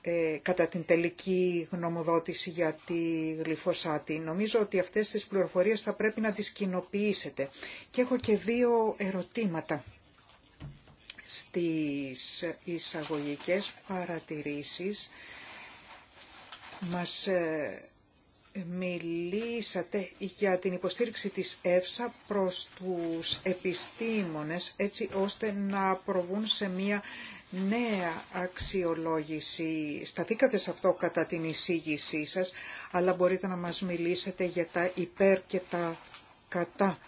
ε, κατά την τελική γνωμοδότηση για τη γλυφοσάτη. Νομίζω ότι αυτές τις πληροφορίες θα πρέπει να τις κοινοποιήσετε. Και έχω και δύο ερωτήματα στις εισαγωγικές παρατηρήσεις μας ε, Μιλήσατε για την υποστήριξη της ΕΦΣΑ προς τους επιστήμονες έτσι ώστε να προβούν σε μια νέα αξιολόγηση. Σταθήκατε σε αυτό κατά την εισήγησή σας, αλλά μπορείτε να μας μιλήσετε για τα υπέρ και τα κατά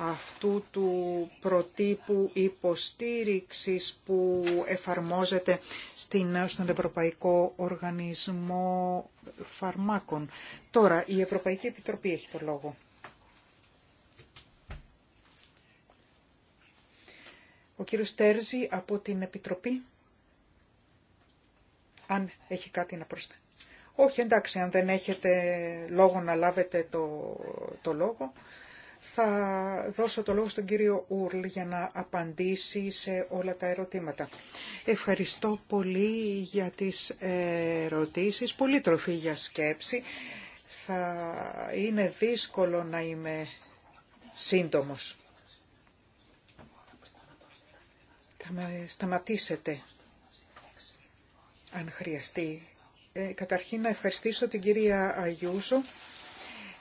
αυτού του προτύπου υποστήριξης που εφαρμόζεται στην, στον Ευρωπαϊκό Οργανισμό Φαρμάκων. Τώρα, η Ευρωπαϊκή Επιτροπή έχει το λόγο. Ο κύριος Τέρζη από την Επιτροπή, αν έχει κάτι να προσθέσει. Όχι, εντάξει, αν δεν έχετε λόγο να λάβετε το, το λόγο. Θα δώσω το λόγο στον κύριο Ούρλ για να απαντήσει σε όλα τα ερωτήματα. Ευχαριστώ πολύ για τις ερωτήσεις, πολύ τροφή για σκέψη. Θα είναι δύσκολο να είμαι σύντομος. Θα με σταματήσετε αν χρειαστεί. Ε, καταρχήν να ευχαριστήσω την κυρία Αγιούζο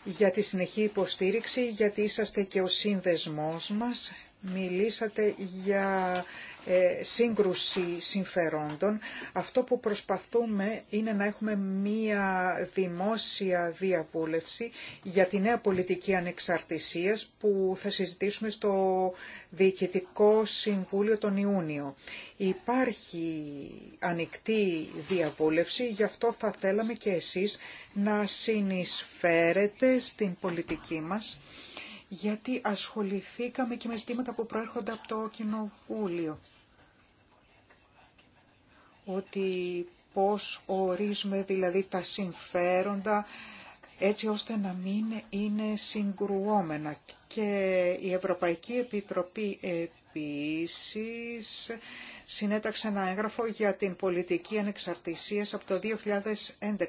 για τη συνεχή υποστήριξη, γιατί είσαστε και ο σύνδεσμός μας. Μιλήσατε για ε, σύγκρουση συμφερόντων. Αυτό που προσπαθούμε είναι να έχουμε μία δημόσια διαβούλευση για τη νέα πολιτική ανεξαρτησίας που θα συζητήσουμε στο Διοικητικό Συμβούλιο τον Ιούνιο. Υπάρχει ανοιχτή διαβούλευση, γι' αυτό θα θέλαμε και εσείς να συνεισφέρετε στην πολιτική μας γιατί ασχοληθήκαμε και με ζητήματα που προέρχονται από το Κοινοβούλιο. Ότι πώς ορίζουμε δηλαδή τα συμφέροντα έτσι ώστε να μην είναι συγκρουόμενα. Και η Ευρωπαϊκή Επιτροπή επίσης συνέταξε ένα έγγραφο για την πολιτική ανεξαρτησίας από το 2011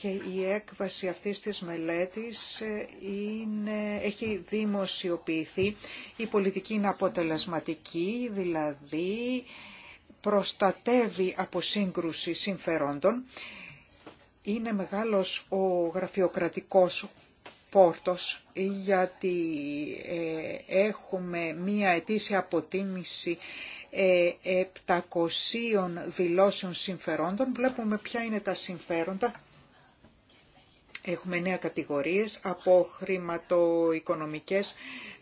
και η έκβαση αυτής της μελέτης ε, είναι, έχει δημοσιοποιηθεί. Η πολιτική είναι αποτελεσματική, δηλαδή προστατεύει από σύγκρουση συμφερόντων. Είναι μεγάλος ο γραφειοκρατικός πόρτος γιατί ε, έχουμε μία ετήσια αποτίμηση 700 ε, δηλώσεων συμφερόντων. Βλέπουμε ποια είναι τα συμφέροντα Έχουμε νέα κατηγορίες από χρηματοοικονομικές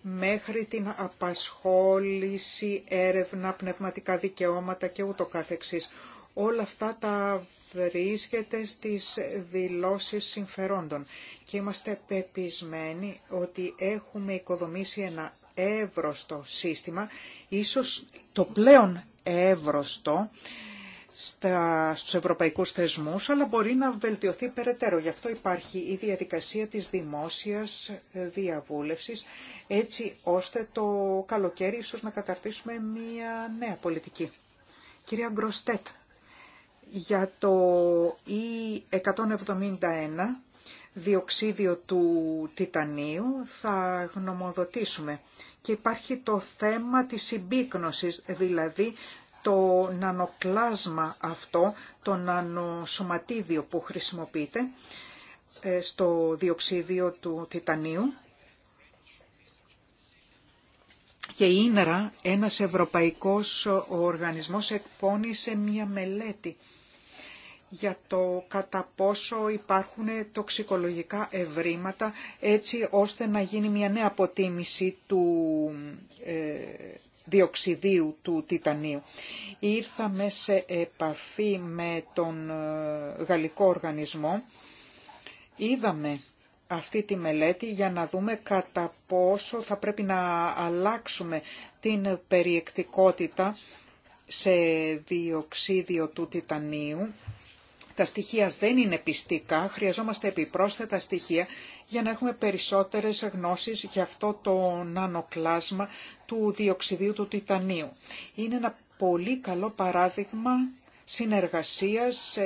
μέχρι την απασχόληση, έρευνα, πνευματικά δικαιώματα και ούτω καθεξής. Όλα αυτά τα βρίσκεται στις δηλώσεις συμφερόντων και είμαστε πεπισμένοι ότι έχουμε οικοδομήσει ένα εύρωστο σύστημα, ίσως το πλέον εύρωστο, στους ευρωπαϊκούς θεσμούς, αλλά μπορεί να βελτιωθεί περαιτέρω. Γι' αυτό υπάρχει η διαδικασία της δημόσιας ε, διαβούλευσης, έτσι ώστε το καλοκαίρι ίσως να καταρτήσουμε μια νέα πολιτική. Κυρία Γκροστέτ, για το E171, διοξίδιο του τιτανίου, θα γνωμοδοτήσουμε. Και υπάρχει το θέμα της συμπίκνωσης, δηλαδή το νανοκλάσμα αυτό, το νανοσωματίδιο που χρησιμοποιείται ε, στο διοξίδιο του τιτανίου και η ένας ευρωπαϊκός οργανισμός, εκπώνησε μία μελέτη για το κατά πόσο υπάρχουν τοξικολογικά ευρήματα έτσι ώστε να γίνει μια νέα αποτίμηση του, ε, διοξιδίου του Τιτανίου. Ήρθαμε σε επαφή με τον ε, γαλλικό οργανισμό. Είδαμε αυτή τη μελέτη για να δούμε κατά πόσο θα πρέπει να αλλάξουμε την περιεκτικότητα σε διοξίδιο του Τιτανίου τα στοιχεία δεν είναι πιστικά, χρειαζόμαστε επιπρόσθετα στοιχεία για να έχουμε περισσότερες γνώσεις για αυτό το νανοκλάσμα του διοξιδίου του τιτανίου. Είναι ένα πολύ καλό παράδειγμα συνεργασίας σε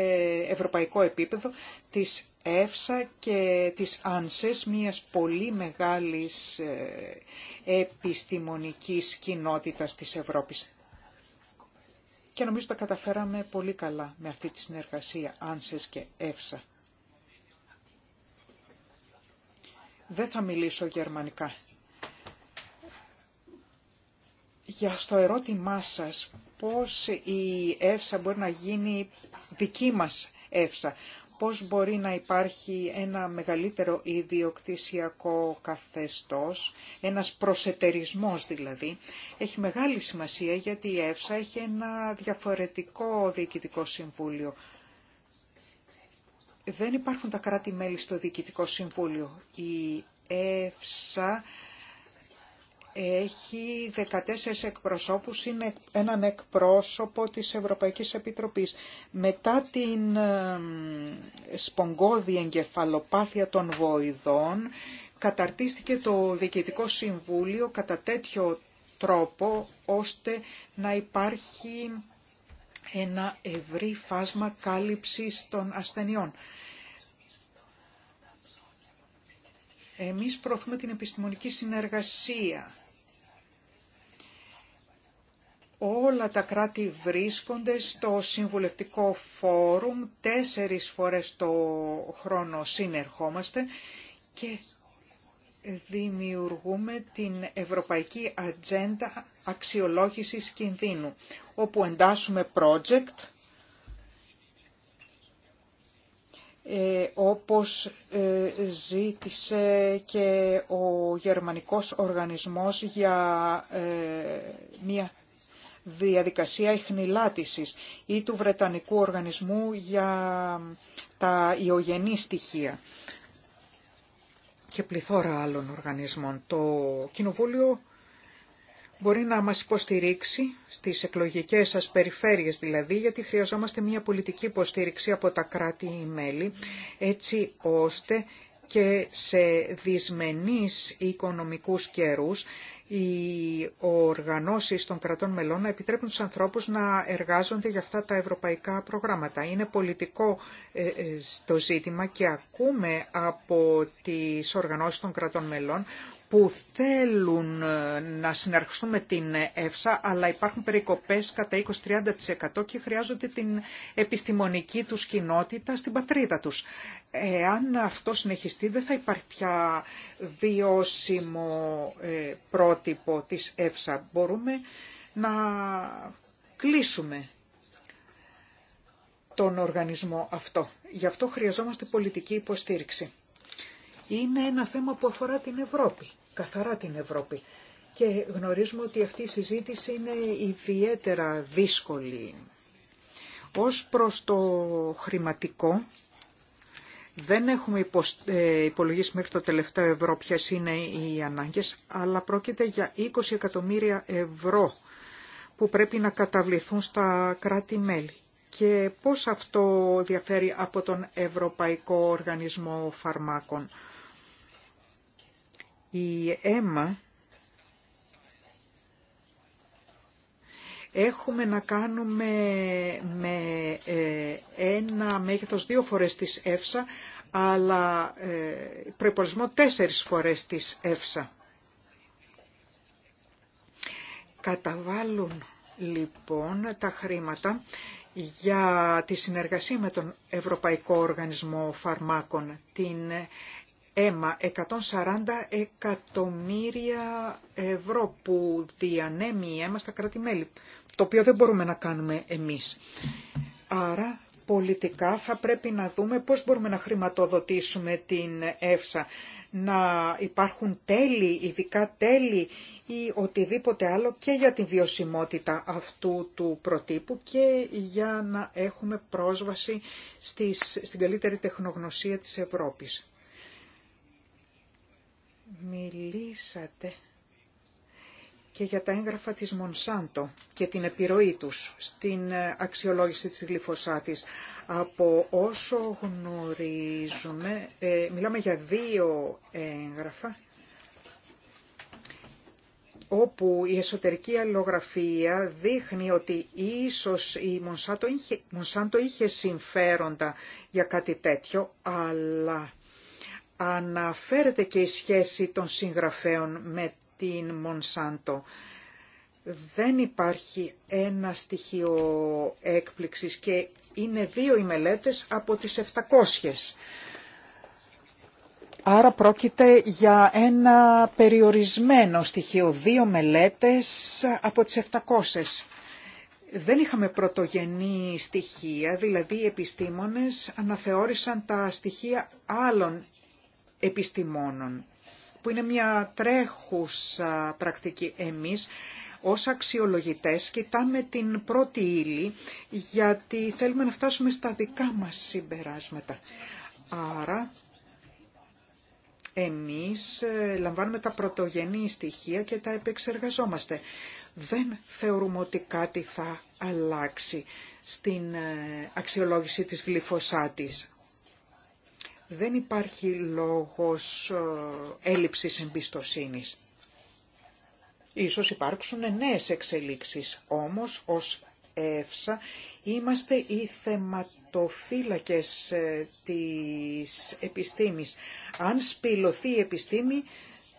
ευρωπαϊκό επίπεδο της ΕΦΣΑ και της ΑΝΣΕΣ, μιας πολύ μεγάλης ε, επιστημονικής κοινότητας της Ευρώπης και νομίζω τα καταφέραμε πολύ καλά με αυτή τη συνεργασία Άνσες και Εύσα. Δεν θα μιλήσω γερμανικά. Για στο ερώτημά σας πώς η ΕΦΣΑ μπορεί να γίνει δική μας ΕΦΣΑ πώς μπορεί να υπάρχει ένα μεγαλύτερο ιδιοκτησιακό καθεστώς, ένας προσετερισμός δηλαδή, έχει μεγάλη σημασία γιατί η ΕΦΣΑ έχει ένα διαφορετικό διοικητικό συμβούλιο. Δεν υπάρχουν τα κράτη-μέλη στο διοικητικό συμβούλιο. Η ΕΦΣΑ έχει 14 εκπροσώπους, είναι έναν εκπρόσωπο της Ευρωπαϊκής Επιτροπής. Μετά την ε, σπογγόδη εγκεφαλοπάθεια των βοηδών, καταρτίστηκε το Διοικητικό Συμβούλιο κατά τέτοιο τρόπο, ώστε να υπάρχει ένα ευρύ φάσμα κάλυψης των ασθενειών. Εμείς προωθούμε την επιστημονική συνεργασία όλα τα κράτη βρίσκονται στο συμβουλευτικό φόρουμ, τέσσερις φορές το χρόνο συνερχόμαστε και δημιουργούμε την Ευρωπαϊκή Ατζέντα Αξιολόγησης Κινδύνου, όπου εντάσσουμε project ε, όπως ε, ζήτησε και ο Γερμανικός Οργανισμός για ε, μια διαδικασία ιχνηλάτησης ή του Βρετανικού Οργανισμού για τα ιογενή στοιχεία και πληθώρα άλλων οργανισμών. Το Κοινοβούλιο μπορεί να μας υποστηρίξει στις εκλογικές σας περιφέρειες δηλαδή, γιατί χρειαζόμαστε μια πολιτική υποστήριξη από τα κράτη-μέλη, έτσι ώστε και σε δυσμενείς οικονομικούς καιρούς οι οργανώσεις των κρατών μελών να επιτρέπουν στους ανθρώπους να εργάζονται για αυτά τα ευρωπαϊκά προγράμματα. Είναι πολιτικό ε, ε, το ζήτημα και ακούμε από τις οργανώσεις των κρατών μελών που θέλουν ε, να συνεργαστούν με την ΕΦΣΑ, αλλά υπάρχουν περικοπές κατά 20-30% και χρειάζονται την επιστημονική τους κοινότητα στην πατρίδα τους. Εάν αυτό συνεχιστεί, δεν θα υπάρχει πια βιώσιμο ε, πρότυπο της ΕΦΣΑ. Μπορούμε να κλείσουμε τον οργανισμό αυτό. Γι' αυτό χρειαζόμαστε πολιτική υποστήριξη. Είναι ένα θέμα που αφορά την Ευρώπη καθαρά την Ευρώπη. Και γνωρίζουμε ότι αυτή η συζήτηση είναι ιδιαίτερα δύσκολη. Ως προς το χρηματικό, δεν έχουμε ε, υπολογίσει μέχρι το τελευταίο ευρώ είναι οι ανάγκες, αλλά πρόκειται για 20 εκατομμύρια ευρώ που πρέπει να καταβληθούν στα κράτη-μέλη. Και πώς αυτό διαφέρει από τον Ευρωπαϊκό Οργανισμό Φαρμάκων η αίμα έχουμε να κάνουμε με ε, ένα μέγεθος δύο φορές της ΕΦΣΑ, αλλά ε, προπολισμό τέσσερις φορές της ΕΦΣΑ. Καταβάλουν λοιπόν τα χρήματα για τη συνεργασία με τον Ευρωπαϊκό Οργανισμό Φαρμάκων, την αίμα 140 εκατομμύρια ευρώ που διανέμει αίμα στα κράτη-μέλη, το οποίο δεν μπορούμε να κάνουμε εμείς. Άρα πολιτικά θα πρέπει να δούμε πώς μπορούμε να χρηματοδοτήσουμε την ΕΦΣΑ, να υπάρχουν τέλη, ειδικά τέλη ή οτιδήποτε άλλο και για τη βιωσιμότητα αυτού του προτύπου και για να έχουμε πρόσβαση στις, στην καλύτερη τεχνογνωσία της Ευρώπης. Μιλήσατε και για τα έγγραφα της Μονσάντο και την επιρροή τους στην ε, αξιολόγηση της γλυφοσάτης. Από όσο γνωρίζουμε, ε, μιλάμε για δύο έγγραφα όπου η εσωτερική αλληλογραφία δείχνει ότι ίσως η Μονσάντο είχε, Μονσάντο είχε συμφέροντα για κάτι τέτοιο, αλλά αναφέρεται και η σχέση των συγγραφέων με την Μονσάντο. Δεν υπάρχει ένα στοιχείο έκπληξης και είναι δύο οι μελέτες από τις 700. Άρα πρόκειται για ένα περιορισμένο στοιχείο, δύο μελέτες από τις 700. Δεν είχαμε πρωτογενή στοιχεία, δηλαδή οι επιστήμονες αναθεώρησαν τα στοιχεία άλλων επιστημόνων, που είναι μια τρέχουσα πρακτική εμείς. Ως αξιολογητές κοιτάμε την πρώτη ύλη γιατί θέλουμε να φτάσουμε στα δικά μας συμπεράσματα. Άρα εμείς ε, λαμβάνουμε τα πρωτογενή στοιχεία και τα επεξεργαζόμαστε. Δεν θεωρούμε ότι κάτι θα αλλάξει στην ε, αξιολόγηση της γλυφοσάτης δεν υπάρχει λόγος ε, έλλειψης εμπιστοσύνης. Ίσως υπάρξουν νέες εξελίξεις, όμως ως ΕΦΣΑ είμαστε οι θεματοφύλακες ε, της επιστήμης. Αν σπηλωθεί η επιστήμη,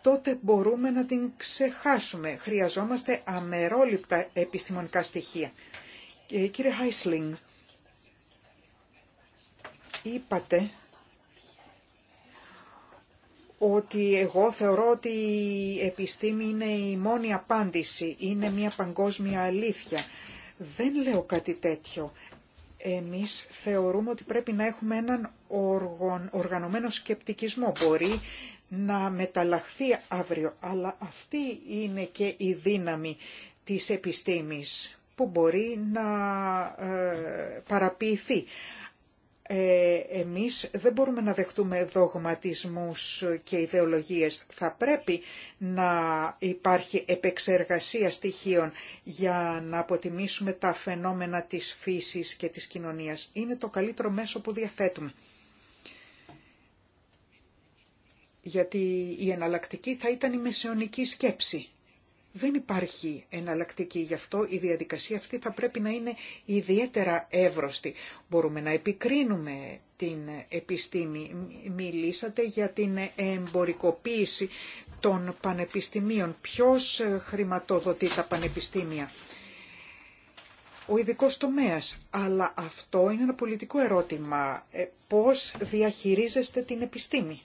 τότε μπορούμε να την ξεχάσουμε. Χρειαζόμαστε αμερόληπτα επιστημονικά στοιχεία. Ε, κύριε Χάισλινγκ, είπατε ότι εγώ θεωρώ ότι η επιστήμη είναι η μόνη απάντηση, είναι μια παγκόσμια αλήθεια. Δεν λέω κάτι τέτοιο. Εμείς θεωρούμε ότι πρέπει να έχουμε έναν οργανωμένο σκεπτικισμό. Μπορεί να μεταλλαχθεί αύριο, αλλά αυτή είναι και η δύναμη της επιστήμης που μπορεί να ε, παραποιηθεί ε, εμείς δεν μπορούμε να δεχτούμε δογματισμούς και ιδεολογίες. Θα πρέπει να υπάρχει επεξεργασία στοιχείων για να αποτιμήσουμε τα φαινόμενα της φύσης και της κοινωνίας. Είναι το καλύτερο μέσο που διαθέτουμε. Γιατί η εναλλακτική θα ήταν η μεσαιωνική σκέψη. Δεν υπάρχει εναλλακτική, γι' αυτό η διαδικασία αυτή θα πρέπει να είναι ιδιαίτερα εύρωστη. Μπορούμε να επικρίνουμε την επιστήμη. Μιλήσατε για την εμπορικοποίηση των πανεπιστημίων. Ποιος χρηματοδοτεί τα πανεπιστήμια. Ο ειδικό τομέα. Αλλά αυτό είναι ένα πολιτικό ερώτημα. Ε, πώς διαχειρίζεστε την επιστήμη.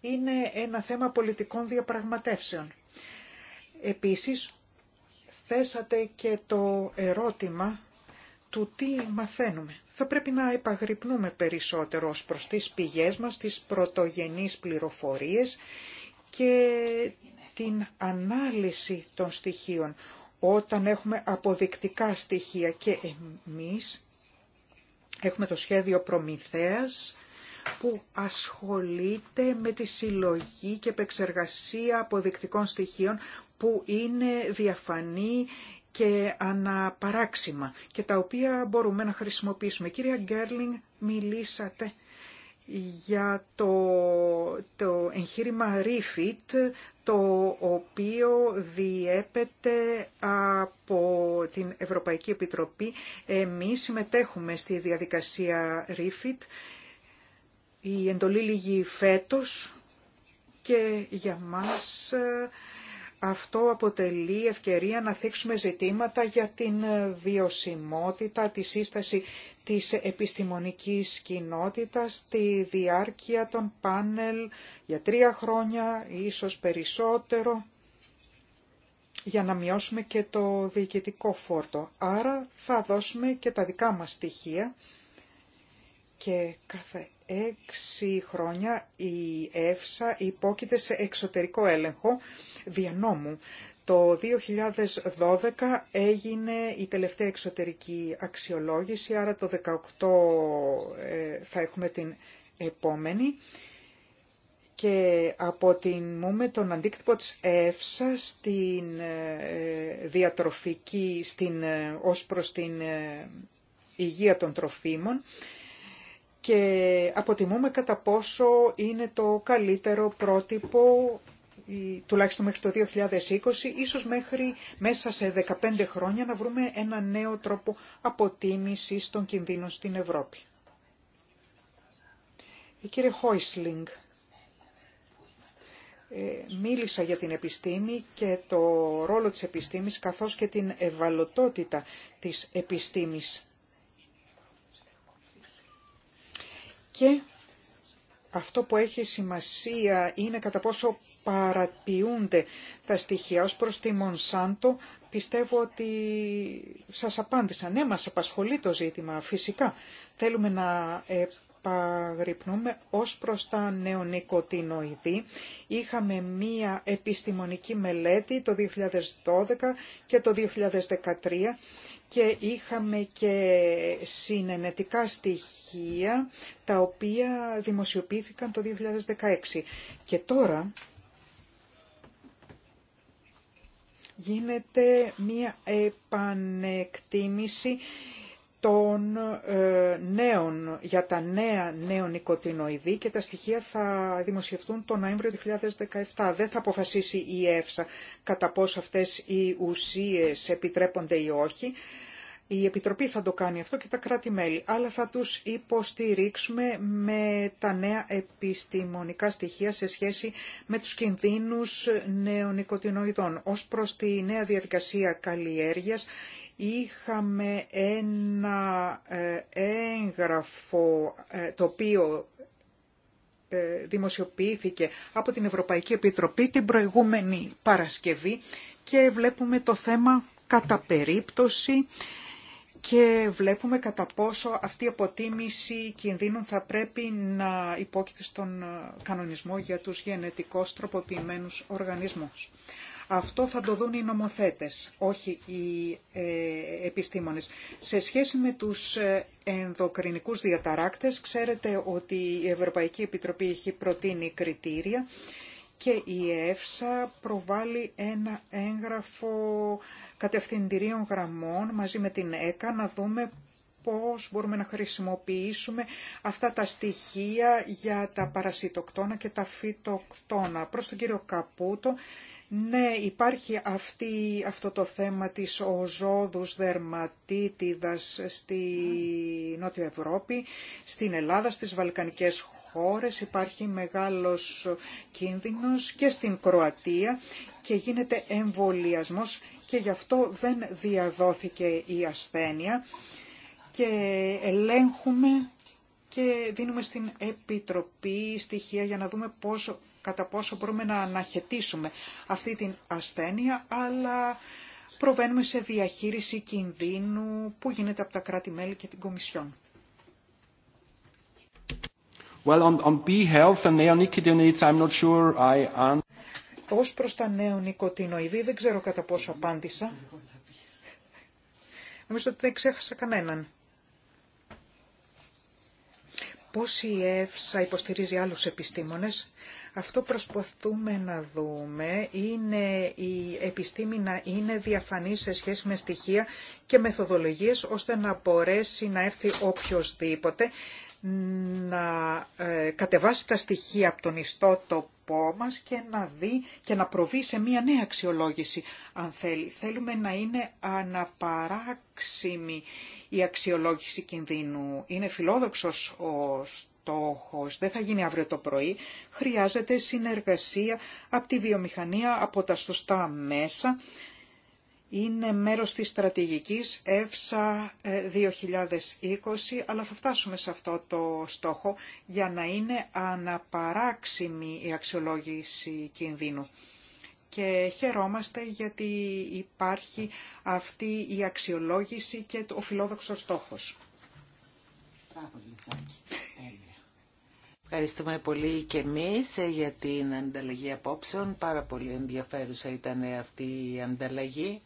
Είναι ένα θέμα πολιτικών διαπραγματεύσεων. Επίσης, θέσατε και το ερώτημα του τι μαθαίνουμε. Θα πρέπει να επαγρυπνούμε περισσότερο ως προς τις πηγές μας, τις πρωτογενείς πληροφορίες και την ανάλυση των στοιχείων. Όταν έχουμε αποδεικτικά στοιχεία και εμείς έχουμε το σχέδιο Προμηθέας που ασχολείται με τη συλλογή και επεξεργασία αποδεικτικών στοιχείων που είναι διαφανή και αναπαράξιμα και τα οποία μπορούμε να χρησιμοποιήσουμε. Κυρία Γκέρλινγκ, μιλήσατε για το, το εγχείρημα Refit, το οποίο διέπεται από την Ευρωπαϊκή Επιτροπή. Εμείς συμμετέχουμε στη διαδικασία Refit. Η εντολή λυγεί φέτος και για μας αυτό αποτελεί ευκαιρία να θίξουμε ζητήματα για την ε, βιωσιμότητα, τη σύσταση της επιστημονικής κοινότητας, τη διάρκεια των πάνελ για τρία χρόνια, ίσως περισσότερο, για να μειώσουμε και το διοικητικό φόρτο. Άρα θα δώσουμε και τα δικά μας στοιχεία και κάθε έξι χρόνια η ΕΦΣΑ υπόκειται σε εξωτερικό έλεγχο διανόμου. Το 2012 έγινε η τελευταία εξωτερική αξιολόγηση, άρα το 2018 ε, θα έχουμε την επόμενη και αποτιμούμε τον αντίκτυπο της ΕΦΣΑ στην ε, διατροφική, στην, ε, ως προς την υγεία των τροφίμων και αποτιμούμε κατά πόσο είναι το καλύτερο πρότυπο τουλάχιστον μέχρι το 2020, ίσως μέχρι μέσα σε 15 χρόνια να βρούμε ένα νέο τρόπο αποτίμησης των κινδύνων στην Ευρώπη. Η ε, κύριε Χόισλινγκ, ε, μίλησα για την επιστήμη και το ρόλο της επιστήμης καθώς και την ευαλωτότητα της επιστήμης. Και αυτό που έχει σημασία είναι κατά πόσο παραποιούνται τα στοιχεία. Ως προς τη Μονσάντο πιστεύω ότι σας απάντησα. Ναι, μας απασχολεί το ζήτημα φυσικά. Θέλουμε να επαγρυπνούμε ως προς τα νεονικοτινοειδή. Είχαμε μία επιστημονική μελέτη το 2012 και το 2013 και είχαμε και συνενετικά στοιχεία τα οποία δημοσιοποιήθηκαν το 2016. Και τώρα γίνεται μία επανεκτίμηση των ε, νέων, για τα νέα νέων νοικοτινοειδή και τα στοιχεία θα δημοσιευτούν τον Νοέμβριο 2017. Δεν θα αποφασίσει η ΕΦΣΑ κατά πόσο αυτές οι ουσίες επιτρέπονται ή όχι. Η Επιτροπή θα το κάνει αυτό και τα κράτη-μέλη, αλλά θα τους υποστηρίξουμε με τα νέα επιστημονικά στοιχεία σε σχέση με τους κινδύνους νεονικοτινοειδών. Ως προς τη νέα διαδικασία καλλιέργειας, είχαμε ένα ε, έγγραφο ε, το οποίο ε, δημοσιοποιήθηκε από την Ευρωπαϊκή Επιτροπή την προηγούμενη Παρασκευή και βλέπουμε το θέμα κατά περίπτωση και βλέπουμε κατά πόσο αυτή η αποτίμηση κινδύνων θα πρέπει να υπόκειται στον ε, κανονισμό για τους γενετικώς τροποποιημένους οργανισμούς. Αυτό θα το δουν οι νομοθέτες, όχι οι ε, επιστήμονες. Σε σχέση με τους ε, ενδοκρινικούς διαταράκτες, ξέρετε ότι η Ευρωπαϊκή Επιτροπή έχει προτείνει κριτήρια και η ΕΕΦΣΑ προβάλλει ένα έγγραφο κατευθυντηρίων γραμμών μαζί με την ΕΚΑ να δούμε πώς μπορούμε να χρησιμοποιήσουμε αυτά τα στοιχεία για τα παρασιτοκτόνα και τα φυτοκτόνα. Προς τον κύριο Καπούτο, ναι, υπάρχει αυτό το θέμα της οζόδους δερματίτιδας στη Νότια Ευρώπη, στην Ελλάδα, στις Βαλκανικές χώρες, υπάρχει μεγάλος κίνδυνος και στην Κροατία και γίνεται εμβολιασμός και γι' αυτό δεν διαδόθηκε η ασθένεια και ελέγχουμε και δίνουμε στην Επιτροπή στοιχεία για να δούμε πόσο, κατά πόσο μπορούμε να αναχαιτήσουμε αυτή την ασθένεια, αλλά προβαίνουμε σε διαχείριση κινδύνου που γίνεται από τα κράτη-μέλη και την Κομισιόν. Well, on, on bee health Ως προς τα δεν ξέρω κατά πόσο απάντησα. Νομίζω ότι δεν ξέχασα κανέναν. Πώς η ΕΦΣΑ υποστηρίζει άλλους επιστήμονες. Αυτό προσπαθούμε να δούμε είναι η επιστήμη να είναι διαφανή σε σχέση με στοιχεία και μεθοδολογίες ώστε να μπορέσει να έρθει οποιοδήποτε να ε, κατεβάσει τα στοιχεία από τον ιστότοπό μας και να δει και να προβεί σε μια νέα αξιολόγηση αν θέλει. Θέλουμε να είναι αναπαράξιμη η αξιολόγηση κινδύνου. Είναι φιλόδοξος ο στόχος, δεν θα γίνει αύριο το πρωί. Χρειάζεται συνεργασία από τη βιομηχανία, από τα σωστά μέσα είναι μέρος της στρατηγικής ΕΦΣΑ 2020, ε, αλλά θα φτάσουμε σε αυτό το στόχο για να είναι αναπαράξιμη η αξιολόγηση κινδύνου. Και χαιρόμαστε γιατί υπάρχει αυτή η αξιολόγηση και ο φιλόδοξος στόχος. Ευχαριστούμε πολύ και εμείς ε, για την ανταλλαγή απόψεων. Πάρα πολύ ενδιαφέρουσα ήταν ε, αυτή η ανταλλαγή.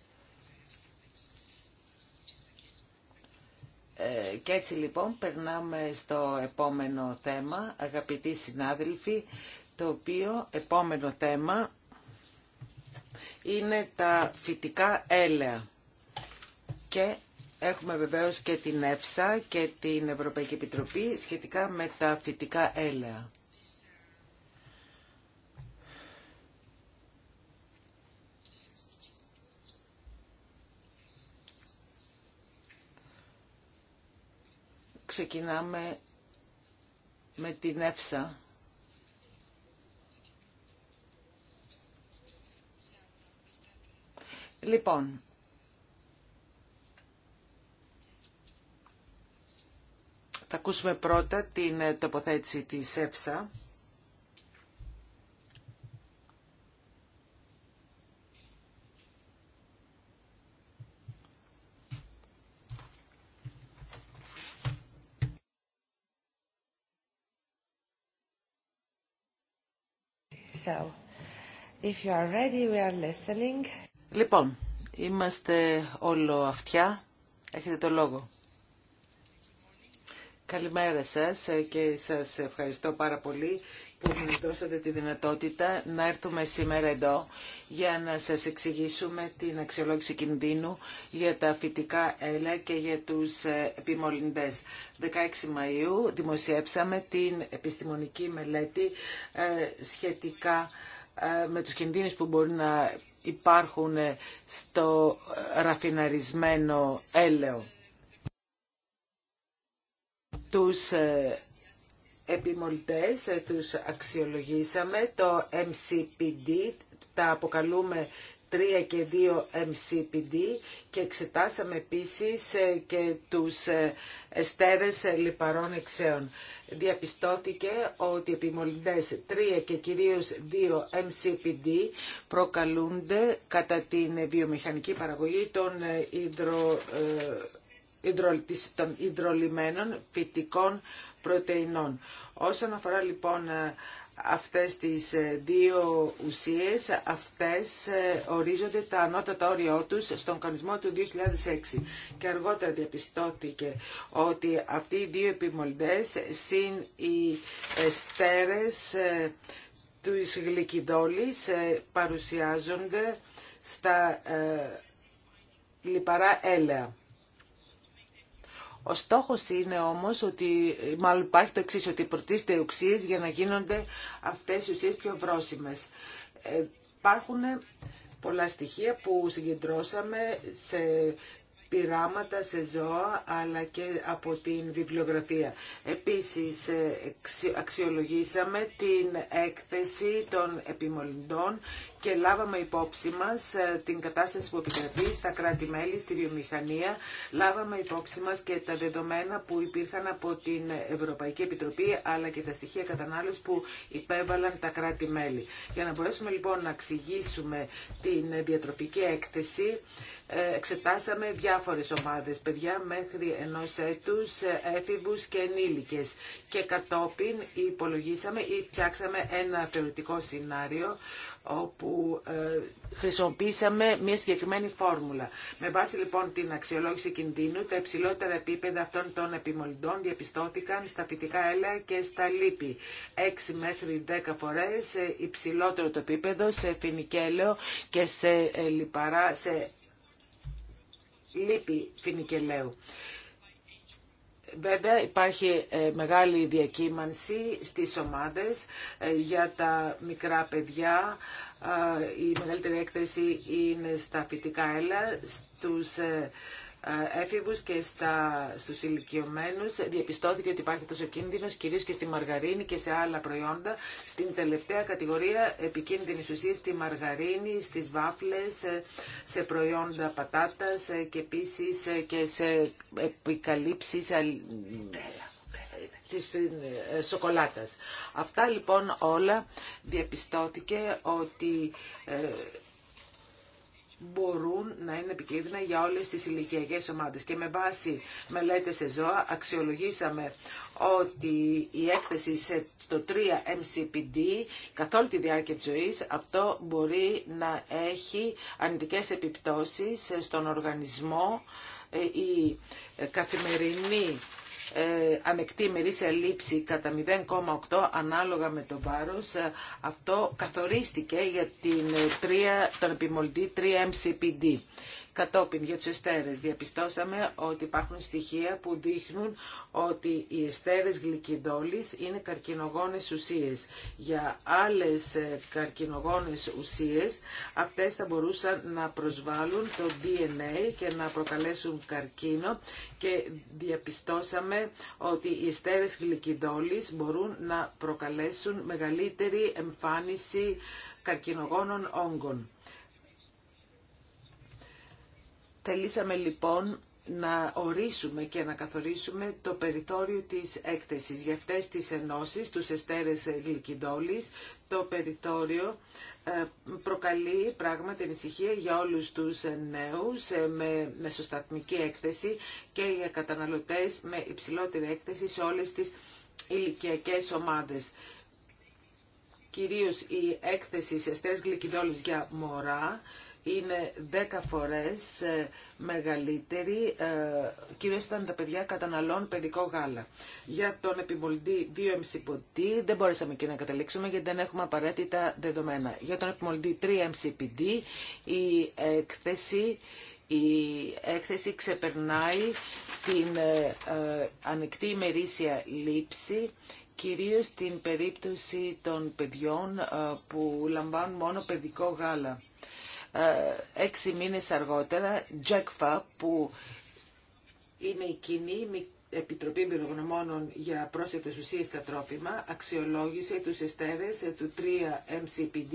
Ε, και έτσι λοιπόν περνάμε στο επόμενο θέμα, αγαπητοί συνάδελφοι, το οποίο επόμενο θέμα είναι τα φυτικά έλαια. Και έχουμε βεβαίως και την ΕΦΣΑ και την Ευρωπαϊκή Επιτροπή σχετικά με τα φυτικά έλαια. ξεκινάμε με την ΕΦΣΑ. Λοιπόν, θα ακούσουμε πρώτα την τοποθέτηση της ΕΦΣΑ. Λοιπόν, είμαστε όλο αυτιά. Έχετε το λόγο. Καλημέρα σας και σας ευχαριστώ πάρα πολύ που μου δώσατε τη δυνατότητα να έρθουμε σήμερα εδώ για να σας εξηγήσουμε την αξιολόγηση κινδύνου για τα φυτικά έλα και για τους ε, επιμολυντές. 16 Μαΐου δημοσιεύσαμε την επιστημονική μελέτη ε, σχετικά ε, με τους κινδύνους που μπορεί να υπάρχουν στο ραφιναρισμένο έλαιο. Τους επιμολυτές, ε, τους αξιολογήσαμε, το MCPD, τα αποκαλούμε 3 και 2 MCPD και εξετάσαμε επίσης ε, και τους ε, εστέρες λιπαρών εξαίων. Διαπιστώθηκε ότι οι επιμολυντές 3 και κυρίως 2 MCPD προκαλούνται κατά την βιομηχανική παραγωγή των υδρο, των υδρολιμένων φυτικών πρωτεϊνών. Όσον αφορά λοιπόν ε, αυτές τις ε, δύο ουσίες, αυτές ε, ορίζονται τα ανώτατα όρια τους στον κανονισμό του 2006 και αργότερα διαπιστώθηκε ότι αυτοί οι δύο επιμολυντές συν οι στέρες του γλυκιδόλης παρουσιάζονται στα λιπαρά έλαια. Ο στόχο είναι όμως ότι, μάλλον υπάρχει το εξή ότι προτίστε ουσίε για να γίνονται αυτές οι ουσίε πιο βρώσιμες. Ε, υπάρχουν πολλά στοιχεία που συγκεντρώσαμε σε πειράματα σε ζώα αλλά και από την βιβλιογραφία. Επίσης ε, αξιολογήσαμε την έκθεση των επιμολυντών και λάβαμε υπόψη μας ε, την κατάσταση που επικρατεί στα κράτη-μέλη, στη βιομηχανία. Λάβαμε υπόψη μας και τα δεδομένα που υπήρχαν από την Ευρωπαϊκή Επιτροπή αλλά και τα στοιχεία κατανάλωση που υπέβαλαν τα κράτη-μέλη. Για να μπορέσουμε λοιπόν να εξηγήσουμε την διατροφική έκθεση εξετάσαμε διάφορες ομάδες, παιδιά μέχρι ενός έτους, έφηβους και ενήλικες. Και κατόπιν υπολογίσαμε ή φτιάξαμε ένα θεωρητικό σενάριο όπου ε, χρησιμοποίησαμε μια συγκεκριμένη φόρμουλα. Με βάση λοιπόν την αξιολόγηση κινδύνου, τα υψηλότερα επίπεδα αυτών των επιμολυντών διαπιστώθηκαν στα φυτικά έλαια και στα λίπη. 6 μέχρι 10 φορές ε, υψηλότερο το επίπεδο σε φινικέλαιο και σε ε, λιπαρά, σε λείπει φινικελαίου. Βέβαια υπάρχει ε, μεγάλη διακύμανση στις ομάδες ε, για τα μικρά παιδιά. Ε, η μεγαλύτερη έκθεση είναι στα φυτικά έλα, στους έφηβους και στα, στους ηλικιωμένους. Διαπιστώθηκε ότι υπάρχει τόσο κίνδυνος κυρίως και στη μαργαρίνη και σε άλλα προϊόντα. Στην τελευταία κατηγορία επικίνδυνη ουσία στη μαργαρίνη, στις βάφλες, σε προϊόντα πατάτας και επίσης και σε επικαλύψεις της ε, σοκολάτας. Αυτά λοιπόν όλα διαπιστώθηκε ότι ε, μπορούν να είναι επικίνδυνα για όλες τις ηλικιακές ομάδες. Και με βάση μελέτες σε ζώα αξιολογήσαμε ότι η έκθεση το 3-MCPD καθ' όλη τη διάρκεια της ζωής αυτό μπορεί να έχει αρνητικές επιπτώσεις στον οργανισμό. Ε, η καθημερινή ε, ανεκτή μερίσια λήψη κατά 0,8 ανάλογα με το βάρος. Ε, αυτό καθορίστηκε για την 3, ε, τον επιμολυντή 3MCPD. Κατόπιν για τους εστέρες διαπιστώσαμε ότι υπάρχουν στοιχεία που δείχνουν ότι οι εστέρες γλυκιδόλης είναι καρκινογόνες ουσίες. Για άλλες ε, καρκινογόνες ουσίες αυτές θα μπορούσαν να προσβάλλουν το DNA και να προκαλέσουν καρκίνο και διαπιστώσαμε ότι οι εστέρες γλυκιδόλης μπορούν να προκαλέσουν μεγαλύτερη εμφάνιση καρκινογόνων όγκων. Θελήσαμε λοιπόν να ορίσουμε και να καθορίσουμε το περιθώριο της έκθεσης. Για αυτές τις ενώσεις, τους εστέρες γλυκυντόλης, το περιθώριο ε, προκαλεί πράγματι ανησυχία για όλους τους νέους ε, με μεσοσταθμική έκθεση και για καταναλωτές με υψηλότερη έκθεση σε όλες τις ηλικιακές ομάδες. Κυρίως η έκθεση σε εστέρες για μωρά είναι 10 φορές ε, μεγαλύτερη, ε, κυρίως όταν τα παιδιά καταναλώνουν παιδικό γάλα. Για τον επιμολυντή 2MCPD δεν μπορέσαμε και να καταλήξουμε γιατί δεν έχουμε απαραίτητα δεδομένα. Για τον επιμολυντή 3MCPD η έκθεση η έκθεση ξεπερνάει την ε, ανοιχτή ημερήσια λήψη κυρίως στην περίπτωση των παιδιών που λαμβάνουν μόνο παιδικό γάλα. Ε, έξι μήνες αργότερα, Τζέκφα, που είναι η κοινή Επιτροπή Εμπειρογνωμόνων για πρόσθετες ουσίες στα τρόφιμα αξιολόγησε τους εστέρες του 3-MCPD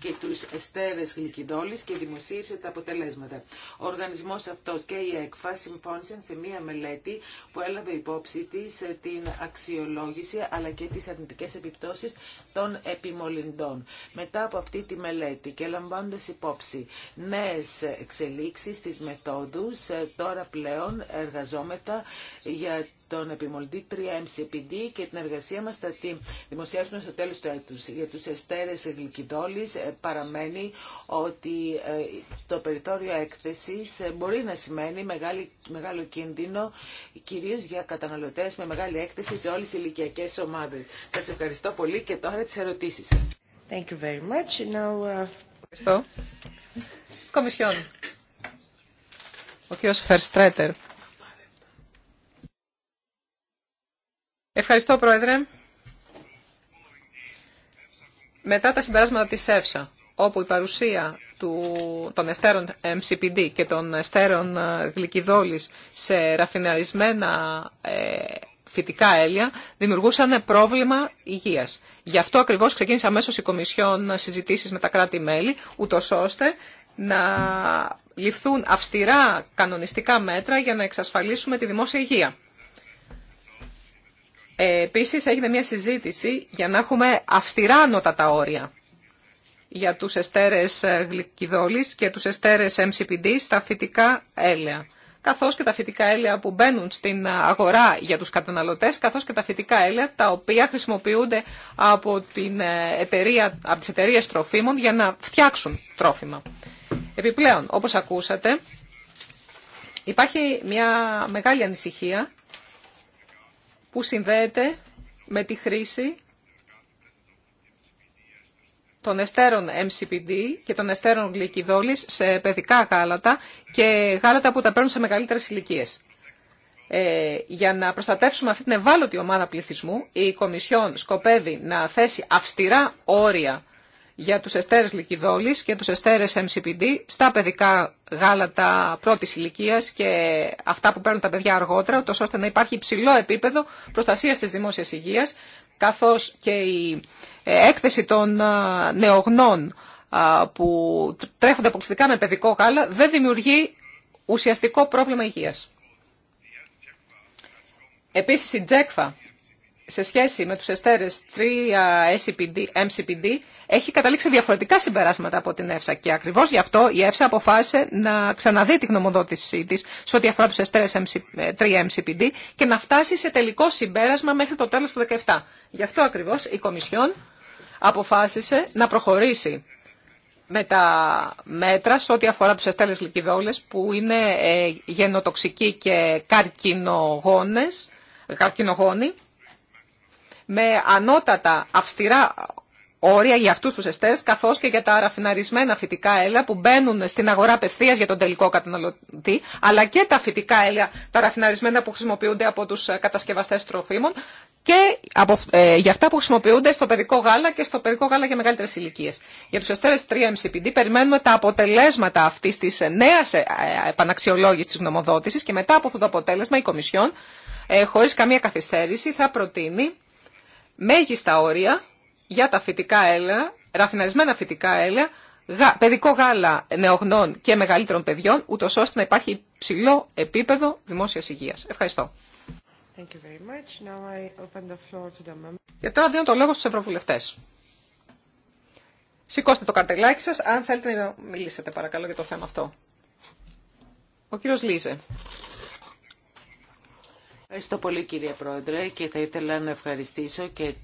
και τους εστέρες γλυκιδόλης και δημοσίευσε τα αποτελέσματα. Ο οργανισμός αυτός και η ΕΚΦΑ συμφώνησαν σε μία μελέτη που έλαβε υπόψη της ε, την αξιολόγηση αλλά και τις αρνητικές επιπτώσεις των επιμολυντών. Μετά από αυτή τη μελέτη και λαμβάνοντας υπόψη νέες εξελίξεις της μεθόδου. τώρα πλέον εργαζόμετα για τον επιμολυντή 3MCPD και την εργασία μας θα τη δημοσιάσουμε στο τέλος του έτους. Για τους εστέρες γλυκυδόλης ε, παραμένει ότι ε, το περιθώριο έκθεσης ε, μπορεί να σημαίνει μεγάλο κίνδυνο κυρίως για καταναλωτές με μεγάλη έκθεση σε όλες τις ηλικιακέ ομάδες. Σας ευχαριστώ πολύ και τώρα τις ερωτήσεις σας. Uh, ευχαριστώ. Ο κύριος Φερστρέτερ. Ευχαριστώ, Πρόεδρε. Μετά τα συμπεράσματα της ΕΦΣΑ, όπου η παρουσία του, των εστέρων MCPD και των εστέρων ε, γλυκιδόλης σε ραφιναρισμένα ε, φυτικά έλια δημιουργούσαν πρόβλημα υγείας. Γι' αυτό ακριβώς ξεκίνησε αμέσως η Κομισιόν συζητήσεις με τα κράτη-μέλη, ούτω ώστε να ληφθούν αυστηρά κανονιστικά μέτρα για να εξασφαλίσουμε τη δημόσια υγεία. Ε, Επίση, έγινε μια συζήτηση για να έχουμε αυστηρά τα όρια για τους εστέρες ε, γλυκιδόλης και τους εστέρες MCPD στα φυτικά έλαια. Καθώς και τα φυτικά έλαια που μπαίνουν στην αγορά για τους καταναλωτές, καθώς και τα φυτικά έλαια τα οποία χρησιμοποιούνται από, την ε, εταιρεία, από τις τροφίμων για να φτιάξουν τρόφιμα. Επιπλέον, όπως ακούσατε, υπάρχει μια μεγάλη ανησυχία που συνδέεται με τη χρήση των εστέρων MCPD και των εστέρων γλυκιδόλης σε παιδικά γάλατα και γάλατα που τα παίρνουν σε μεγαλύτερες ηλικίε. Ε, για να προστατεύσουμε αυτή την ευάλωτη ομάδα πληθυσμού, η Κομισιόν σκοπεύει να θέσει αυστηρά όρια για τους εστέρες λυκηδόλη και τους εστέρες MCPD στα παιδικά γάλατα πρώτης ηλικίας και αυτά που παίρνουν τα παιδιά αργότερα, τόσο ώστε να υπάρχει υψηλό επίπεδο προστασίας της δημόσιας υγείας, καθώς και η ε, έκθεση των ε, νεογνών ε, που τρέφονται αποκλειστικά με παιδικό γάλα δεν δημιουργεί ουσιαστικό πρόβλημα υγείας. Επίσης η Τζέκφα σε σχέση με τους εστέρες 3 SCPD, MCPD έχει καταλήξει διαφορετικά συμπεράσματα από την ΕΦΣΑ και ακριβώς γι' αυτό η ΕΦΣΑ αποφάσισε να ξαναδεί την γνωμοδότησή της σε ό,τι αφορά τους εστέρες 3 ε, MCPD και να φτάσει σε τελικό συμπέρασμα μέχρι το τέλος του 2017. Γι' αυτό ακριβώς η Κομισιόν αποφάσισε να προχωρήσει με τα μέτρα σε ό,τι αφορά τους εστέλες γλυκιδόλες που είναι ε, γενοτοξικοί και καρκινογόνες, καρκινογόνοι με ανώτατα αυστηρά όρια για αυτούς τους εστές, καθώς και για τα ραφιναρισμένα φυτικά έλαια που μπαίνουν στην αγορά απευθείας για τον τελικό καταναλωτή, αλλά και τα φυτικά έλαια, τα ραφιναρισμένα που χρησιμοποιούνται από τους κατασκευαστές τροφίμων και από, ε, για αυτά που χρησιμοποιούνται στο παιδικό γάλα και στο παιδικό γάλα για μεγαλύτερες ηλικίες. Για τους εστέρες 3MCPD περιμένουμε τα αποτελέσματα αυτής της νέας ε, ε, επαναξιολόγηση της γνωμοδότησης και μετά από αυτό το αποτέλεσμα η Κομισιόν, ε, καμία καθυστέρηση, θα προτείνει μέγιστα όρια για τα φυτικά έλαια, ραφιναρισμένα φυτικά έλαια, παιδικό γάλα νεογνών και μεγαλύτερων παιδιών, ούτω ώστε να υπάρχει ψηλό επίπεδο δημόσιας υγείας. Ευχαριστώ. Thank you very much. Now I open the floor to the... Και τώρα δίνω το λόγο στους ευρωβουλευτέ. Σηκώστε το καρτελάκι σα, αν θέλετε να μιλήσετε παρακαλώ για το θέμα αυτό. Ο κύριος Λίζε. Ευχαριστώ πολύ κύριε Πρόεδρε και θα ήθελα να ευχαριστήσω και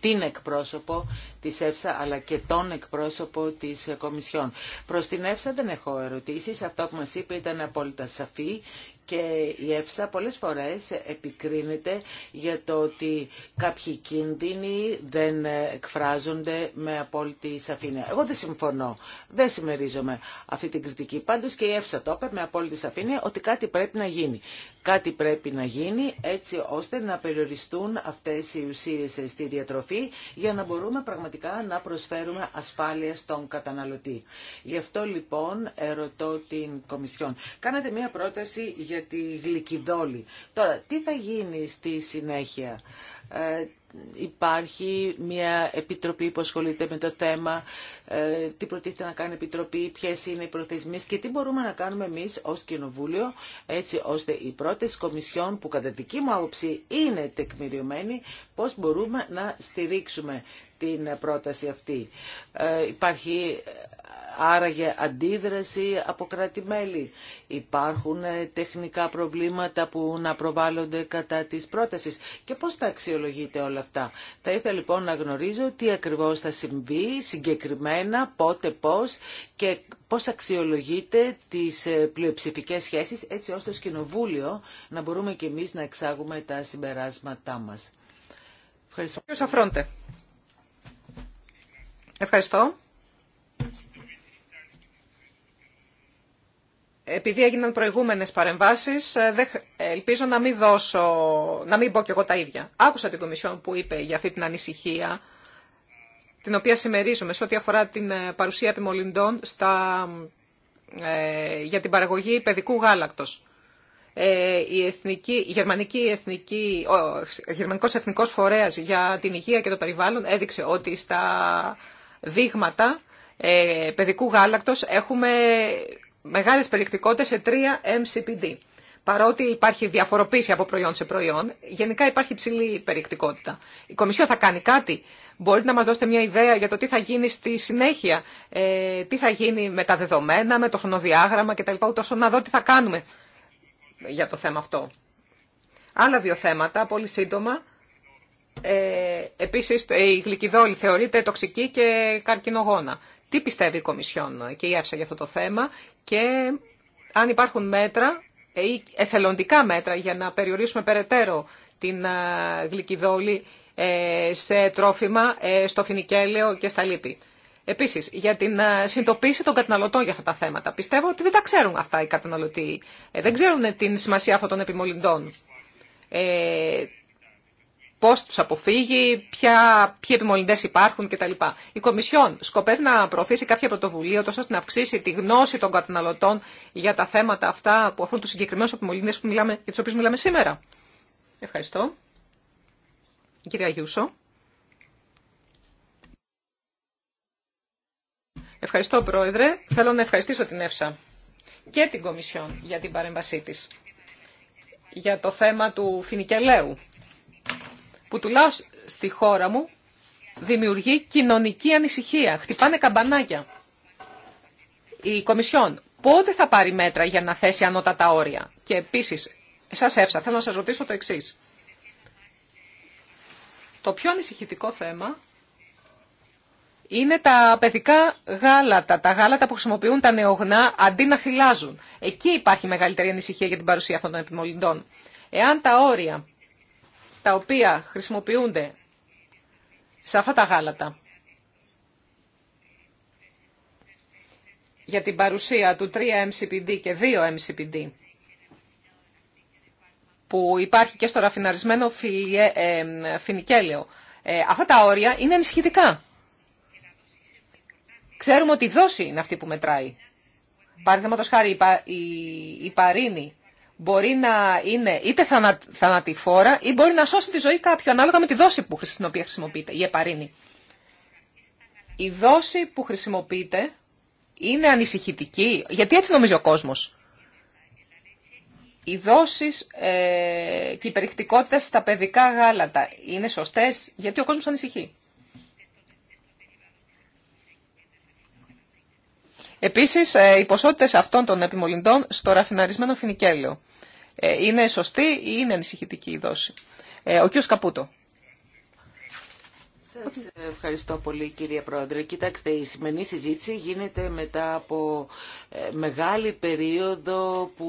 την εκπρόσωπο της ΕΦΣΑ αλλά και τον εκπρόσωπο της Κομισιόν. Προς την ΕΦΣΑ δεν έχω ερωτήσεις. Αυτό που μας είπε ήταν απόλυτα σαφή και η ΕΦΣΑ πολλές φορές επικρίνεται για το ότι κάποιοι κίνδυνοι δεν εκφράζονται με απόλυτη σαφήνεια. Εγώ δεν συμφωνώ, δεν συμμερίζομαι αυτή την κριτική. Πάντως και η ΕΦΣΑ το είπε με απόλυτη σαφήνεια ότι κάτι πρέπει να γίνει. Κάτι πρέπει να γίνει έτσι ώστε να περιοριστούν αυτές οι ουσίες στη διατροφή για να μπορούμε πραγματικά να προσφέρουμε ασφάλεια στον καταναλωτή. Γι' αυτό λοιπόν ερωτώ την Κομισιόν. Κάνατε μία πρόταση για τη γλυκιδόλη. Τώρα, τι θα γίνει στη συνέχεια. Ε, υπάρχει μια επιτροπή που ασχολείται με το θέμα, ε, τι προτίθεται να κάνει η επιτροπή, ποιες είναι οι προθεσμίες και τι μπορούμε να κάνουμε εμεί ως κοινοβούλιο, έτσι ώστε οι πρώτες κομισιόν που κατά δική μου άποψη είναι τεκμηριωμένοι, πώς μπορούμε να στηρίξουμε την πρόταση αυτή. Ε, υπάρχει άραγε αντίδραση από κράτη-μέλη. Υπάρχουν ε, τεχνικά προβλήματα που να προβάλλονται κατά της πρότασης. Και πώς τα αξιολογείτε όλα αυτά. Θα ήθελα λοιπόν να γνωρίζω τι ακριβώς θα συμβεί συγκεκριμένα, πότε, πώς και πώς αξιολογείτε τις ε, πλειοψηφικές σχέσεις έτσι ώστε στο Κοινοβούλιο να μπορούμε και εμείς να εξάγουμε τα συμπεράσματά μας. Ευχαριστώ. Ευχαριστώ. επειδή έγιναν προηγούμενες παρεμβάσεις, ε, ελπίζω να μην, δώσω, να μην πω κι εγώ τα ίδια. Άκουσα την Κομισιόν που είπε για αυτή την ανησυχία, την οποία συμμερίζομαι σε ό,τι αφορά την ε, παρουσία επιμολυντών στα, ε, για την παραγωγή παιδικού γάλακτος. η, εθνική, γερμανική εθνική, ο γερμανικός εθνικός φορέας για την υγεία και το περιβάλλον έδειξε ότι στα δείγματα παιδικού γάλακτος έχουμε μεγάλες περιεκτικότητες σε 3 MCPD. Παρότι υπάρχει διαφοροποίηση από προϊόν σε προϊόν, γενικά υπάρχει υψηλή περιεκτικότητα. Η Κομισιόν θα κάνει κάτι. Μπορείτε να μας δώσετε μια ιδέα για το τι θα γίνει στη συνέχεια, ε, τι θα γίνει με τα δεδομένα, με το χρονοδιάγραμμα κτλ. Ούτως να δω τι θα κάνουμε για το θέμα αυτό. Άλλα δύο θέματα, πολύ σύντομα. Ε, επίσης, η γλυκιδόλη θεωρείται τοξική και καρκινογόνα τι πιστεύει η Κομισιόν και η ΕΦΣΑ για αυτό το θέμα και αν υπάρχουν μέτρα ή εθελοντικά μέτρα για να περιορίσουμε περαιτέρω την γλυκιδόλη ε, σε τρόφιμα, ε, στο φινικέλαιο και στα λίπη. Επίση, για την συνειδητοποίηση των καταναλωτών για αυτά τα θέματα. Πιστεύω ότι δεν τα ξέρουν αυτά οι καταναλωτοί. Ε, δεν ξέρουν την σημασία αυτών των επιμολυντών. Πώ του αποφύγει, ποια, ποιοι επιμολυντέ υπάρχουν κτλ. Η Κομισιόν σκοπεύει να προωθήσει κάποια πρωτοβουλία τόσο ώστε να αυξήσει τη γνώση των καταναλωτών για τα θέματα αυτά που αφορούν τους συγκεκριμένους επιμολυντέ για τους οποίους μιλάμε σήμερα. Ευχαριστώ. κυρία Γιούσο. Ευχαριστώ, Πρόεδρε. Θέλω να ευχαριστήσω την ΕΦΣΑ και την Κομισιόν για την παρέμβασή της για το θέμα του φινικελαίου που τουλάχιστον στη χώρα μου δημιουργεί κοινωνική ανησυχία. Χτυπάνε καμπανάκια. Η Κομισιόν πότε θα πάρει μέτρα για να θέσει ανώτατα όρια. Και επίσης, σας έψα, θέλω να σας ρωτήσω το εξής. Το πιο ανησυχητικό θέμα είναι τα παιδικά γάλατα, τα γάλατα που χρησιμοποιούν τα νεογνά αντί να θυλάζουν. Εκεί υπάρχει μεγαλύτερη ανησυχία για την παρουσία αυτών των επιμολυντών. Εάν τα όρια τα οποία χρησιμοποιούνται σε αυτά τα γάλατα για την παρουσία του 3-MCPD και 2-MCPD που υπάρχει και στο ραφιναρισμένο ε, φινικέλαιο. Ε, αυτά τα όρια είναι ενισχυτικά. Ξέρουμε ότι η δόση είναι αυτή που μετράει. Παραδείγματο χάρη, η, η, η παρίνη μπορεί να είναι είτε θανατηφόρα ή μπορεί να σώσει τη ζωή κάποιου, ανάλογα με τη δόση που, στην οποία χρησιμοποιείται, η επαρίνη. Η δόση που χρησιμοποιείται είναι ανησυχητική, γιατί έτσι νομίζει ο κόσμος. Οι δόσεις ε, και η περιεκτικότητα στα παιδικά γάλατα είναι σωστές, γιατί ο κόσμος ανησυχεί. Επίσης, ε, οι ποσότητε αυτών των επιμολυντών στο ραφιναρισμένο φινικέλαιο. Ε, είναι σωστή ή είναι ανησυχητική η δόση. Ε, ο κ. Καπούτο. σα ευχαριστώ πολύ κύριε Πρόεδρε. Κοιτάξτε, η σημερινή συζήτηση γίνεται μετά από μεγάλη περίοδο που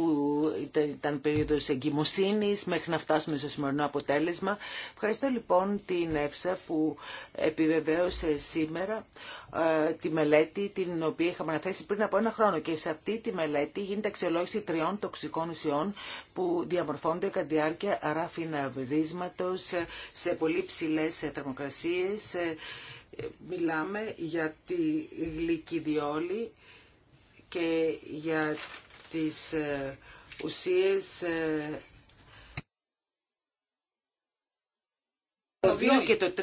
ήταν περίοδος εγκυμοσύνης μέχρι να φτάσουμε στο σημερινό αποτέλεσμα. Ευχαριστώ λοιπόν την ΕΦΣΑ που επιβεβαίωσε σήμερα ε, τη μελέτη την οποία είχαμε αναθέσει πριν από ένα χρόνο και σε αυτή τη μελέτη γίνεται αξιολόγηση τριών τοξικών ουσιών που διαμορφώνται κατά τη διάρκεια βρίσματος ε, σε πολύ ψηλές ε, θερμοκρασίες. Μιλάμε για τη γλυκιδιόλη και για τις ουσίες Το 2 και το 3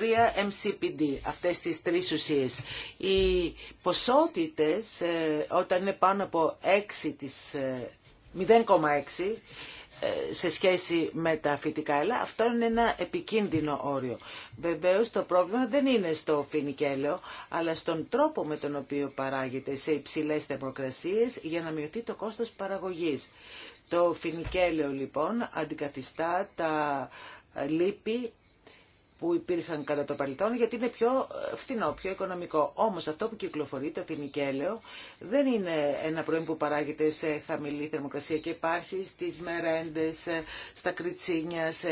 MCPD, αυτές τις τρεις ουσίες. Οι ποσότητες ε, όταν είναι πάνω από 6, 0,6 ε, ε, σε σχέση με τα φυτικά έλα, αυτό είναι ένα επικίνδυνο όριο. Βεβαίως το πρόβλημα δεν είναι στο φινικέλαιο, αλλά στον τρόπο με τον οποίο παράγεται σε υψηλές θερμοκρασίες για να μειωθεί το κόστος παραγωγής. Το φινικέλαιο λοιπόν αντικαθιστά τα λύπη που υπήρχαν κατά το παρελθόν, γιατί είναι πιο ε, φθηνό, πιο οικονομικό. Όμως αυτό που κυκλοφορεί, το φινικέλαιο, δεν είναι ένα προϊόν που παράγεται σε χαμηλή θερμοκρασία και υπάρχει στις μερέντες, ε, στα κριτσίνια, σε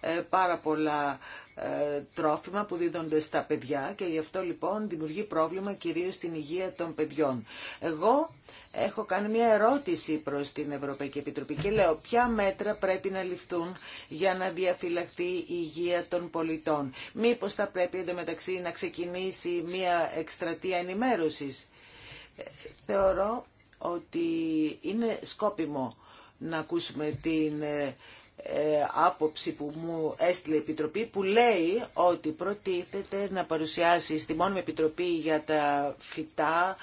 ε, πάρα πολλά ε, τρόφιμα που δίδονται στα παιδιά και γι' αυτό λοιπόν δημιουργεί πρόβλημα κυρίως στην υγεία των παιδιών. Εγώ έχω κάνει μια ερώτηση προς την Ευρωπαϊκή Επιτροπή και λέω ποια μέτρα πρέπει να ληφθούν για να διαφυλαχθεί η υγεία των πολιτών. Μήπως θα πρέπει εντωμεταξύ να ξεκινήσει μια εκστρατεία ενημέρωσης. Θεωρώ ότι είναι σκόπιμο να ακούσουμε την ε, ε, άποψη που μου έστειλε η Επιτροπή που λέει ότι προτίθεται να παρουσιάσει στη μόνιμη Επιτροπή για τα φυτά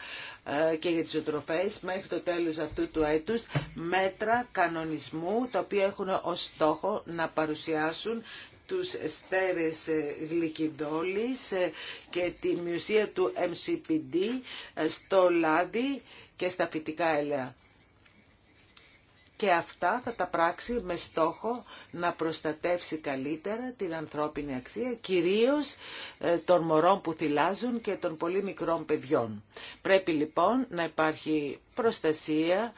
ε, και για τις ζωοτροφές μέχρι το τέλος αυτού του έτους μέτρα κανονισμού τα οποία έχουν ως στόχο να παρουσιάσουν τους στέρες ε, γλυκυντόλης και τη μειουσία του MCPD στο λάδι και στα φυτικά έλαια και αυτά θα τα πράξει με στόχο να προστατεύσει καλύτερα την ανθρώπινη αξία, κυρίως ε, των μωρών που θυλάζουν και των πολύ μικρών παιδιών. Πρέπει λοιπόν να υπάρχει προστασία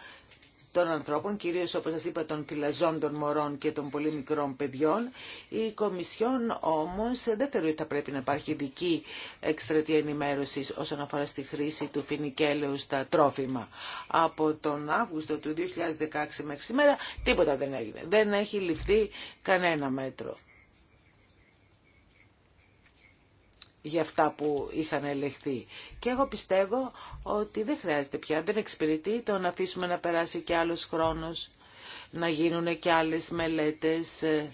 των ανθρώπων, κυρίως όπως σας είπα των θυλαζών των μωρών και των πολύ μικρών παιδιών. Η Κομισιόν όμως δεν θεωρεί ότι θα πρέπει να υπάρχει ειδική εκστρατεία ενημέρωση όσον αφορά στη χρήση του φοινικέλαιου στα τρόφιμα. Από τον Αύγουστο του 2016 μέχρι σήμερα τίποτα δεν έγινε. Δεν έχει ληφθεί κανένα μέτρο. για αυτά που είχαν ελεγχθεί. Και εγώ πιστεύω ότι δεν χρειάζεται πια, δεν εξυπηρετεί το να αφήσουμε να περάσει και άλλος χρόνος, να γίνουν και άλλες μελέτες, ε,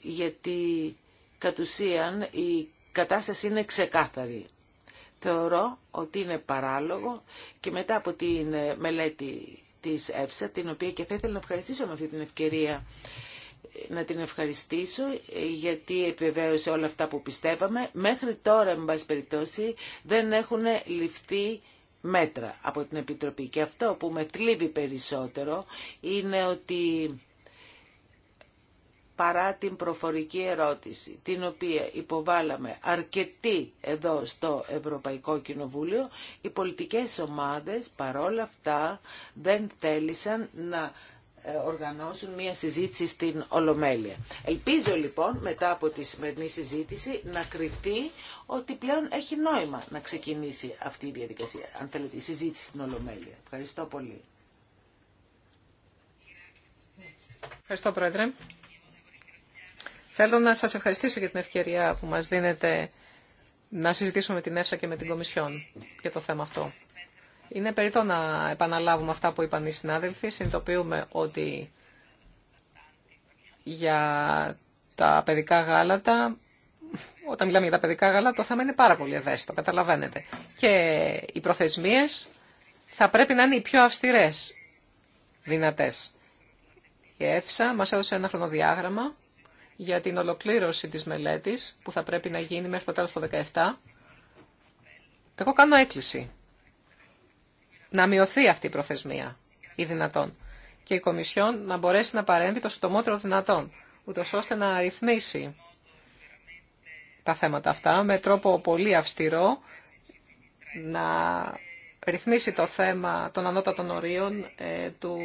γιατί κατ' ουσίαν η κατάσταση είναι ξεκάθαρη. Θεωρώ ότι είναι παράλογο και μετά από την ε, μελέτη της ΕΦΣΑ, την οποία και θα ήθελα να ευχαριστήσω με αυτή την ευκαιρία να την ευχαριστήσω ε, γιατί επιβεβαίωσε όλα αυτά που πιστεύαμε. Μέχρι τώρα, με πάση περιπτώσει, δεν έχουν ληφθεί μέτρα από την Επιτροπή. Και αυτό που με θλίβει περισσότερο είναι ότι παρά την προφορική ερώτηση την οποία υποβάλαμε αρκετή εδώ στο Ευρωπαϊκό Κοινοβούλιο, οι πολιτικές ομάδες παρόλα αυτά δεν θέλησαν να ε, οργανώσουν μία συζήτηση στην Ολομέλεια. Ελπίζω λοιπόν μετά από τη σημερινή συζήτηση να κριθεί ότι πλέον έχει νόημα να ξεκινήσει αυτή η διαδικασία, αν θέλετε, η συζήτηση στην Ολομέλεια. Ευχαριστώ πολύ. Ευχαριστώ Πρόεδρε. Θέλω να σας ευχαριστήσω για την ευκαιρία που μας δίνετε να συζητήσουμε με την ΕΦΣΑ και με την Κομισιόν για το θέμα αυτό. Είναι περίπτωνα να επαναλάβουμε αυτά που είπαν οι συνάδελφοι. Συνειδητοποιούμε ότι για τα παιδικά γάλατα, όταν μιλάμε για τα παιδικά γάλατα, το θέμα είναι πάρα πολύ ευαίσθητο, καταλαβαίνετε. Και οι προθεσμίες θα πρέπει να είναι οι πιο αυστηρές δυνατές. Η ΕΦΣΑ μας έδωσε ένα χρονοδιάγραμμα για την ολοκλήρωση της μελέτης που θα πρέπει να γίνει μέχρι το τέλος του 2017. Εγώ κάνω έκκληση να μειωθεί αυτή η προθεσμία ή δυνατόν και η Κομισιόν να μπορέσει να παρέμβει το συντομότερο δυνατόν, ούτω ώστε να ρυθμίσει τα θέματα αυτά με τρόπο πολύ αυστηρό, να ρυθμίσει το θέμα των ανώτατων ορίων ε, του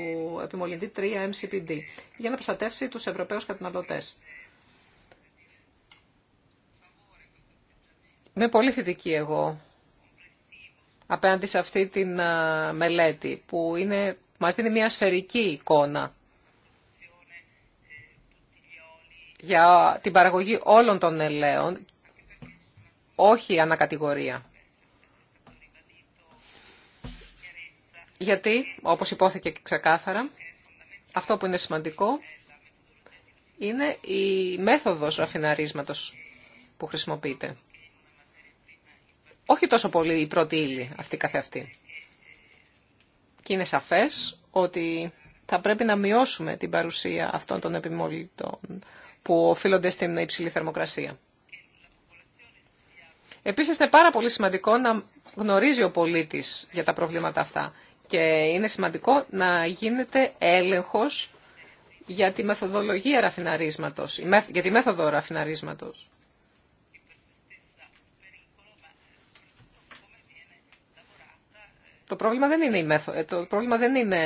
επιμολυντη 3 MCPD για να προστατεύσει τους Ευρωπαίους καταναλωτές. με πολύ θετική εγώ απέναντι σε αυτή τη μελέτη που είναι, μας δίνει μια σφαιρική εικόνα για την παραγωγή όλων των ελαίων, όχι ανακατηγορία. Γιατί, όπως υπόθηκε ξεκάθαρα, αυτό που είναι σημαντικό είναι η μέθοδος ραφιναρίσματος που χρησιμοποιείται όχι τόσο πολύ η πρώτη ύλη αυτή αυτή. Και είναι σαφές ότι θα πρέπει να μειώσουμε την παρουσία αυτών των επιμόλυτων που οφείλονται στην υψηλή θερμοκρασία. Επίσης είναι πάρα πολύ σημαντικό να γνωρίζει ο πολίτης για τα προβλήματα αυτά και είναι σημαντικό να γίνεται έλεγχος για τη μεθοδολογία ραφιναρίσματος, για τη μέθοδο ραφιναρίσματος. Το πρόβλημα δεν είναι η, μέθο... Ε, το πρόβλημα δεν είναι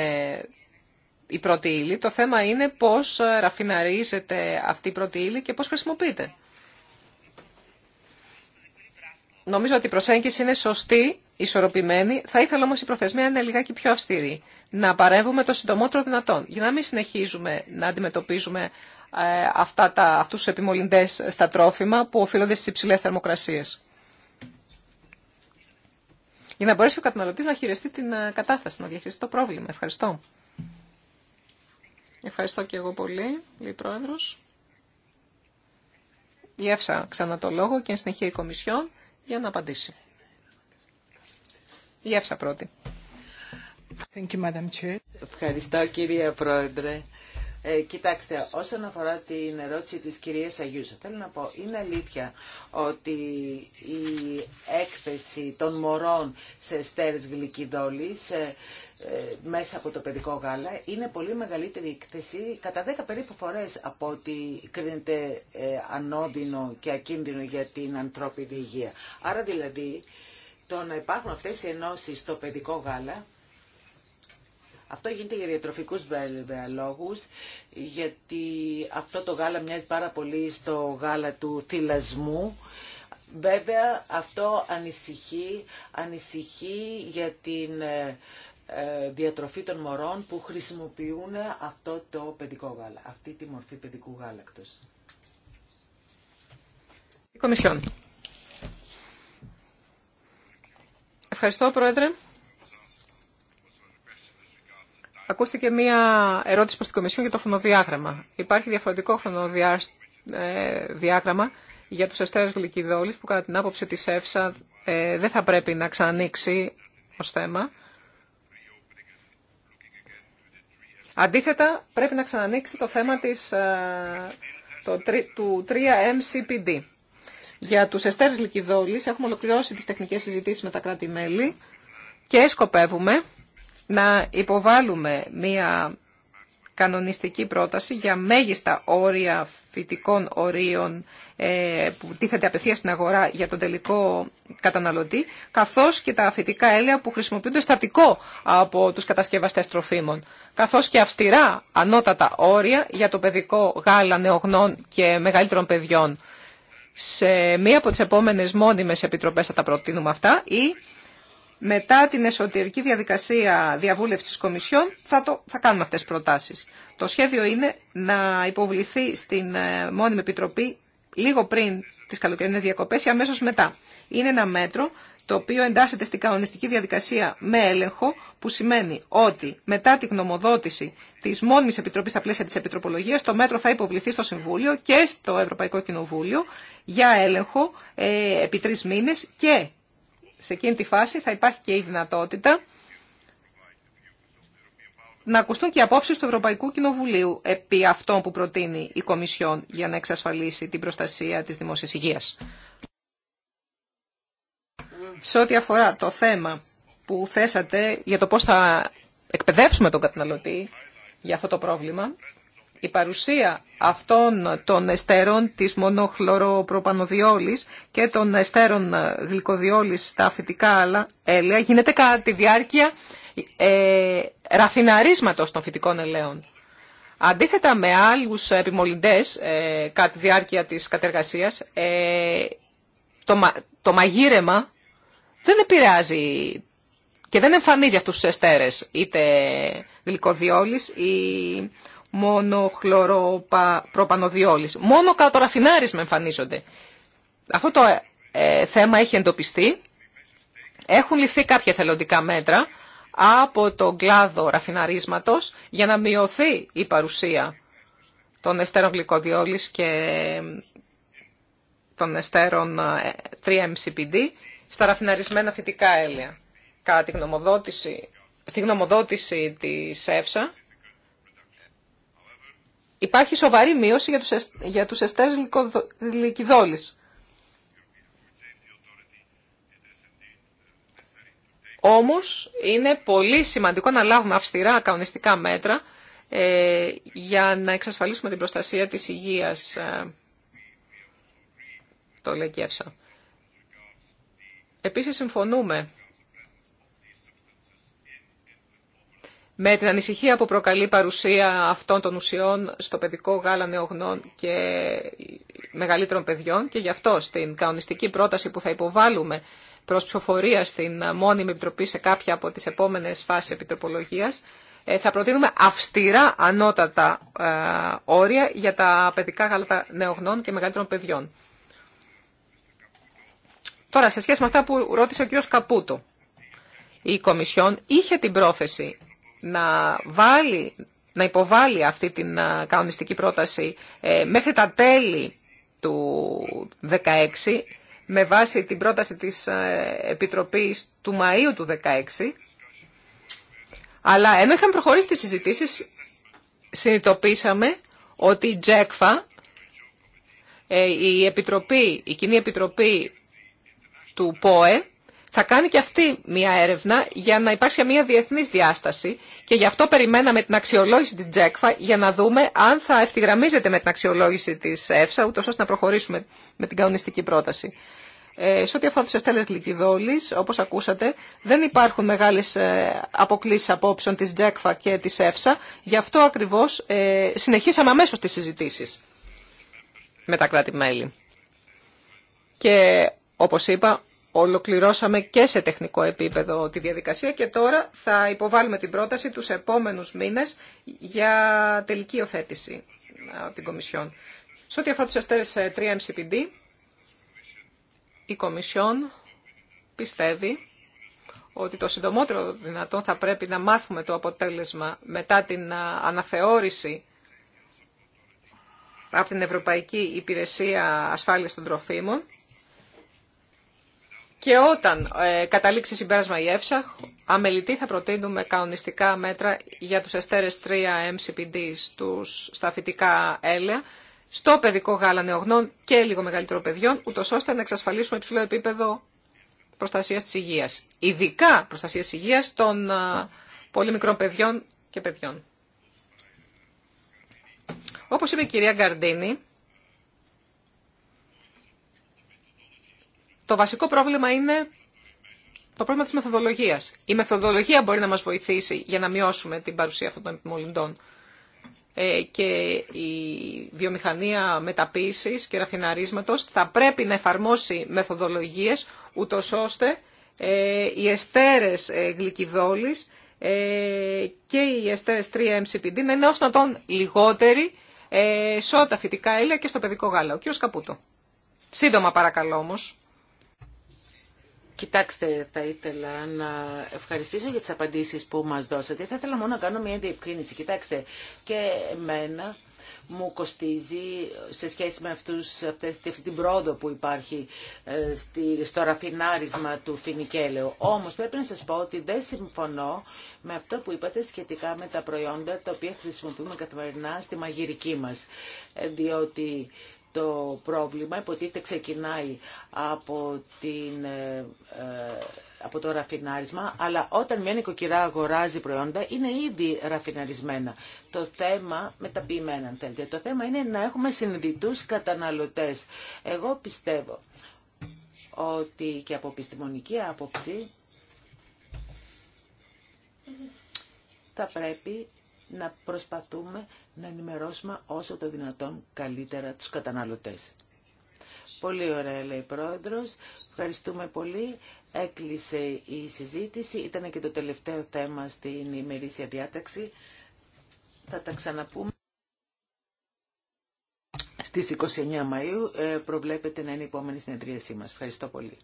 η πρώτη ύλη. Το θέμα είναι πώς ε, ραφιναρίζεται αυτή η πρώτη ύλη και πώς χρησιμοποιείται. Νομίζω ότι η προσέγγιση είναι σωστή, ισορροπημένη. Θα ήθελα όμως η προθεσμία να είναι λιγάκι πιο αυστηρή. Να παρεύουμε το συντομότερο δυνατόν. Για να μην συνεχίζουμε να αντιμετωπίζουμε ε, αυτά τα, αυτούς τους επιμολυντές στα τρόφιμα που οφείλονται στις υψηλές θερμοκρασίες για να μπορέσει ο καταναλωτής να χειριστεί την ε, κατάσταση, να διαχειριστεί το πρόβλημα. Ευχαριστώ. Ευχαριστώ και εγώ πολύ, λέει Πρόεδρος. Η ξανά το λόγο και εν συνεχεία η Κομισιόν για να απαντήσει. Γεύσα πρώτη. Ευχαριστώ κυρία Πρόεδρε. Ε, κοιτάξτε, όσον αφορά την ερώτηση της κυρίας Αγιούσα, θέλω να πω, είναι αλήθεια ότι η έκθεση των μωρών σε στέρες γλυκιδόλης ε, ε, μέσα από το παιδικό γάλα είναι πολύ μεγαλύτερη εκθεσή, κατά 10 περίπου φορές από ότι κρίνεται ανώδυνο και ακίνδυνο για την ανθρώπινη υγεία. Άρα δηλαδή το να υπάρχουν αυτές οι ενώσεις στο παιδικό γάλα αυτό γίνεται για διατροφικούς λόγους, γιατί αυτό το γάλα μοιάζει πάρα πολύ στο γάλα του θυλασμού. Βέβαια αυτό ανησυχεί, ανησυχεί για την ε, ε, διατροφή των μωρών που χρησιμοποιούν αυτό το παιδικό γάλα, αυτή τη μορφή παιδικού γάλακτος. Ευχαριστώ, Πρόεδρε. Ακούστηκε μία ερώτηση προς την Κομισιόν για το χρονοδιάγραμμα. Υπάρχει διαφορετικό χρονοδιάγραμμα ε, για τους αστέρες γλυκιδόλης που κατά την άποψη της ΕΦΣΑ ε, δεν θα πρέπει να ξανανοίξει ως θέμα. Αντίθετα, πρέπει να ξανανοίξει το θέμα της, ε, του 3MCPD. Για τους εστέρες γλυκιδόλης έχουμε ολοκληρώσει τις τεχνικές συζητήσεις με τα κράτη-μέλη και σκοπεύουμε να υποβάλουμε μία κανονιστική πρόταση για μέγιστα όρια φυτικών ορίων ε, που τίθεται απευθεία στην αγορά για τον τελικό καταναλωτή, καθώς και τα φυτικά έλαια που χρησιμοποιούνται στατικό από τους κατασκευαστές τροφίμων, καθώς και αυστηρά ανώτατα όρια για το παιδικό γάλα νεογνών και μεγαλύτερων παιδιών. Σε μία από τις επόμενες μόνιμες επιτροπές θα τα προτείνουμε αυτά ή μετά την εσωτερική διαδικασία διαβούλευσης της Κομισιόν θα, το, θα κάνουμε αυτές τις προτάσεις. Το σχέδιο είναι να υποβληθεί στην ε, μόνιμη επιτροπή λίγο πριν τις καλοκαιρινές διακοπές ή αμέσως μετά. Είναι ένα μέτρο το οποίο εντάσσεται στην κανονιστική διαδικασία με έλεγχο, που σημαίνει ότι μετά την γνωμοδότηση τη μόνιμη επιτροπή στα πλαίσια τη Επιτροπολογία, το μέτρο θα υποβληθεί στο Συμβούλιο και στο Ευρωπαϊκό Κοινοβούλιο για έλεγχο ε, επί τρει μήνε και σε εκείνη τη φάση θα υπάρχει και η δυνατότητα να ακουστούν και οι απόψει του Ευρωπαϊκού Κοινοβουλίου επί αυτών που προτείνει η Κομισιόν για να εξασφαλίσει την προστασία της δημόσιας υγείας. Σε ό,τι αφορά το θέμα που θέσατε για το πώς θα εκπαιδεύσουμε τον καταναλωτή για αυτό το πρόβλημα, η παρουσία αυτών των εστέρων της μονοχλωροπροπανοδιόλης και των εστέρων γλυκοδιόλης στα φυτικά έλαια γίνεται κατά τη διάρκεια ε, ραφιναρίσματος των φυτικών ελαίων. Αντίθετα με άλλους επιμολυντές ε, κατά τη διάρκεια της κατεργασίας, ε, το, μαγείρεμα δεν επηρεάζει και δεν εμφανίζει αυτούς τους εστέρες, είτε γλυκοδιόλης ή μόνο χλωροπροπανοδιόλης. Μόνο ραφινάρισμα εμφανίζονται. Αυτό το ε, θέμα έχει εντοπιστεί. Έχουν ληφθεί κάποια θελοντικά μέτρα από τον κλάδο ραφιναρίσματος για να μειωθεί η παρουσία των εστέρων γλυκοδιόλης και των εστέρων 3-MCPD ε, στα ραφιναρισμένα φυτικά έλαια. Κατά τη γνωμοδότηση, στη γνωμοδότηση της ΕΦΣΑ υπάρχει σοβαρή μείωση για τους, εσ... για τους εστές Όμως είναι πολύ σημαντικό να λάβουμε αυστηρά κανονιστικά μέτρα ε, για να εξασφαλίσουμε την προστασία της υγείας. Ε, το λέει Επίσης συμφωνούμε με την ανησυχία που προκαλεί παρουσία αυτών των ουσιών στο παιδικό γάλα νεογνών και μεγαλύτερων παιδιών και γι' αυτό στην κανονιστική πρόταση που θα υποβάλουμε προς ψηφοφορία στην μόνιμη επιτροπή σε κάποια από τις επόμενες φάσεις επιτροπολογίας ε, θα προτείνουμε αυστηρά ανώτατα ε, όρια για τα παιδικά γάλα νεογνών και μεγαλύτερων παιδιών. Τώρα, σε σχέση με αυτά που ρώτησε ο κ. Καπούτο, η Κομισιόν είχε την πρόθεση να, βάλει, να υποβάλει αυτή την κανονιστική πρόταση ε, μέχρι τα τέλη του 2016 με βάση την πρόταση της ε, Επιτροπής του Μαΐου του 2016. Αλλά ενώ είχαμε προχωρήσει τις συζητήσεις, συνειδητοποίησαμε ότι η Τζέκφα, ε, η, επιτροπή, η Κοινή Επιτροπή του ΠΟΕ, θα κάνει και αυτή μια έρευνα για να υπάρξει μια διεθνή διάσταση και γι' αυτό περιμέναμε την αξιολόγηση της Τζέκφα e για να δούμε αν θα ευθυγραμμίζεται με την αξιολόγηση της ΕΦΣΑ ούτως ώστε να προχωρήσουμε με την κανονιστική πρόταση. Ε, σε ό,τι αφορά τους αστέλες γλυκιδόλης, όπως ακούσατε, δεν υπάρχουν μεγάλες ε, αποκλήσεις απόψεων της Τζέκφα e και της ΕΦΣΑ, γι' αυτό ακριβώς ε, συνεχίσαμε αμέσως τις συζητήσεις με τα κράτη-μέλη. Και όπως είπα, Ολοκληρώσαμε και σε τεχνικό επίπεδο τη διαδικασία και τώρα θα υποβάλουμε την πρόταση τους επόμενους μήνες για τελική οθέτηση από την Κομισιόν. Σε ό,τι αφορά τους αστέρες 3 ε, MCPD, η Κομισιόν πιστεύει ότι το συντομότερο δυνατόν θα πρέπει να μάθουμε το αποτέλεσμα μετά την αναθεώρηση από την Ευρωπαϊκή Υπηρεσία Ασφάλειας των Τροφίμων και όταν ε, καταλήξει συμπέρασμα η ΕΦΣΑ, αμελητή θα προτείνουμε κανονιστικά μέτρα για τους εστέρες 3 MCPD στους, στα φυτικά έλαια, στο παιδικό γάλα νεογνών και λίγο μεγαλύτερο παιδιών, ούτω ώστε να εξασφαλίσουμε υψηλό επίπεδο προστασίας της υγείας. Ειδικά προστασίας της υγείας των ε, πολύ μικρών παιδιών και παιδιών. Όπως είπε η κυρία Γκαρντίνη, το βασικό πρόβλημα είναι το πρόβλημα της μεθοδολογίας. Η μεθοδολογία μπορεί να μας βοηθήσει για να μειώσουμε την παρουσία αυτών των επιμολυντών ε, και η βιομηχανία μεταποίησης και ραφιναρίσματος θα πρέπει να εφαρμόσει μεθοδολογίες ούτω ώστε ε, οι εστέρες ε, γλυκιδόλης και οι εστέρες 3-MCPD να είναι όσο να τον λιγότεροι σε τα φυτικά έλαια και στο παιδικό γάλα. Ο κύριος Καπούτο. Σύντομα παρακαλώ όμως. Κοιτάξτε, θα ήθελα να ευχαριστήσω για τις απαντήσεις που μας δώσατε. Θα ήθελα μόνο να κάνω μια διευκρίνηση. Κοιτάξτε, και εμένα μου κοστίζει σε σχέση με αυτούς, αυτή την πρόοδο που υπάρχει ε, στο ραφινάρισμα του φινικέλαιου. Όμως πρέπει να σας πω ότι δεν συμφωνώ με αυτό που είπατε σχετικά με τα προϊόντα τα οποία χρησιμοποιούμε καθημερινά στη μαγειρική μας. Ε, διότι το πρόβλημα υποτίθεται ξεκινάει από, την, ε, ε, από το ραφινάρισμα, αλλά όταν μια νοικοκυρά αγοράζει προϊόντα είναι ήδη ραφιναρισμένα. Το θέμα, αν το θέμα είναι να έχουμε συνειδητούς καταναλωτές. Εγώ πιστεύω ότι και από επιστημονική άποψη θα πρέπει να προσπαθούμε να ενημερώσουμε όσο το δυνατόν καλύτερα τους καταναλωτές. Πολύ ωραία λέει η Πρόεδρος. Ευχαριστούμε πολύ. Έκλεισε η συζήτηση. Ήταν και το τελευταίο θέμα στην ημερήσια διάταξη. Θα τα ξαναπούμε. Στις 29 Μαΐου ε, προβλέπεται να είναι η επόμενη συνεδρίασή μας. Ευχαριστώ πολύ.